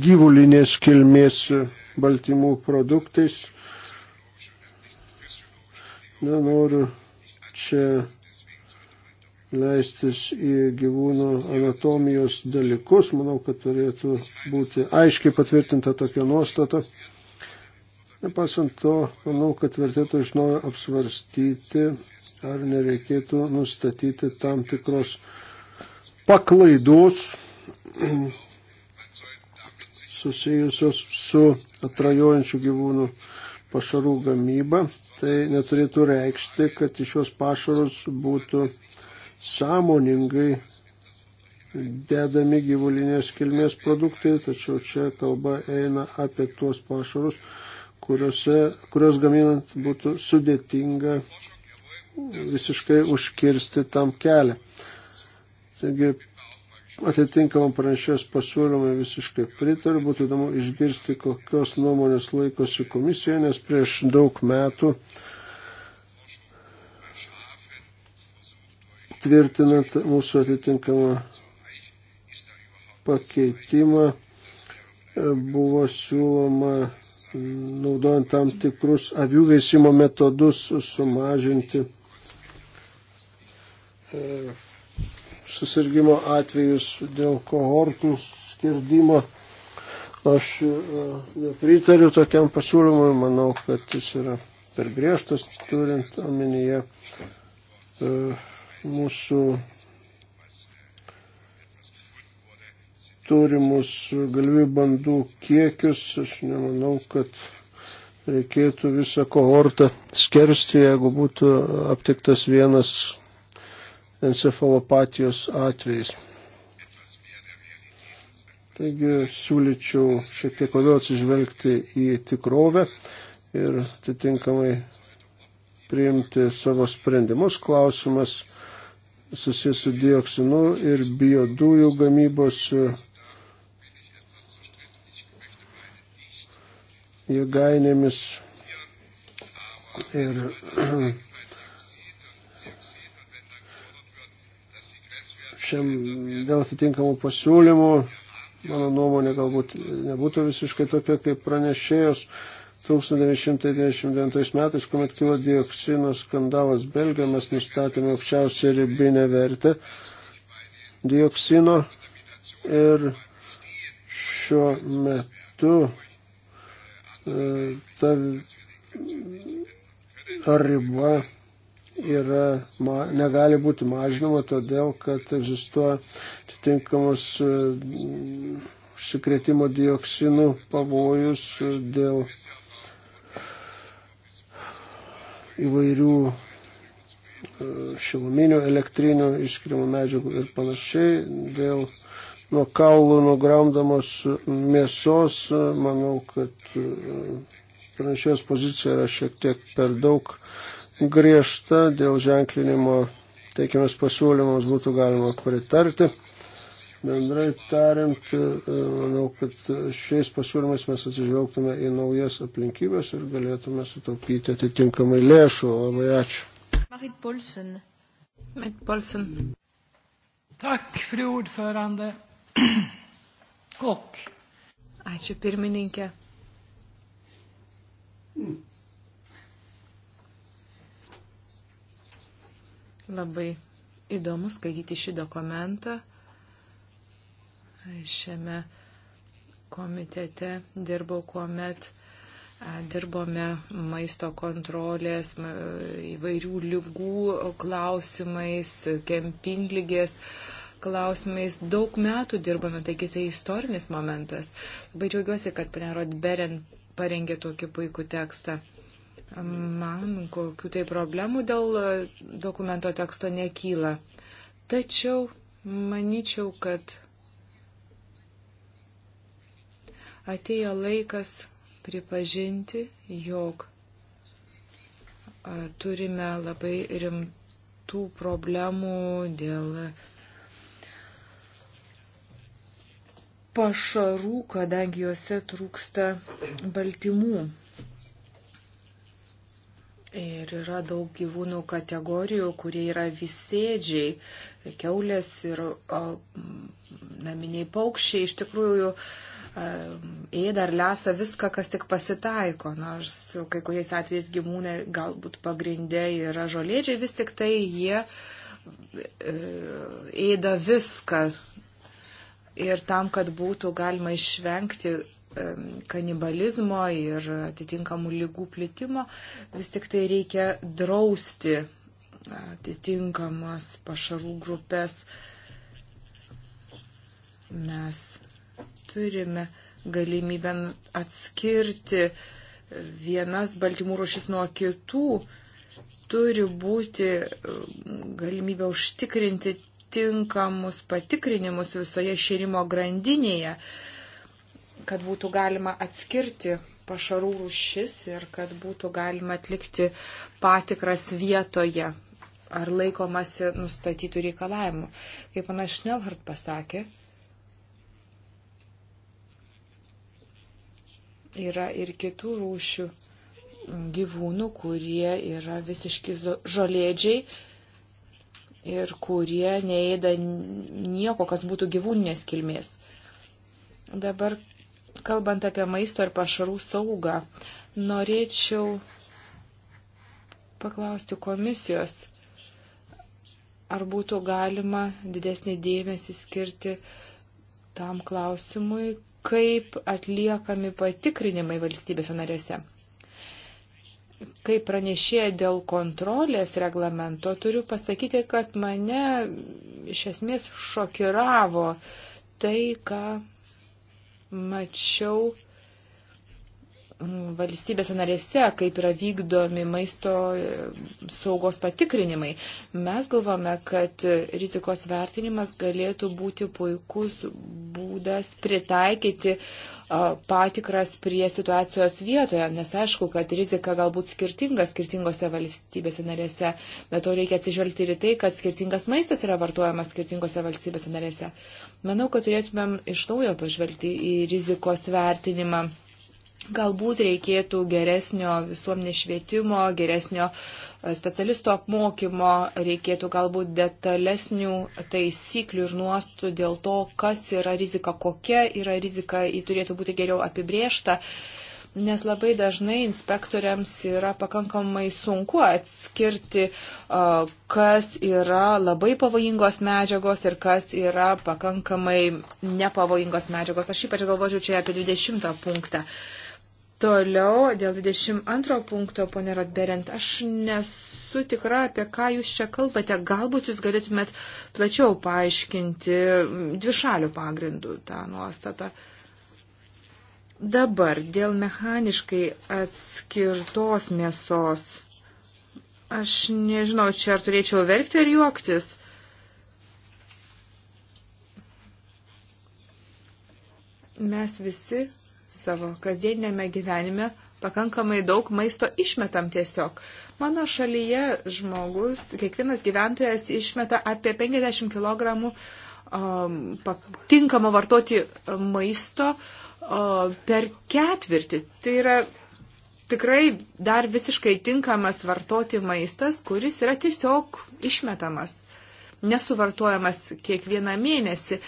gyvulinės kilmės baltymų produktais. Nenoriu čia leistis į gyvūnų anatomijos dalykus. Manau, kad turėtų būti aiškiai patvirtinta tokia nuostata. Nepasant to, manau, kad vertėtų iš naujo apsvarstyti, ar nereikėtų nustatyti tam tikros paklaidos susijusios su atrajojančių gyvūnų pašarų gamyba. Tai neturėtų reikšti, kad iš šios pašarus būtų sąmoningai dedami gyvulinės kilmės produktai, tačiau čia kalba eina apie tuos pašarus kuriuose, kurios gaminant būtų sudėtinga visiškai užkirsti tam kelią. Taigi atitinkamam pranešės pasiūlymai visiškai pritariu, būtų įdomu išgirsti, kokios nuomonės laikosi komisija, nes prieš daug metų tvirtinant mūsų atitinkamą pakeitimą buvo siūloma naudojant tam tikrus avių veisimo metodus, sumažinti e, susirgymo atvejus dėl kohortų skirdimo. Aš e, nepritariu tokiam pasiūlymui, manau, kad jis yra per griežtas, turint omenyje e, mūsų turimus galvijų bandų kiekius, aš nemanau, kad reikėtų visą kohortą skersti, jeigu būtų aptiktas vienas encefalopatijos atvejis. Taigi siūlyčiau šiek tiek labiau atsižvelgti į tikrovę ir atitinkamai priimti savo sprendimus. Klausimas susijęs su dioksinu ir biodujų gamybos jėgainėmis ir šiam dėl atitinkamų pasiūlymų, mano nuomonė galbūt nebūtų visiškai tokia kaip pranešėjos. 1999 metais, kuomet kilo dioksino skandalas Belgijoje, mes nustatėme aukščiausią ribinę vertę dioksino ir šiuo metu ta riba yra, negali būti mažinama todėl, kad egzistuoja atitinkamas e, užsikrėtimo dioksinų pavojus dėl įvairių e, šiluminių elektrinių išskrimų medžiagų ir panašiai dėl uh, nuo kaulų nugramdamos mėsos, manau, kad e, pranešėjos pozicija yra šiek tiek per daug griežta, dėl ženklinimo teikiamas pasiūlymams būtų galima pritarti. Bendrai tariant, e, manau, kad šiais pasiūlymais mes atsižvelgtume į naujas aplinkybės ir galėtume sutaupyti atitinkamai lėšų. Labai ačiū. Marit
Polsen. Marit Polsen. Tak, fru ordförande. Kok. Ačiū pirmininkė. Labai įdomu skaityti šį dokumentą. Šiame komitete dirbau, kuomet dirbome maisto kontrolės įvairių lygų klausimais, kempinglygės klausimais daug metų dirbame, taigi tai istorinis momentas. Labai džiaugiuosi, kad Pnerod Beren parengė tokį puikų tekstą. Man kokių tai problemų dėl dokumento teksto nekyla. Tačiau manyčiau, kad atėjo laikas pripažinti, jog turime labai rimtų problemų dėl pašarų, kadangi juose trūksta baltymų. Ir yra daug gyvūnų kategorijų, kurie yra visėdžiai, keulės ir o, naminiai paukščiai iš tikrųjų ėda ar lesa viską, kas tik pasitaiko, nors kai kuriais atvejais gyvūnai galbūt pagrindė yra žolėdžiai, vis tik tai jie e, ėda viską, ir tam, kad būtų galima išvengti kanibalizmo ir atitinkamų lygų plitimo, vis tik tai reikia drausti atitinkamas pašarų grupės. Mes turime galimybę atskirti vienas baltymų rušis nuo kitų, turi būti galimybė užtikrinti tinkamus patikrinimus visoje širimo grandinėje, kad būtų galima atskirti pašarų rušis ir kad būtų galima atlikti patikras vietoje, ar laikomasi nustatytų reikalavimų. Kaip pana Šnelhart pasakė, yra ir kitų rūšių gyvūnų, kurie yra visiški žolėdžiai ir kurie neėda nieko, kas būtų gyvūninės kilmės. Dabar, kalbant apie maisto ir pašarų saugą, norėčiau paklausti komisijos, ar būtų galima didesnį dėmesį skirti tam klausimui, kaip atliekami patikrinimai valstybėse narėse kaip pranešė dėl kontrolės reglamento, turiu pasakyti, kad mane iš esmės šokiravo tai, ką mačiau mm, valstybėse narėse, kaip yra vykdomi maisto e, saugos patikrinimai. Mes galvome, kad rizikos vertinimas galėtų būti puikus būdas pritaikyti uh, patikras prie situacijos vietoje, nes aišku, kad rizika galbūt skirtinga skirtingose valstybėse narėse, bet to reikia atsižvelgti ir tai, kad skirtingas maistas yra vartojamas skirtingose valstybėse narėse. Manau, kad turėtumėm iš naujo pažvelgti į rizikos vertinimą Galbūt reikėtų geresnio visuomenės švietimo, geresnio e, specialisto apmokymo, reikėtų galbūt detalesnių taisyklių ir nuostų dėl to, kas yra rizika, kokia yra rizika, ji turėtų būti geriau apibriešta nes labai dažnai inspektoriams yra pakankamai sunku atskirti, e, kas yra labai pavojingos medžiagos ir kas yra pakankamai nepavojingos medžiagos. Aš ypač galvočiau čia apie 20 punktą. Toliau dėl 22 punkto, ponė Rodberent, aš nesu tikra, apie ką jūs čia kalbate. Galbūt jūs galėtumėt plačiau paaiškinti dvišalių pagrindų tą nuostatą. Dabar dėl mechaniškai atskirtos mėsos. Aš nežinau, čia ar turėčiau verkti ar juoktis. Mes visi savo kasdieninėme gyvenime pakankamai daug maisto išmetam tiesiog. Mano šalyje žmogus, kiekvienas gyventojas išmeta apie 50 kg um, tinkamo vartoti maisto um, per ketvirtį. Tai yra tikrai dar visiškai tinkamas vartoti maistas, kuris yra tiesiog išmetamas, nesuvartojamas kiekvieną mėnesį.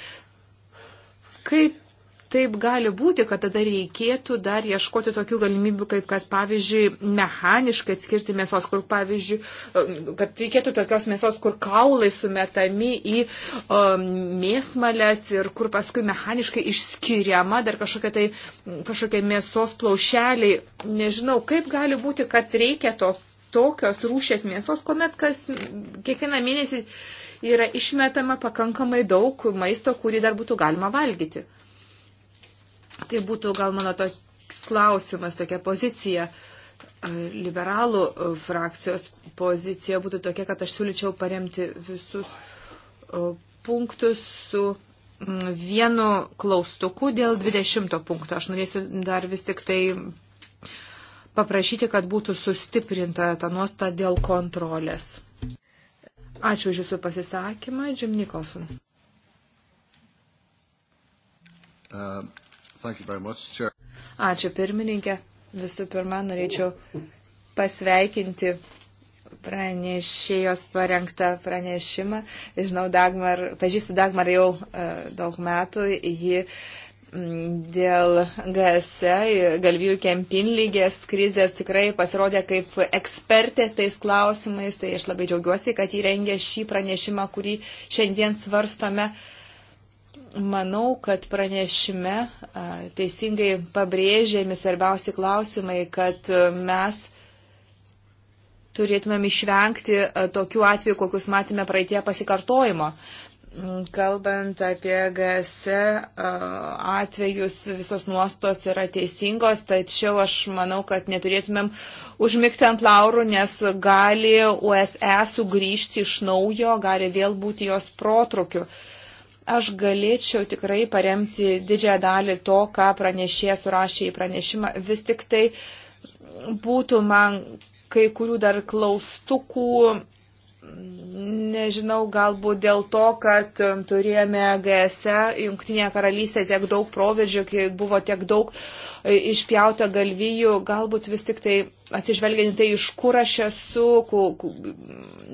Kaip taip gali būti, kad tada reikėtų dar ieškoti tokių galimybių, kaip kad, pavyzdžiui, mechaniškai atskirti mėsos, kur, pavyzdžiui, um, kad reikėtų tokios mėsos, kur kaulai sumetami į o, um, mėsmalės ir kur paskui mechaniškai išskiriama dar kažkokia tai kažkokia mėsos plaušeliai. Nežinau, kaip gali būti, kad reikia to, tokios rūšės mėsos, kuomet kas kiekvieną mėnesį yra išmetama pakankamai daug maisto, kurį dar būtų galima valgyti. Tai būtų gal mano toks klausimas, tokia pozicija. E, liberalų e, frakcijos pozicija būtų tokia, kad aš siūlyčiau paremti visus e, punktus su vienu klaustuku dėl 20 punkto. Aš norėsiu dar vis tik tai paprašyti, kad būtų sustiprinta ta nuosta dėl kontrolės. Ačiū už Jūsų pasisakymą, Jim Nicholson.
Uh. Much,
Ačiū pirmininkė. Visų pirma, norėčiau pasveikinti pranešėjos parengtą pranešimą. Žinau, Dagmar, pažįstu Dagmar jau e, daug metų. Ji dėl GSE, galvijų kempinlygės krizės tikrai pasirodė kaip ekspertės tais klausimais. Tai aš labai džiaugiuosi, kad įrengė šį pranešimą, kurį šiandien svarstome. Uh, Manau, kad pranešime teisingai pabrėžėmi svarbiausi klausimai, kad mes turėtumėm išvengti tokių atvejų, kokius matėme praeitie pasikartojimo. Mm, kalbant apie GS e, atvejus, visos nuostos yra teisingos, tačiau aš manau, kad neturėtumėm užmigti ant laurų, nes gali USE sugrįžti iš naujo, gali vėl būti jos protrukiu. Uh, aš galėčiau tikrai paremti didžiąją dalį to, ką pranešė surašė į pranešimą. Vis tik tai būtų man kai kurių dar klaustukų nežinau, galbūt dėl to, kad turėjome GSE, Junktinėje karalystėje tiek daug proveržių, kai buvo tiek daug išpjauta galvijų, galbūt vis tik tai atsižvelgiant tai, iš kur aš esu, ku, ku,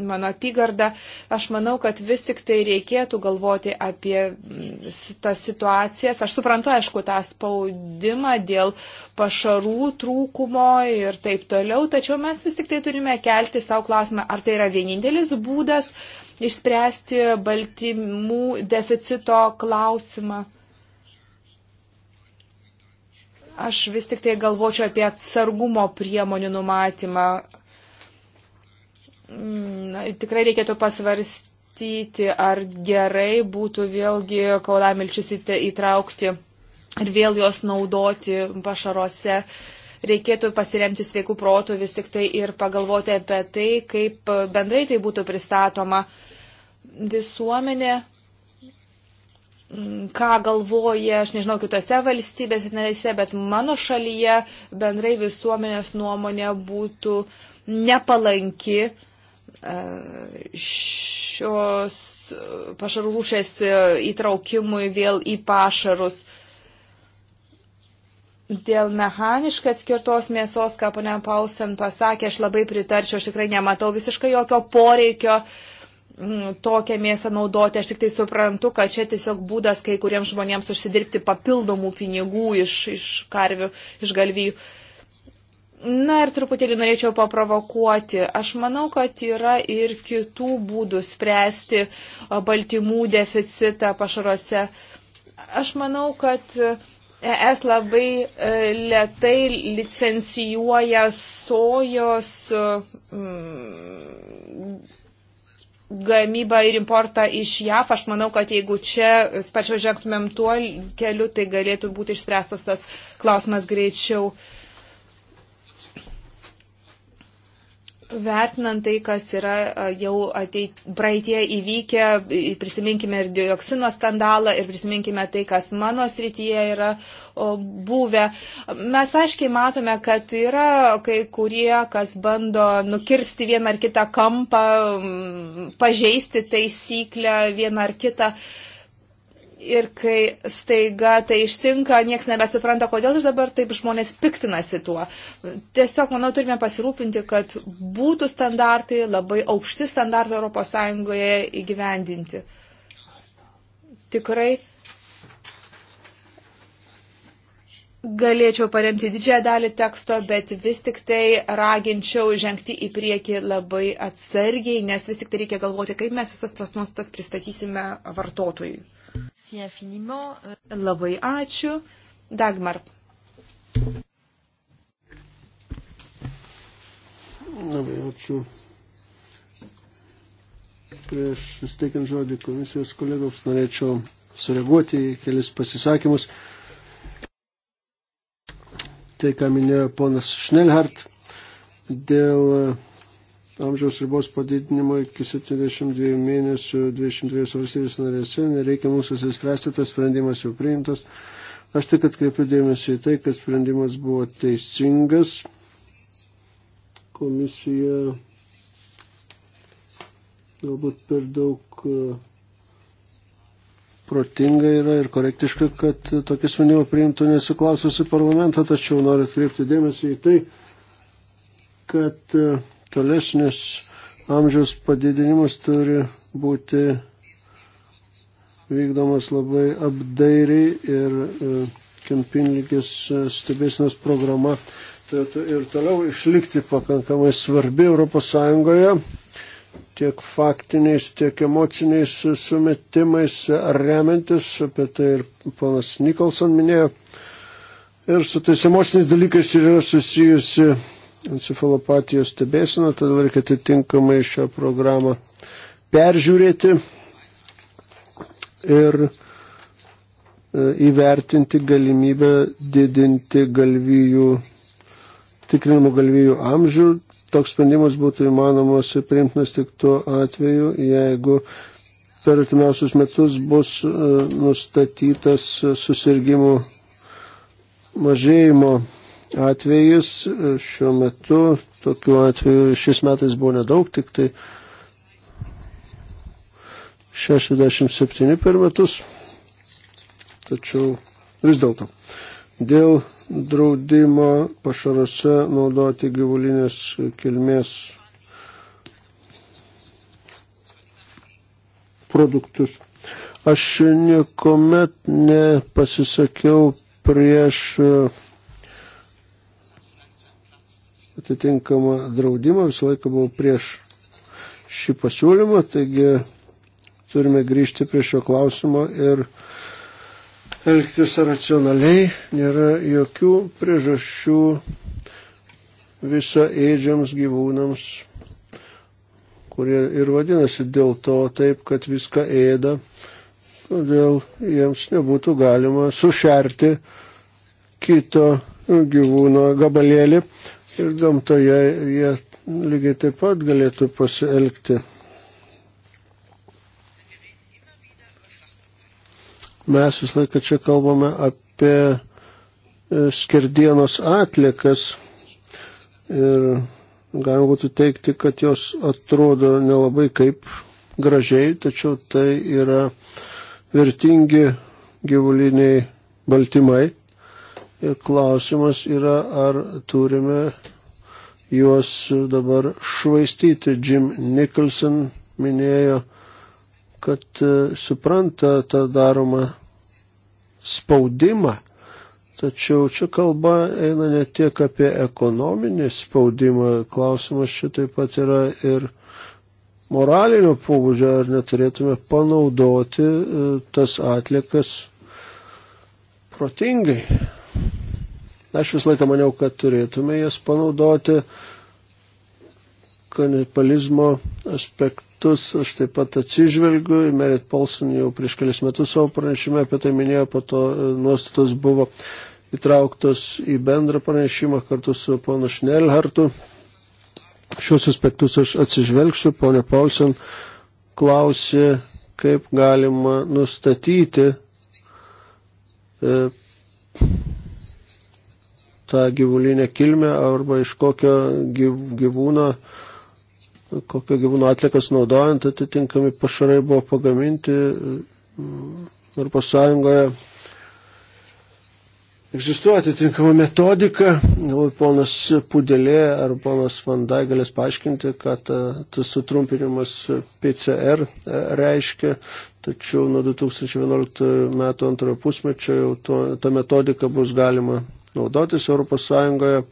mano apygarda, aš manau, kad vis tik tai reikėtų galvoti apie tas situacijas. Aš suprantu, aišku, tą spaudimą dėl pašarų trūkumo ir taip toliau, tačiau mes vis tik tai turime kelti savo klausimą, ar tai yra vienintelis būdas išspręsti baltymų deficito klausimą. Aš vis tik tai galvočiau apie atsargumo priemonių numatymą. Na, tikrai reikėtų pasvarstyti, ar gerai būtų vėlgi kaulamilčius įtraukti ir vėl juos naudoti pašaruose reikėtų pasiremti sveikų protų vis tik tai ir pagalvoti apie tai, kaip bendrai tai būtų pristatoma visuomenė. Mm, ką galvoja, aš nežinau, kitose valstybėse narėse, bet mano šalyje bendrai visuomenės nuomonė būtų nepalanki e, šios pašarų rūšės įtraukimui vėl į pašarus. Dėl mechaniškai atskirtos mėsos, ką ponia Pausen pasakė, aš labai pritarčiau, aš tikrai nematau visiškai jokio poreikio uh, Mm, tokią mėsą naudoti. Aš tik tai suprantu, kad čia tiesiog būdas kai kuriems žmonėms užsidirbti papildomų pinigų iš, iš karvių, iš galvijų. Na ir truputėlį norėčiau paprovokuoti. Aš manau, kad yra ir kitų būdų spręsti baltymų deficitą pašaruose. Aš manau, kad e, ES labai e, lietai licencijuoja sojos e, gamybą ir importą iš JAF. Aš manau, kad jeigu čia spačiau žengtumėm tuo keliu, tai galėtų būti išspręstas tas klausimas greičiau. Uh, Vertinant tai, kas yra jau ateit, praeitie įvykę, prisiminkime ir dioksino skandalą ir prisiminkime tai, kas mano srityje yra buvę. Mes aiškiai matome, kad yra kai kurie, kas bando nukirsti vieną ar kitą kampą, pažeisti taisyklę vieną ar kitą. Uh, Ir kai staiga tai ištinka, niekas nebesupranta, kodėl iš dabar taip žmonės piktinasi tuo. Tiesiog, manau, turime pasirūpinti, kad būtų standartai, labai aukšti standartai ES įgyvendinti. Tikrai galėčiau paremti didžiąją dalį teksto, bet vis tik tai raginčiau žengti į priekį labai atsargiai, nes vis tik tai reikia galvoti, kaip mes visas tas nuostatas pristatysime vartotojui. Euh, Labai ačiū. Dagmar.
Labai ačiū. Prieš susteikiant žodį komisijos kolegoms norėčiau sureaguoti į kelis pasisakymus. Tai, ką minėjo ponas Šnelhart dėl amžiaus ribos padidinimo iki 72 mėnesių 22 valstybės narėse. Nereikia mūsų įsispręsti, tas sprendimas jau priimtas. Aš tik atkreipiu dėmesį į tai, kad sprendimas buvo teisingas. Komisija galbūt per daug e, protinga yra ir korektiška, kad tokį sprendimą priimtų nesiklaususi parlamentą, tačiau noriu atkreipti dėmesį į tai, kad uh, Tolesnis amžiaus padidinimas turi būti vykdomas labai apdairiai ir e, kempinlygis e, stebėsinos programa turėtų ir toliau išlikti pakankamai svarbi Europos Sąjungoje tiek faktiniais, tiek emociniais sumetimais remiantis, apie tai ir ponas Nikolson minėjo. Ir su tais emociniais dalykais yra susijusi encefalopatijos stebėsina, todėl reikia atitinkamai šią programą peržiūrėti ir e, įvertinti galimybę didinti galvijų, tikrinimų galvijų amžių. Toks sprendimas būtų įmanomas ir priimtinas tik tuo atveju, jeigu per artimiausius metus bus e, nustatytas susirgymų mažėjimo atvejis. Šiuo metu tokių atvejų šis metais buvo nedaug, tik tai 67 per metus. Tačiau vis dėlto. Dėl draudimo pašaruose naudoti gyvulinės kilmės produktus. Aš niekuomet nepasisakiau prieš atitinkamą draudimą, visą laiką buvau prieš šį pasiūlymą, taigi turime grįžti prie šio klausimo ir elgtis racionaliai, nėra jokių priežasčių visą eidžiams gyvūnams, kurie ir vadinasi dėl to taip, kad viską ėda, todėl jiems nebūtų galima sušerti kito gyvūno gabalėlį ir gamtoje jie lygiai taip pat galėtų pasielgti. Mes visą laiką čia kalbame apie e, skerdienos atlikas ir galima būtų teikti, kad jos atrodo nelabai kaip gražiai, tačiau tai yra vertingi gyvuliniai baltymai. Ir klausimas yra, ar turime juos dabar švaistyti. Jim Nicholson minėjo, kad e, supranta tą daromą spaudimą. Tačiau čia kalba eina ne tiek apie ekonominį spaudimą, klausimas čia taip pat yra ir moralinio pobūdžio, ar neturėtume panaudoti e, tas atlikas protingai. Aš visą laiką maniau, kad turėtume jas panaudoti. Kanipalizmo aspektus aš taip pat atsižvelgiu. Merit Paulson jau prieš kelias metus savo pranešime apie tai minėjo, po to e, nuostatos buvo įtrauktos į bendrą pranešimą kartu su ponu Šnelhartu. Šios aspektus aš atsižvelgsiu. Pone Paulson klausė, kaip galima nustatyti e, tą gyvulinę kilmę arba iš kokio gyvūno, kokio gyvūno atlikas naudojant atitinkami pašarai buvo pagaminti mm, Europos Sąjungoje. Egzistuoja atitinkama metodika, galbūt ponas Pudelė ar ponas Vandai galės paaiškinti, ką tas sutrumpinimas PCR e, reiškia, tačiau nuo 2011 metų antrojo pusmečio jau to, ta metodika bus galima naudotis Europos Sąjungoje.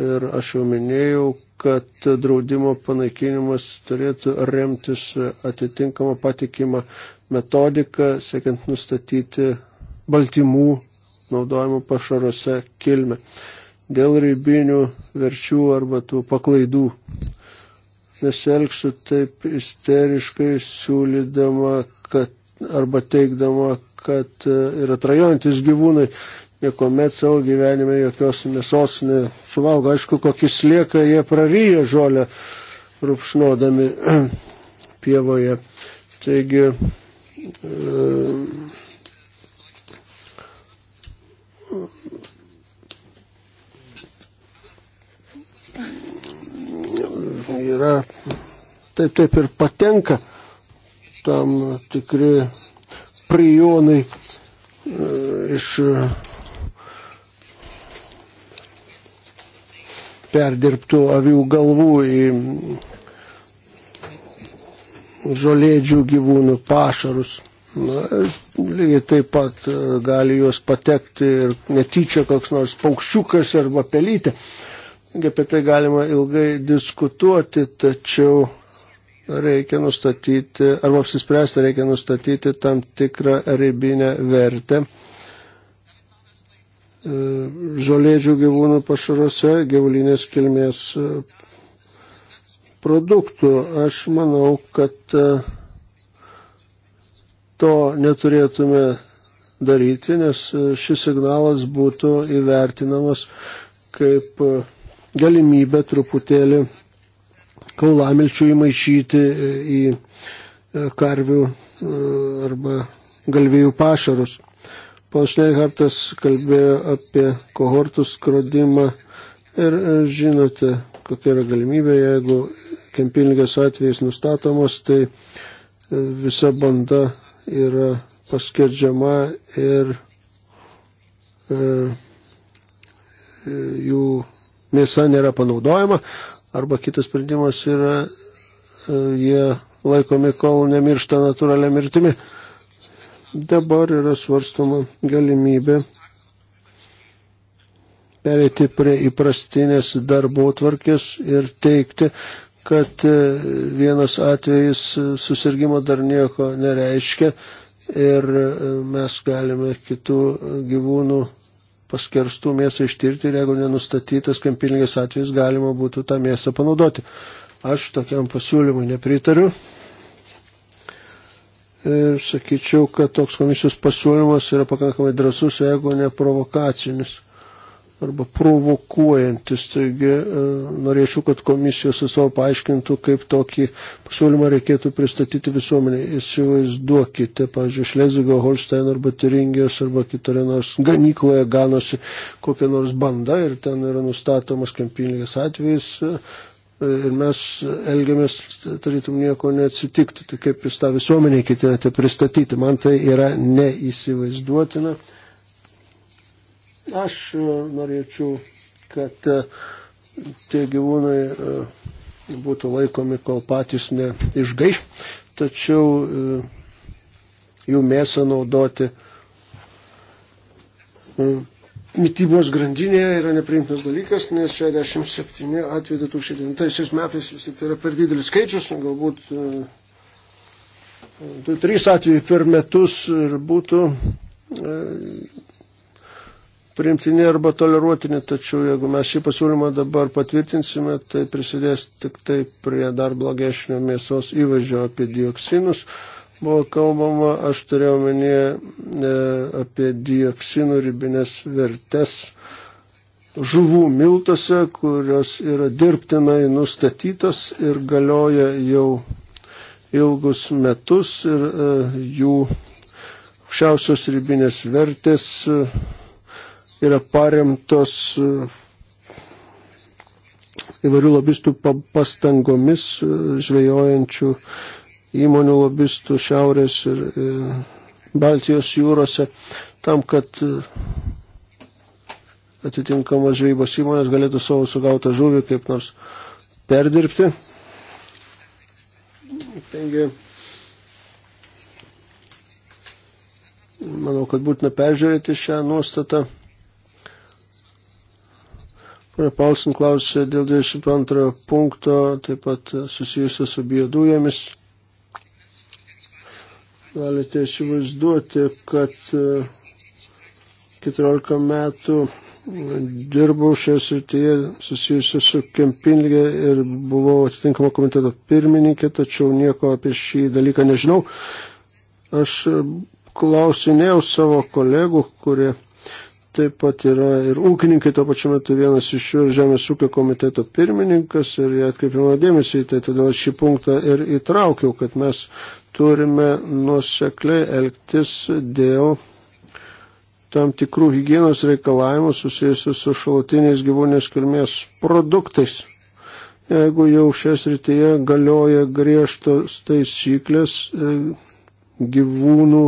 Ir aš jau minėjau, kad draudimo panaikinimas turėtų remtis atitinkamą patikimą metodiką, siekiant nustatyti baltymų naudojimo pašaruose kilmę. Dėl ribinių verčių arba tų paklaidų nesielgsiu taip isteriškai siūlydama, kad arba teikdama, kad ir atrajojantis gyvūnai niekuomet savo gyvenime jokios mėsos nesuvalgo. Aišku, kokį slieką jie praryja žolę rupšnodami pievoje. Taigi, e, yra taip taip ir patenka tam tikri prijonai e, iš perdirbtų avių galvų į žolėdžių gyvūnų pašarus. Na, lygiai taip pat e, gali juos patekti ir netyčia koks nors paukščiukas arba pelytė. Apie tai galima ilgai diskutuoti, tačiau reikia nustatyti, arba apsispręsti reikia nustatyti tam tikrą ribinę vertę E, žolėdžių gyvūnų pašaruose gyvulinės kilmės e, produktų. Aš manau, kad e, to neturėtume daryti, nes šis signalas būtų įvertinamas kaip galimybė truputėlį kaulamilčių įmaišyti į karvių arba galvėjų pašarus. Ponas Leihartas kalbėjo apie kohortų skrodimą ir e, žinote, kokia yra galimybė, jeigu kempilgės atvejais nustatomas, tai e, visa banda yra paskerdžiama ir e, jų mėsa nėra panaudojama, arba kitas sprendimas yra, e, jie laikomi, kol nemiršta natūralią mirtimį. E, Dabar yra svarstama galimybė perėti prie įprastinės darbo tvarkės ir teikti, kad e, vienas atvejis e, susirgymo dar nieko nereiškia ir e, mes galime kitų gyvūnų paskerstų mėsą ištirti ir jeigu nenustatytas kampilingas atvejis galima būtų tą mėsą panaudoti. Aš tokiam pasiūlymui nepritariu. Ir sakyčiau, kad toks komisijos pasiūlymas yra pakankamai drasus, jeigu ne provokacinis arba provokuojantis. Taigi e, norėčiau, kad komisijos atstovai paaiškintų, kaip tokį pasiūlymą reikėtų pristatyti visuomenė. Įsivaizduokite, pavyzdžiui, Šlezigo, Holstein arba Turingijos arba kitoje nors ganykloje ganosi kokia nors banda ir ten yra nustatomas kempingas atvejis ir mes elgiamės, tarytum nieko neatsitiktų, tai kaip jūs tą visuomenį ketinate pristatyti, man tai yra neįsivaizduotina. Aš e, norėčiau, kad e, tie gyvūnai e, būtų laikomi, kol patys neišgaiš, tačiau jų mėsą naudoti mytybos grandinėje yra nepriimtinas dalykas, nes 67 atveju 2009 metais vis tik tai yra per didelis skaičius, nu, galbūt 2-3 e, atvejai per metus ir būtų e, priimtini arba toleruotini, tačiau jeigu mes šį pasiūlymą dabar patvirtinsime, tai prisidės tik tai prie dar blogesnio mėsos įvaizdžio apie dioksinus buvo kalbama, aš turėjau minėję e, apie dioksinų ribinės vertes žuvų miltose, kurios yra dirbtinai nustatytos ir galioja jau ilgus metus ir e, jų aukščiausios ribinės vertės e, yra paremtos įvairių lobistų pastangomis žvejojančių įmonių lobistų Šiaurės ir e, Baltijos jūrose, tam, kad e, atitinkamas žvejybos įmonės galėtų savo sugautą žuvį kaip nors perdirbti. Taigi, manau, kad būtina peržiūrėti šią nuostatą. Pane Paulsen klausė dėl 22 punkto, taip pat susijusio su biodujomis. Galite įsivaizduoti, kad 14 e, metų dirbau šioje srityje susijusiu su Kempingė ir buvau atitinkamo komiteto pirmininkė, tačiau nieko apie šį dalyką nežinau. Aš e, klausinėjau savo kolegų, kurie taip pat yra ir ūkininkai, to pačiu metu vienas iš jų ir Žemės ūkio komiteto pirmininkas ir jie atkreipė mano dėmesį į tai, todėl šį punktą ir įtraukiau, kad mes turime nusekliai elgtis dėl tam tikrų hygienos reikalavimų susijusių su šalutiniais gyvūnės kilmės produktais. Jeigu jau šias rytyje galioja griežtos taisyklės e, gyvūnų,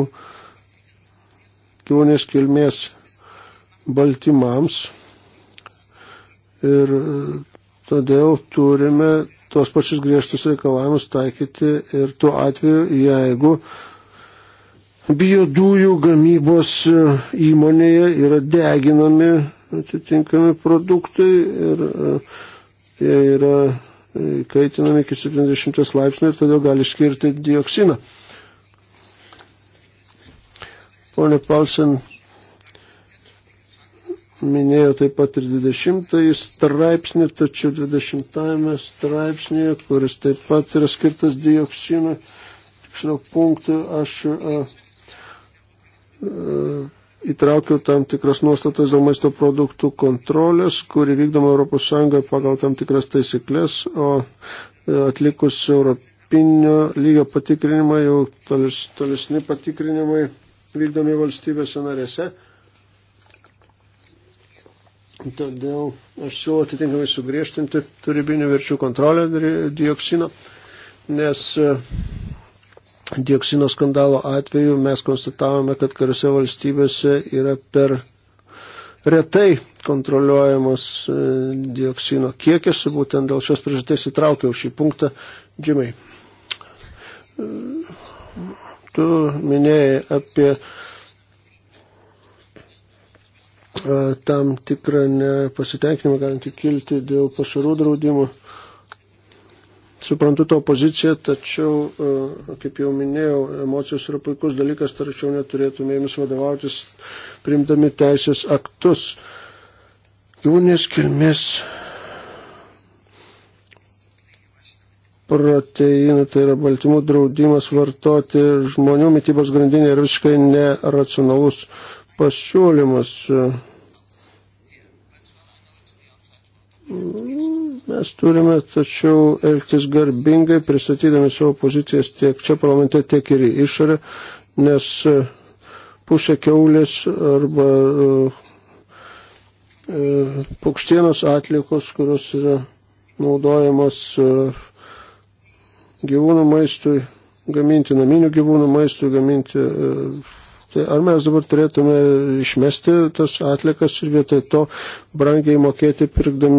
gyvūnės kilmės baltymams ir todėl turime tos pačius griežtus reikalavimus taikyti ir tuo atveju, jeigu biodujų gamybos e, įmonėje yra deginami atitinkami produktai ir e, jie yra e, kaitinami iki 70 laipsnių ir todėl gali skirti dioksiną. Pone Palsen minėjo taip pat ir 20 straipsnį, tačiau 20 straipsnėje, kuris taip pat yra skirtas dioksinui, tiksliau punktui, aš a, e, a, e, įtraukiau tam tikras nuostatas dėl maisto produktų kontrolės, kuri vykdoma ES pagal tam tikras taisyklės, o e, atlikus europinio lygio patikrinimą, jau tolis, tolesni patikrinimai vykdomi valstybėse narėse. Todėl aš siūlau atitinkamai sugriežtinti turybinių verčių kontrolę dioksino, nes e, dioksino skandalo atveju mes konstatavome, kad kuriuose valstybėse yra per retai kontroliuojamas e, dioksino kiekis, būtent dėl šios priežasties įtraukiau šį punktą džimiai. E, tu minėjai apie tam tikrą nepasitenkinimą galinti kilti dėl pašarų draudimo. Suprantu tą poziciją, tačiau, kaip jau minėjau, emocijos yra puikus dalykas, tačiau neturėtume jomis vadovautis priimdami teisės aktus. Gyvūnės kilmės proteinų, tai yra baltymų draudimas vartoti žmonių mytybos grandinė yra visiškai neracionalus pasiūlymus. E, mes turime tačiau elgtis garbingai, pristatydami savo pozicijas tiek čia parlamente, tiek ir į išorę, nes e, pusė keulės arba e, paukštienos atlikos, kurios yra naudojamos gyvūnų maistui gaminti, naminių gyvūnų maistui gaminti, Tai ar mes dabar turėtume išmesti tas atlikas ir vietoj to brangiai mokėti, pirkdam,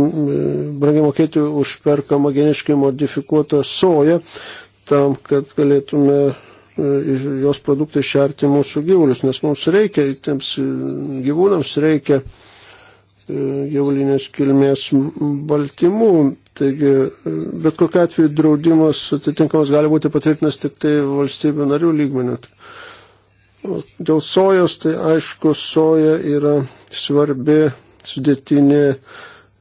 brangiai mokėti už perkamą geniškai modifikuotą soją, tam, kad galėtume e, jos produktai šerti mūsų gyvulius, nes mums reikia, tiems e, gyvūnams reikia e, gyvulinės kilmės baltymų. Taigi, bet kokia atveju draudimas atitinkamas gali būti patvirtinas tik tai valstybių narių lygmenių. Dėl sojos, tai aišku, soja yra svarbi sudėtinė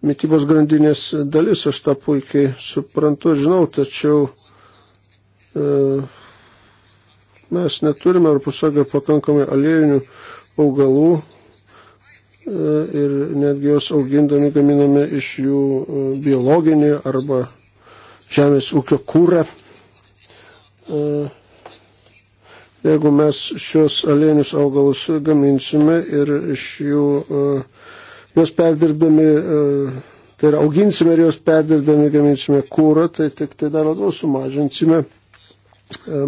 mytybos grandinės dalis, aš tą puikiai suprantu ir žinau, tačiau e, mes neturime Europos Sąjungoje pakankamai aliejinių augalų e, ir netgi jos augindami gaminame iš jų e, biologinį arba žemės ūkio kūrą. E, Jeigu mes šios alienius augalus gaminsime ir iš jų, e, juos perdirbdami, e, tai yra auginsime ir juos perdirbdami gaminsime kūrą, tai tik tai dar labiau sumažinsime e,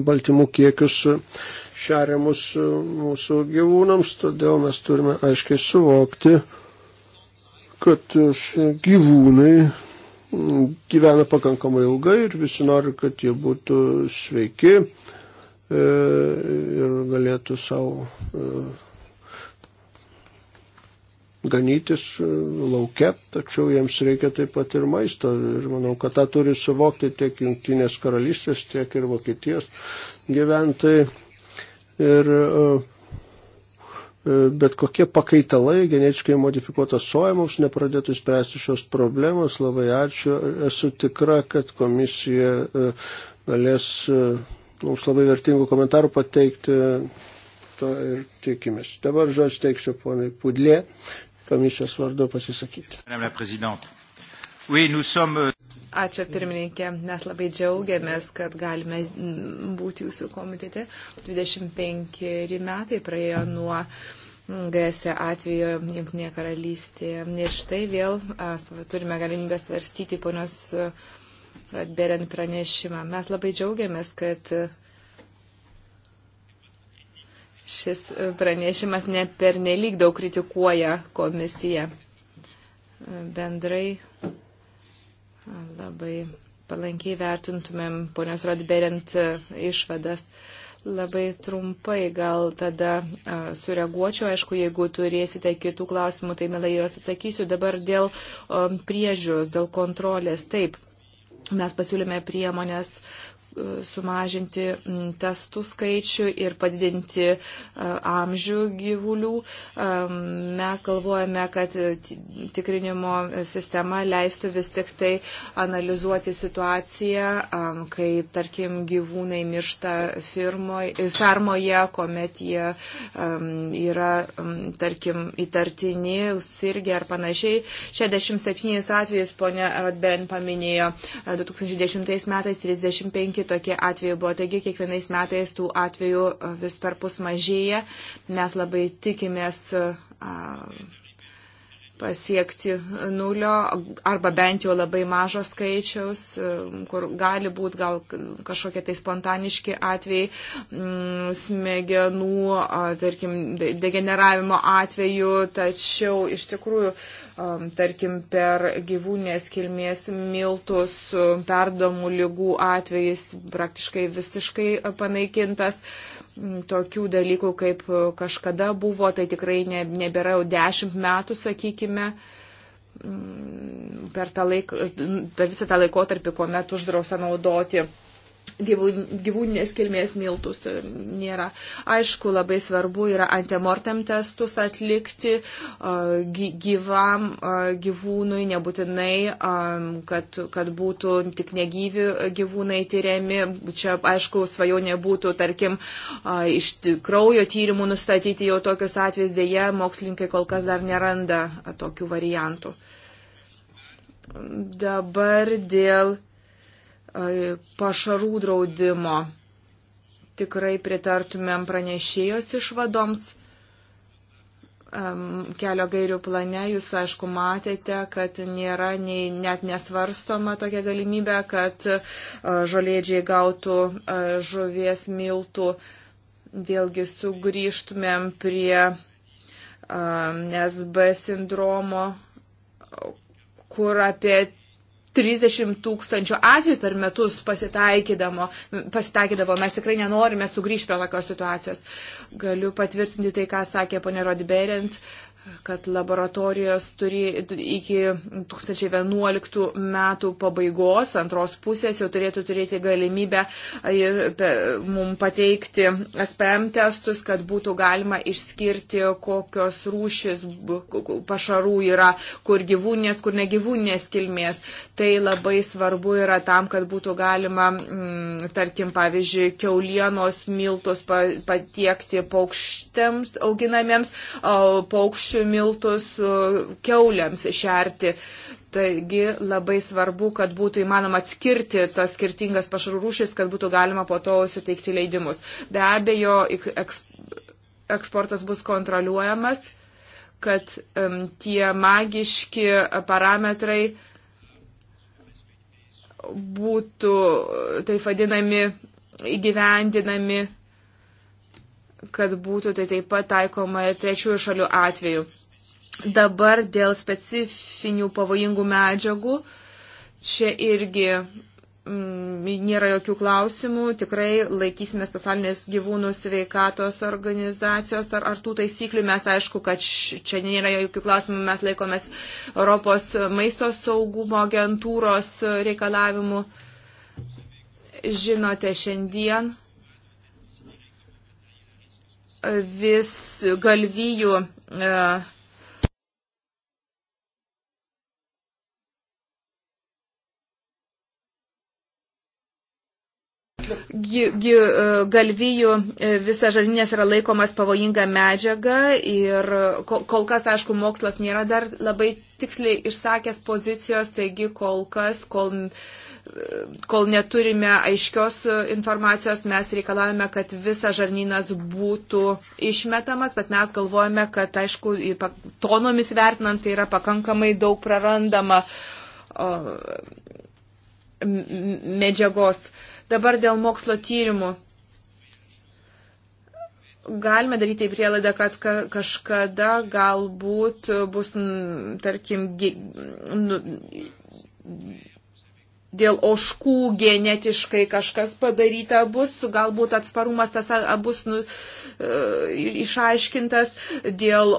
baltymų kiekius šariamus mūsų gyvūnams, todėl mes turime aiškiai suvokti, kad gyvūnai gyvena pakankamai ilgai ir visi nori, kad jie būtų sveiki, E, ir galėtų savo e, ganytis e, laukia, tačiau jiems reikia taip pat ir maisto. Ir manau, kad tą turi suvokti tiek Junktinės karalystės, tiek ir Vokietijos gyventojai. Ir bet kokie pakaitalai, genetiškai modifikuota soja mums nepradėtų spręsti šios problemos. Labai ačiū. Esu tikra, kad komisija galės mums labai vertingų komentarų pateikti to ir tikimės. Dabar žodžiu teiksiu ponai Pudlė, komisijos vardu pasisakyti.
Euh,
Ačiū pirmininkė, mes labai džiaugiamės, kad galime mm, būti jūsų komitete. 25 metai praėjo nuo mm, grėsia e atveju Junktinėje karalystėje. Ir štai vėl a, turime galimybę svarstyti ponios. A, Radberen pranešimą. Mes labai džiaugiamės, kad šis pranešimas ne per nelik daug kritikuoja komisiją. Bendrai labai palankiai vertintumėm ponios Rodberent išvadas. Labai trumpai gal tada sureaguočiau, aišku, jeigu turėsite kitų klausimų, tai mielai juos atsakysiu. Dabar dėl priežiūros, dėl kontrolės. Taip, Mes pasiūlėme priemonės uh, sumažinti mm, testų skaičių ir padidinti e, amžių gyvulių. E, mes galvojame, kad tikrinimo sistema leistų vis tik tai analizuoti situaciją, e, kai, tarkim, gyvūnai miršta firmoj, fermoje, kuomet jie yra, tarkim, įtartini, sirgi ar panašiai. 67 atvejus ponia Rodberin paminėjo 2010 metais 35 tokie atvejai buvo. Taigi kiekvienais metais tų atvejų e, vis per pus mažėja. Mes labai tikimės. Uh, pasiekti nulio arba bent jau labai mažo skaičiaus, kur gali būti gal kažkokie tai spontaniški atvejai, smegenų, tarkim, degeneravimo atveju, tačiau iš tikrųjų, tarkim, per gyvūnės kilmės miltus perdomų lygų atvejais praktiškai visiškai panaikintas tokių dalykų, kaip e, kažkada buvo, tai tikrai nebėra jau dešimt metų, sakykime, per, tą laik, per visą tą laikotarpį, kuomet uždrausa naudoti gyvūninės kilmės miltus tai nėra. Aišku, labai svarbu yra antemortem testus atlikti gyvam gyvūnui, nebūtinai, kad, kad būtų tik negyvi gyvūnai tyriami. Čia, aišku, svajonė būtų, tarkim, iš kraujo tyrimų nustatyti jau tokius atvejus, dėje mokslininkai kol kas dar neranda tokių variantų. Dabar dėl pašarų draudimo. Tikrai pritartumėm pranešėjos išvadoms kelio gairių plane jūs, aišku, matėte, kad nėra nei, net nesvarstoma tokia galimybė, kad e, žolėdžiai gautų e, žuvies miltų. Vėlgi sugrįžtumėm prie e, SB sindromo, kur apie 30 tūkstančių atvejų per metus pasitaikydavo. Mes tikrai nenorime sugrįžti prie tokios situacijos. Galiu patvirtinti tai, ką sakė ponė Rodberent. Uh, kad laboratorijos turi iki 2011 metų pabaigos, antros pusės jau turėtų turėti galimybę mums pateikti SPM testus, kad būtų galima išskirti, kokios rūšis pašarų yra, kur gyvūnės, kur negyvūnės kilmės. Tai labai svarbu yra tam, kad būtų galima, m, mm, tarkim, pavyzdžiui, keulienos miltus patiekti paukštėms auginamiems paukščių miltus e, keuliams šerti. Taigi labai svarbu, kad būtų įmanoma atskirti tas skirtingas pašarų rūšis, kad būtų galima po to suteikti leidimus. Be abejo, eksportas bus kontroliuojamas, kad um, tie magiški parametrai būtų, tai vadinami, įgyvendinami kad būtų tai taip pat taikoma ir trečiųjų šalių atveju. Dabar dėl specifinių pavojingų medžiagų čia irgi mm, nėra jokių klausimų. Tikrai laikysimės pasaulinės gyvūnų sveikatos organizacijos ar, ar tų taisyklių. Mes aišku, kad š, čia nėra jokių klausimų. Mes laikomės Europos maisto saugumo agentūros reikalavimų. Žinote, šiandien vis galvijų e, e, galvijų e, visas žarinės yra laikomas pavojinga medžiaga ir kol kas, aišku, mokslas nėra dar labai tiksliai išsakęs pozicijos, taigi kol kas, kol kol neturime aiškios informacijos, mes reikalavome, kad visas žarnynas būtų išmetamas, bet mes galvojame, kad, aišku, tonomis vertinant tai yra pakankamai daug prarandama medžiagos. Dabar dėl mokslo tyrimų galime daryti prielaidą, kad ka, kažkada galbūt bus, tarkim, gi, nu, dėl oškų genetiškai kažkas padaryta bus, galbūt atsparumas tas bus nu, e, išaiškintas dėl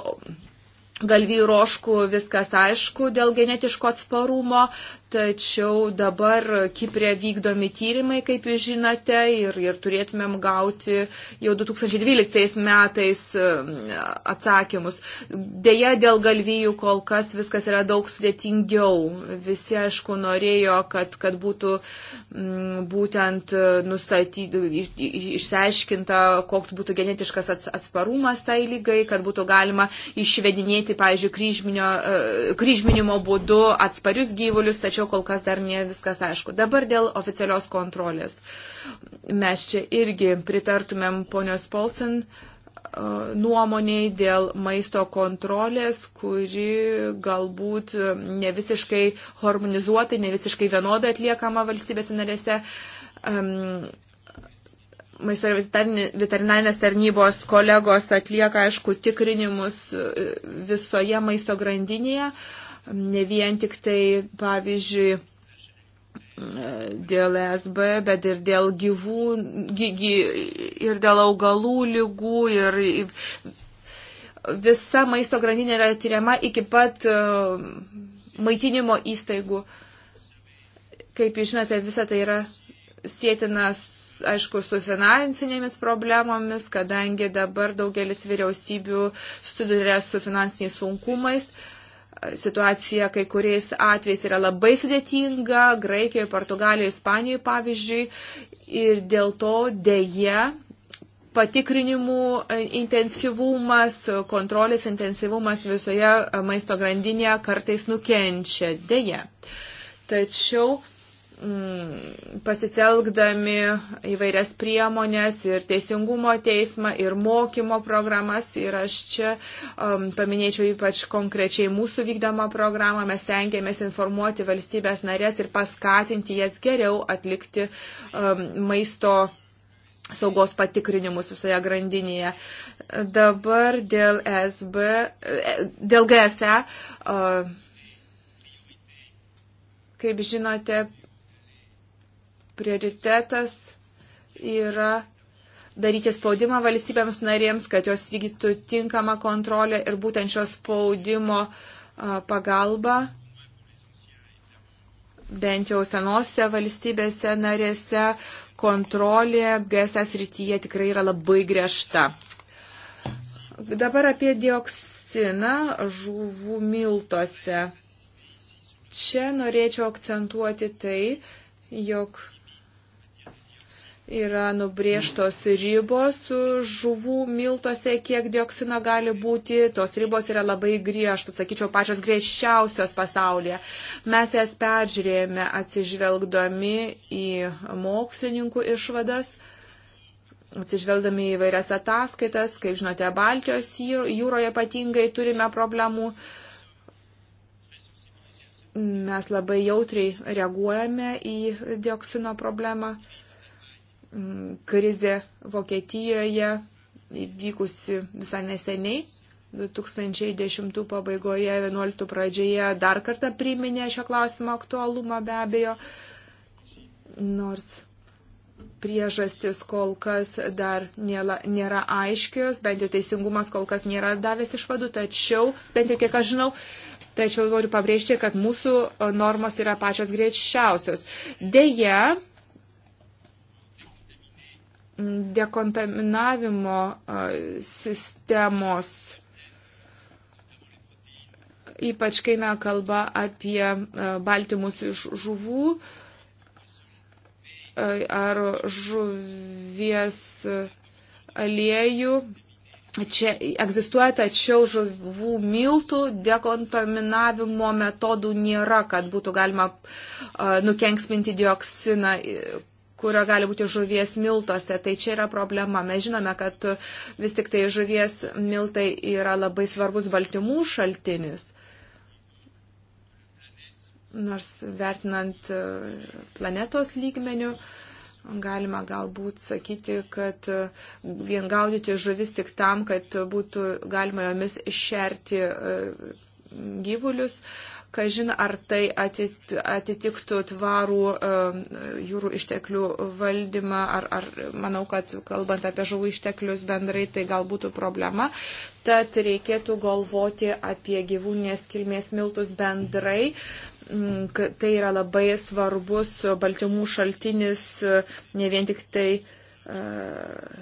galvijų roškų viskas aišku dėl genetiško atsparumo, Tačiau dabar Kiprė vykdomi tyrimai, kaip jūs žinote, ir, ir turėtumėm gauti jau 2012 metais um, atsakymus. Deja, dėl galvijų kol kas viskas yra daug sudėtingiau. Visi, aišku, norėjo, kad, kad būtų m, mm, būtent uh, nustatyti, iš, išsiaiškinta, koks būtų genetiškas atsparumas tai lygai, kad būtų galima išvedinėti, pavyzdžiui, kryžminio, uh, kryžminimo būdu atsparius gyvulius. Tačiau tačiau kol kas dar ne viskas aišku. Dabar dėl oficialios kontrolės. Mes čia irgi pritartumėm ponios Polsen e, nuomoniai dėl maisto kontrolės, kuri galbūt ne visiškai harmonizuotai, ne visiškai vienodai atliekama valstybės narėse. Um, maisto ir veterinarinės tarnybos kolegos atlieka, aišku, tikrinimus e, visoje maisto grandinėje. Uh, ne vien tik tai, pavyzdžiui, dėl SB, bet ir dėl gyvų, gy, gy, ir dėl augalų lygų, ir visa maisto grandinė yra tyriama iki pat e, maitinimo įstaigų. Kaip jūs žinote, visa tai yra sėtina, aišku, su finansinėmis problemomis, kadangi dabar daugelis vyriausybių susiduria su finansiniais sunkumais. Uh, situacija kai kuriais atvejais yra labai sudėtinga, Graikijoje, Portugalijoje, Ispanijoje pavyzdžiui, ir dėl to dėje patikrinimų e, intensyvumas, kontrolės intensyvumas visoje e, maisto grandinėje kartais nukenčia dėje. Tačiau Mm, pasitelkdami įvairias priemonės ir teisingumo teismą, ir mokymo programas. Ir aš čia um, paminėčiau ypač konkrečiai mūsų vykdomą programą. Mes tengiamės informuoti valstybės narės ir paskatinti jas geriau atlikti um, maisto saugos patikrinimus visoje grandinėje. Dabar dėl SB, e, dėl GSE. Uh, kaip žinote, prioritetas yra daryti spaudimą valstybėms narėms, kad jos vykdytų tinkamą kontrolę ir būtent šios spaudimo pagalba bent jau senose valstybėse narėse kontrolė GSS rytyje tikrai yra labai griežta. Dabar apie dioksiną žuvų miltose. Čia norėčiau akcentuoti tai, jog yra nubriežtos ribos žuvų miltose, kiek dioksino gali būti. Tos ribos yra labai griežtos, sakyčiau, pačios griežčiausios pasaulyje. Mes jas peržiūrėjome atsižvelgdami į mokslininkų išvadas. Atsižvelgdami į vairias ataskaitas, kaip žinote, Baltijos jūroje ypatingai turime problemų mes labai jautriai reaguojame į dioksino problemą. Mm, krizė Vokietijoje vykusi visai neseniai. 2010 pabaigoje, 11 pradžioje dar kartą priminė šio klausimo aktualumą be abejo, nors priežastis kol kas dar nėra, nėra aiškios, bent jau teisingumas kol kas nėra davęs išvadų, tačiau, bent jau kiek aš žinau, tačiau noriu pabrėžti, kad mūsų normos yra pačios greičiausios. Deja, dekontaminavimo sistemos, ypač kai na kalba apie baltymus iš žuvų ar žuvies aliejų. Čia egzistuoja, tačiau žuvų miltų dekontaminavimo metodų nėra, kad būtų galima nukenksminti dioksiną kurio gali būti žuvies miltuose. Tai čia yra problema. Mes žinome, kad vis tik tai žuvies miltai yra labai svarbus baltymų šaltinis. Nors vertinant e, planetos lygmenių, galima galbūt sakyti, kad e, vien gaudyti žuvis tik tam, kad būtų galima jomis šerti e, gyvulius, Kažin ar tai atitiktų tvarų um, jūrų išteklių valdymą, ar, ar manau, kad kalbant apie žuvų išteklius bendrai, tai gal būtų problema. Tad reikėtų galvoti apie gyvūnės kilmės miltus bendrai mm, tai yra labai svarbus baltymų šaltinis, ne vien tik tai uh,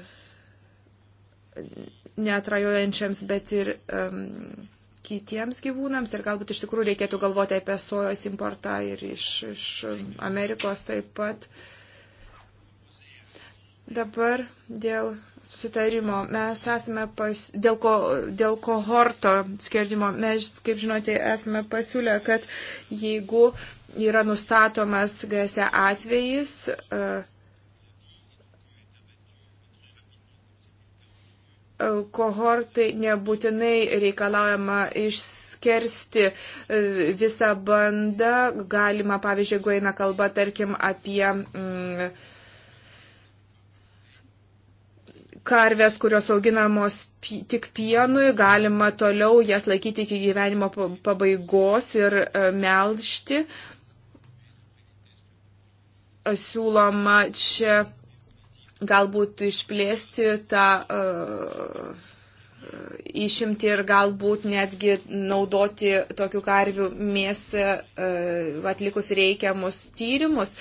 neatrajojančiams, bet ir um, kitiems gyvūnams ir galbūt iš tikrųjų reikėtų galvoti apie sojos importą ir iš, iš Amerikos taip pat. Dabar dėl susitarimo. Mes esame pas, dėl, ko, dėl kohorto skerdimo. Mes, kaip žinote, esame pasiūlę, kad jeigu yra nustatomas GSE atvejis, uh, kohortai nebūtinai reikalaujama išskersti e, visą bandą. Galima, pavyzdžiui, jeigu eina kalba, tarkim, apie. Mm, karvės, kurios auginamos tik pienui, galima toliau jas laikyti iki gyvenimo pabaigos ir e, melžti. Siūloma čia galbūt išplėsti tą uh, e, išimti ir galbūt netgi naudoti tokių karvių mėsą uh, atlikus reikiamus tyrimus.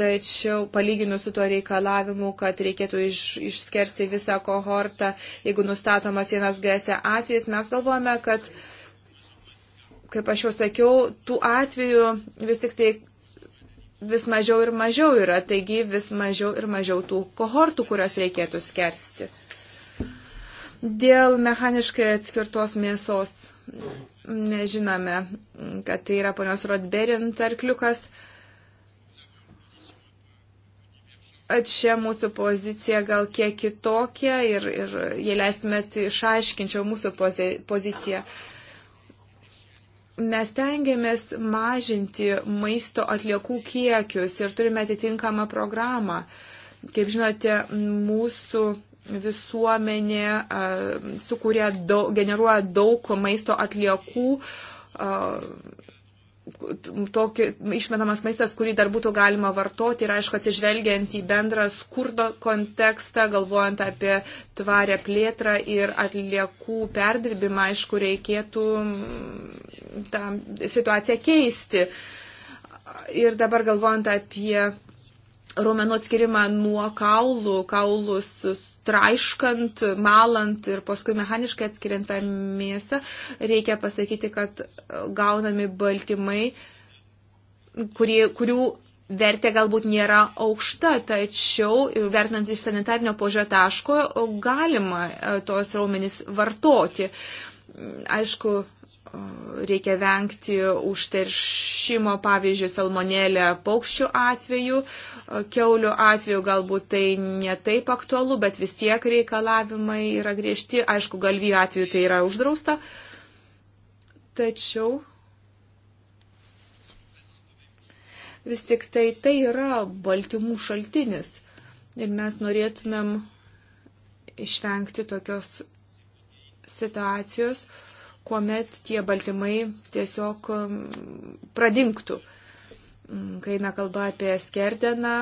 Tačiau palyginus su tuo reikalavimu, kad reikėtų iš, išskersti visą kohortą, jeigu nustatomas vienas GSE atvejis, mes galvojame, kad kaip aš jau sakiau, tų atvejų vis tik tai vis mažiau ir mažiau yra, taigi vis mažiau ir mažiau tų kohortų, kurias reikėtų skersti. Dėl mechaniškai atskirtos mėsos mes žinome, kad tai yra ponios Rodberin tarkliukas. Čia mūsų pozicija gal kiek kitokia ir, ir jei leistumėt, išaiškinčiau mūsų poziciją. Uh, mes tengiamės mažinti maisto atliekų kiekius ir turime atitinkamą programą. Kaip žinote, mūsų visuomenė uh, sukuria daug, generuoja daug maisto atliekų. Uh, tokį išmetamas maistas, kurį dar būtų galima vartoti ir aišku atsižvelgiant į bendrą skurdo kontekstą, galvojant apie tvarę plėtrą ir atliekų perdirbimą, aišku, reikėtų tą situaciją keisti. Ir dabar galvojant apie raumenų atskirimą nuo kaulų, kaulus traiškant, malant ir paskui mechaniškai atskiriant tą mėsą, reikia pasakyti, kad gaunami baltymai, kurie, kurių vertė galbūt nėra aukšta, tačiau vertinant iš sanitarnio požio taško galima e, tos raumenys vartoti. Aišku, reikia vengti užteršimo, pavyzdžiui, salmonėlė paukščių atveju, keulių atveju galbūt tai netaip aktualu, bet vis tiek reikalavimai yra griežti. Aišku, galvijų atveju tai yra uždrausta. Tačiau vis tik tai tai yra baltymų šaltinis. Ir mes norėtumėm išvengti tokios situacijos, kuomet tie baltymai tiesiog um, pradinktų. Mm, kai eina kalba apie skerdeną,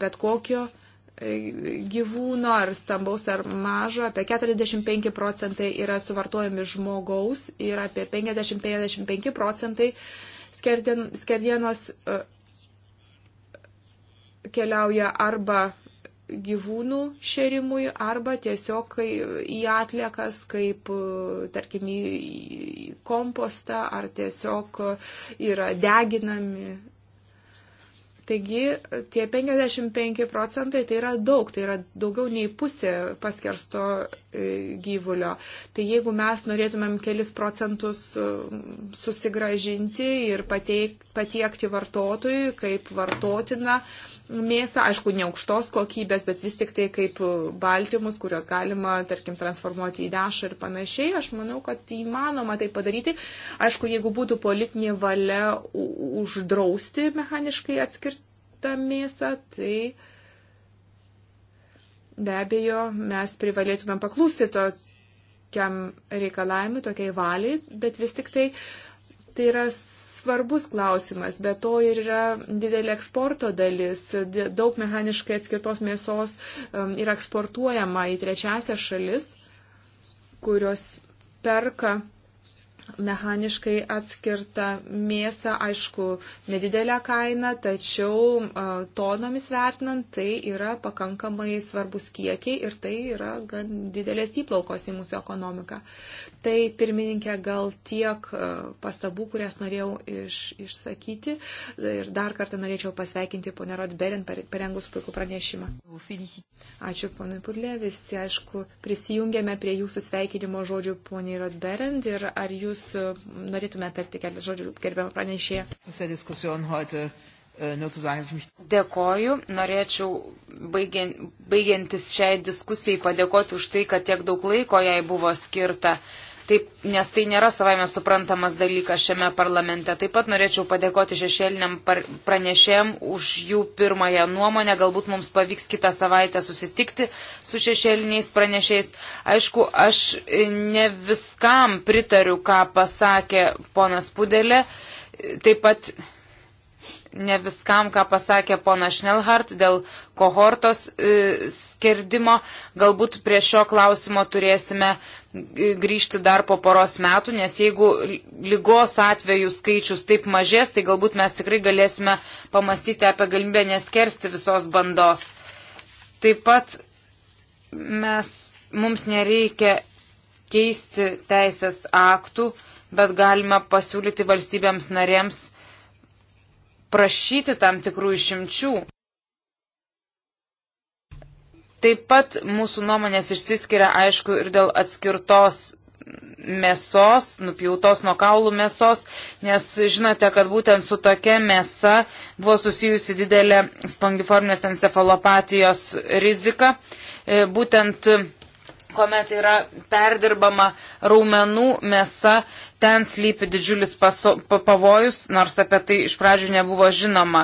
bet kokio e, gyvūno, ar stambaus, ar mažo, apie 45 procentai yra suvartojami žmogaus ir apie 50-55 procentai skerdienos e, keliauja arba gyvūnų šerimui arba tiesiog į atliekas, kaip, e, tarkim, į kompostą ar tiesiog yra deginami. Taigi tie 55 procentai tai yra daug, tai yra daugiau nei pusė paskersto e, gyvulio. Tai jeigu mes norėtumėm kelis procentus e, susigražinti ir pateikti patiekti vartotojui kaip vartotina mėsą, aišku, ne aukštos kokybės, bet vis tik tai kaip baltymus, kuriuos galima, tarkim, transformuoti į dešą ir panašiai. Aš manau, kad įmanoma tai padaryti. Aišku, jeigu būtų politinė valia uždrausti mechaniškai atskirtą mėsą, tai be abejo mes privalėtume paklusti tokiam reikalavimui, tokiai valiai, bet vis tik tai tai yra svarbus klausimas, bet to ir yra didelė eksporto dalis. Daug mechaniškai atskirtos mėsos um, yra eksportuojama į trečiasią šalis, kurios perka mechaniškai atskirta mėsa, aišku, nedidelė kaina, tačiau tonomis vertinant, tai yra pakankamai svarbus kiekiai ir tai yra gan didelės įplaukos į mūsų ekonomiką. Tai pirmininkė gal tiek pastabų, kurias norėjau iš, išsakyti ir dar kartą norėčiau pasveikinti ponę Rodberin parengus puikų pranešimą. Ačiū ponui Purlė, visi aišku prisijungėme prie jūsų sveikinimo žodžių poniai Rodberin ir ar jūs jūs e, norėtume tarti keletą žodžių, gerbiamą pranešėją. Äh, Dėkoju. Norėčiau
baigiantis šiai diskusijai padėkoti už tai, kad tiek daug laiko jai buvo skirta taip, nes tai nėra savaime suprantamas dalykas šiame parlamente. Taip pat norėčiau padėkoti šešėliniam pranešėm už jų pirmąją nuomonę. Galbūt mums pavyks kitą savaitę susitikti su šešėliniais pranešėjais. Aišku, aš e, ne viskam pritariu, ką pasakė ponas Pudelė. E, taip pat ne viskam, ką pasakė pona Šnelhart dėl kohortos e, skerdimo. Galbūt prie šio klausimo turėsime e, grįžti dar po poros metų, nes jeigu lygos atvejų skaičius taip mažės, tai galbūt mes tikrai galėsime pamastyti apie galimybę neskersti visos bandos. Taip pat mes, mums nereikia keisti teisės aktų, bet galime pasiūlyti valstybėms narėms prašyti tam tikrų išimčių. Taip pat mūsų nuomonės išsiskiria, aišku, ir dėl atskirtos mėsos, nupjautos nuo kaulų mėsos, nes žinote, kad būtent su tokia mėsa buvo susijusi didelė spongiformės encefalopatijos rizika. E, būtent kuomet yra perdirbama raumenų mėsa, Ten slypi didžiulis paso, pavojus, nors apie tai iš pradžių nebuvo žinoma.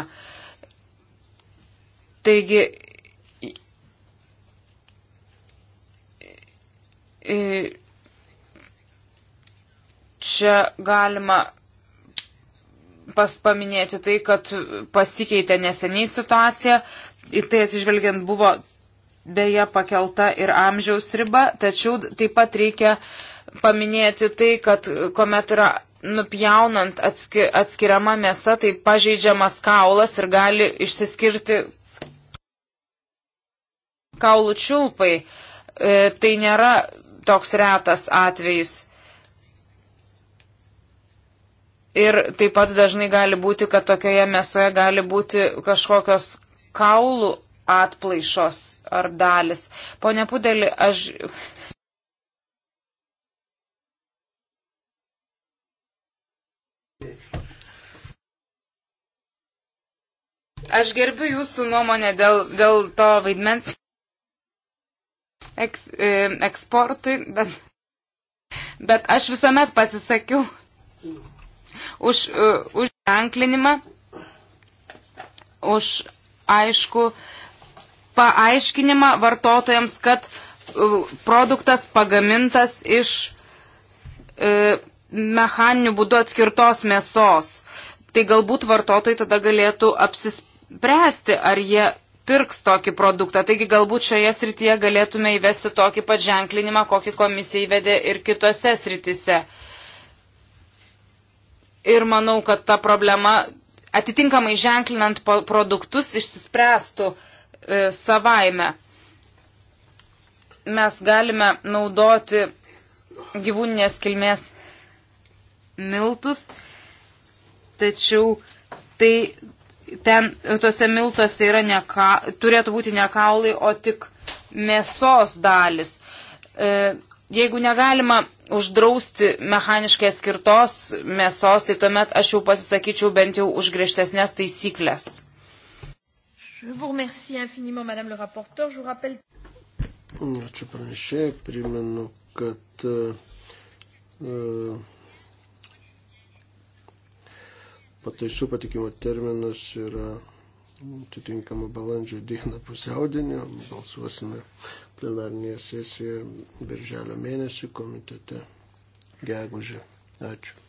Taigi, čia galima pas, paminėti tai, kad pasikeitė neseniai situacija. Į tai atsižvelgiant buvo beje pakelta ir amžiaus riba, tačiau taip pat reikia uh, paminėti tai, kad kuomet yra nupjaunant atski, atskiriama mėsa, tai pažeidžiamas kaulas ir gali išsiskirti kaulų čiulpai. E, tai nėra toks retas atvejis. Ir taip pat dažnai gali būti, kad tokioje mėsoje gali būti kažkokios kaulų atplaišos ar dalis. Pone Pudelį, aš Aš gerbiu jūsų nuomonę dėl, dėl to vaidmens eks, e, eksportui, bet, bet aš visuomet pasisakiau už, uh, už ženklinimą, už aišku paaiškinimą vartotojams, kad uh, produktas pagamintas iš uh, mechaninių būdų atskirtos mėsos. Tai galbūt vartotojai tada galėtų apsispręsti bręsti, ar jie pirks tokį produktą. Taigi galbūt šioje srityje galėtume įvesti tokį pat ženklinimą, kokį komisija įvedė ir kitose srityse. Ir manau, kad ta problema atitinkamai ženklinant produktus išsispręstų e, savaime. Mes galime naudoti gyvūninės kilmės miltus, tačiau tai ten tuose miltuose yra ne ka, turėtų būti ne kaulai, o tik mėsos dalis. E, jeigu negalima uždrausti mechaniškai atskirtos mėsos, tai tuomet aš jau pasisakyčiau bent jau už griežtesnės
taisyklės. Ačiū pranešėjai, primenu, kad uh, pataisų patikimo terminas yra atitinkama balandžio diena pusiaudienį, balsuosime plenarnėje sesijoje birželio mėnesį komitete gegužė. Ačiū.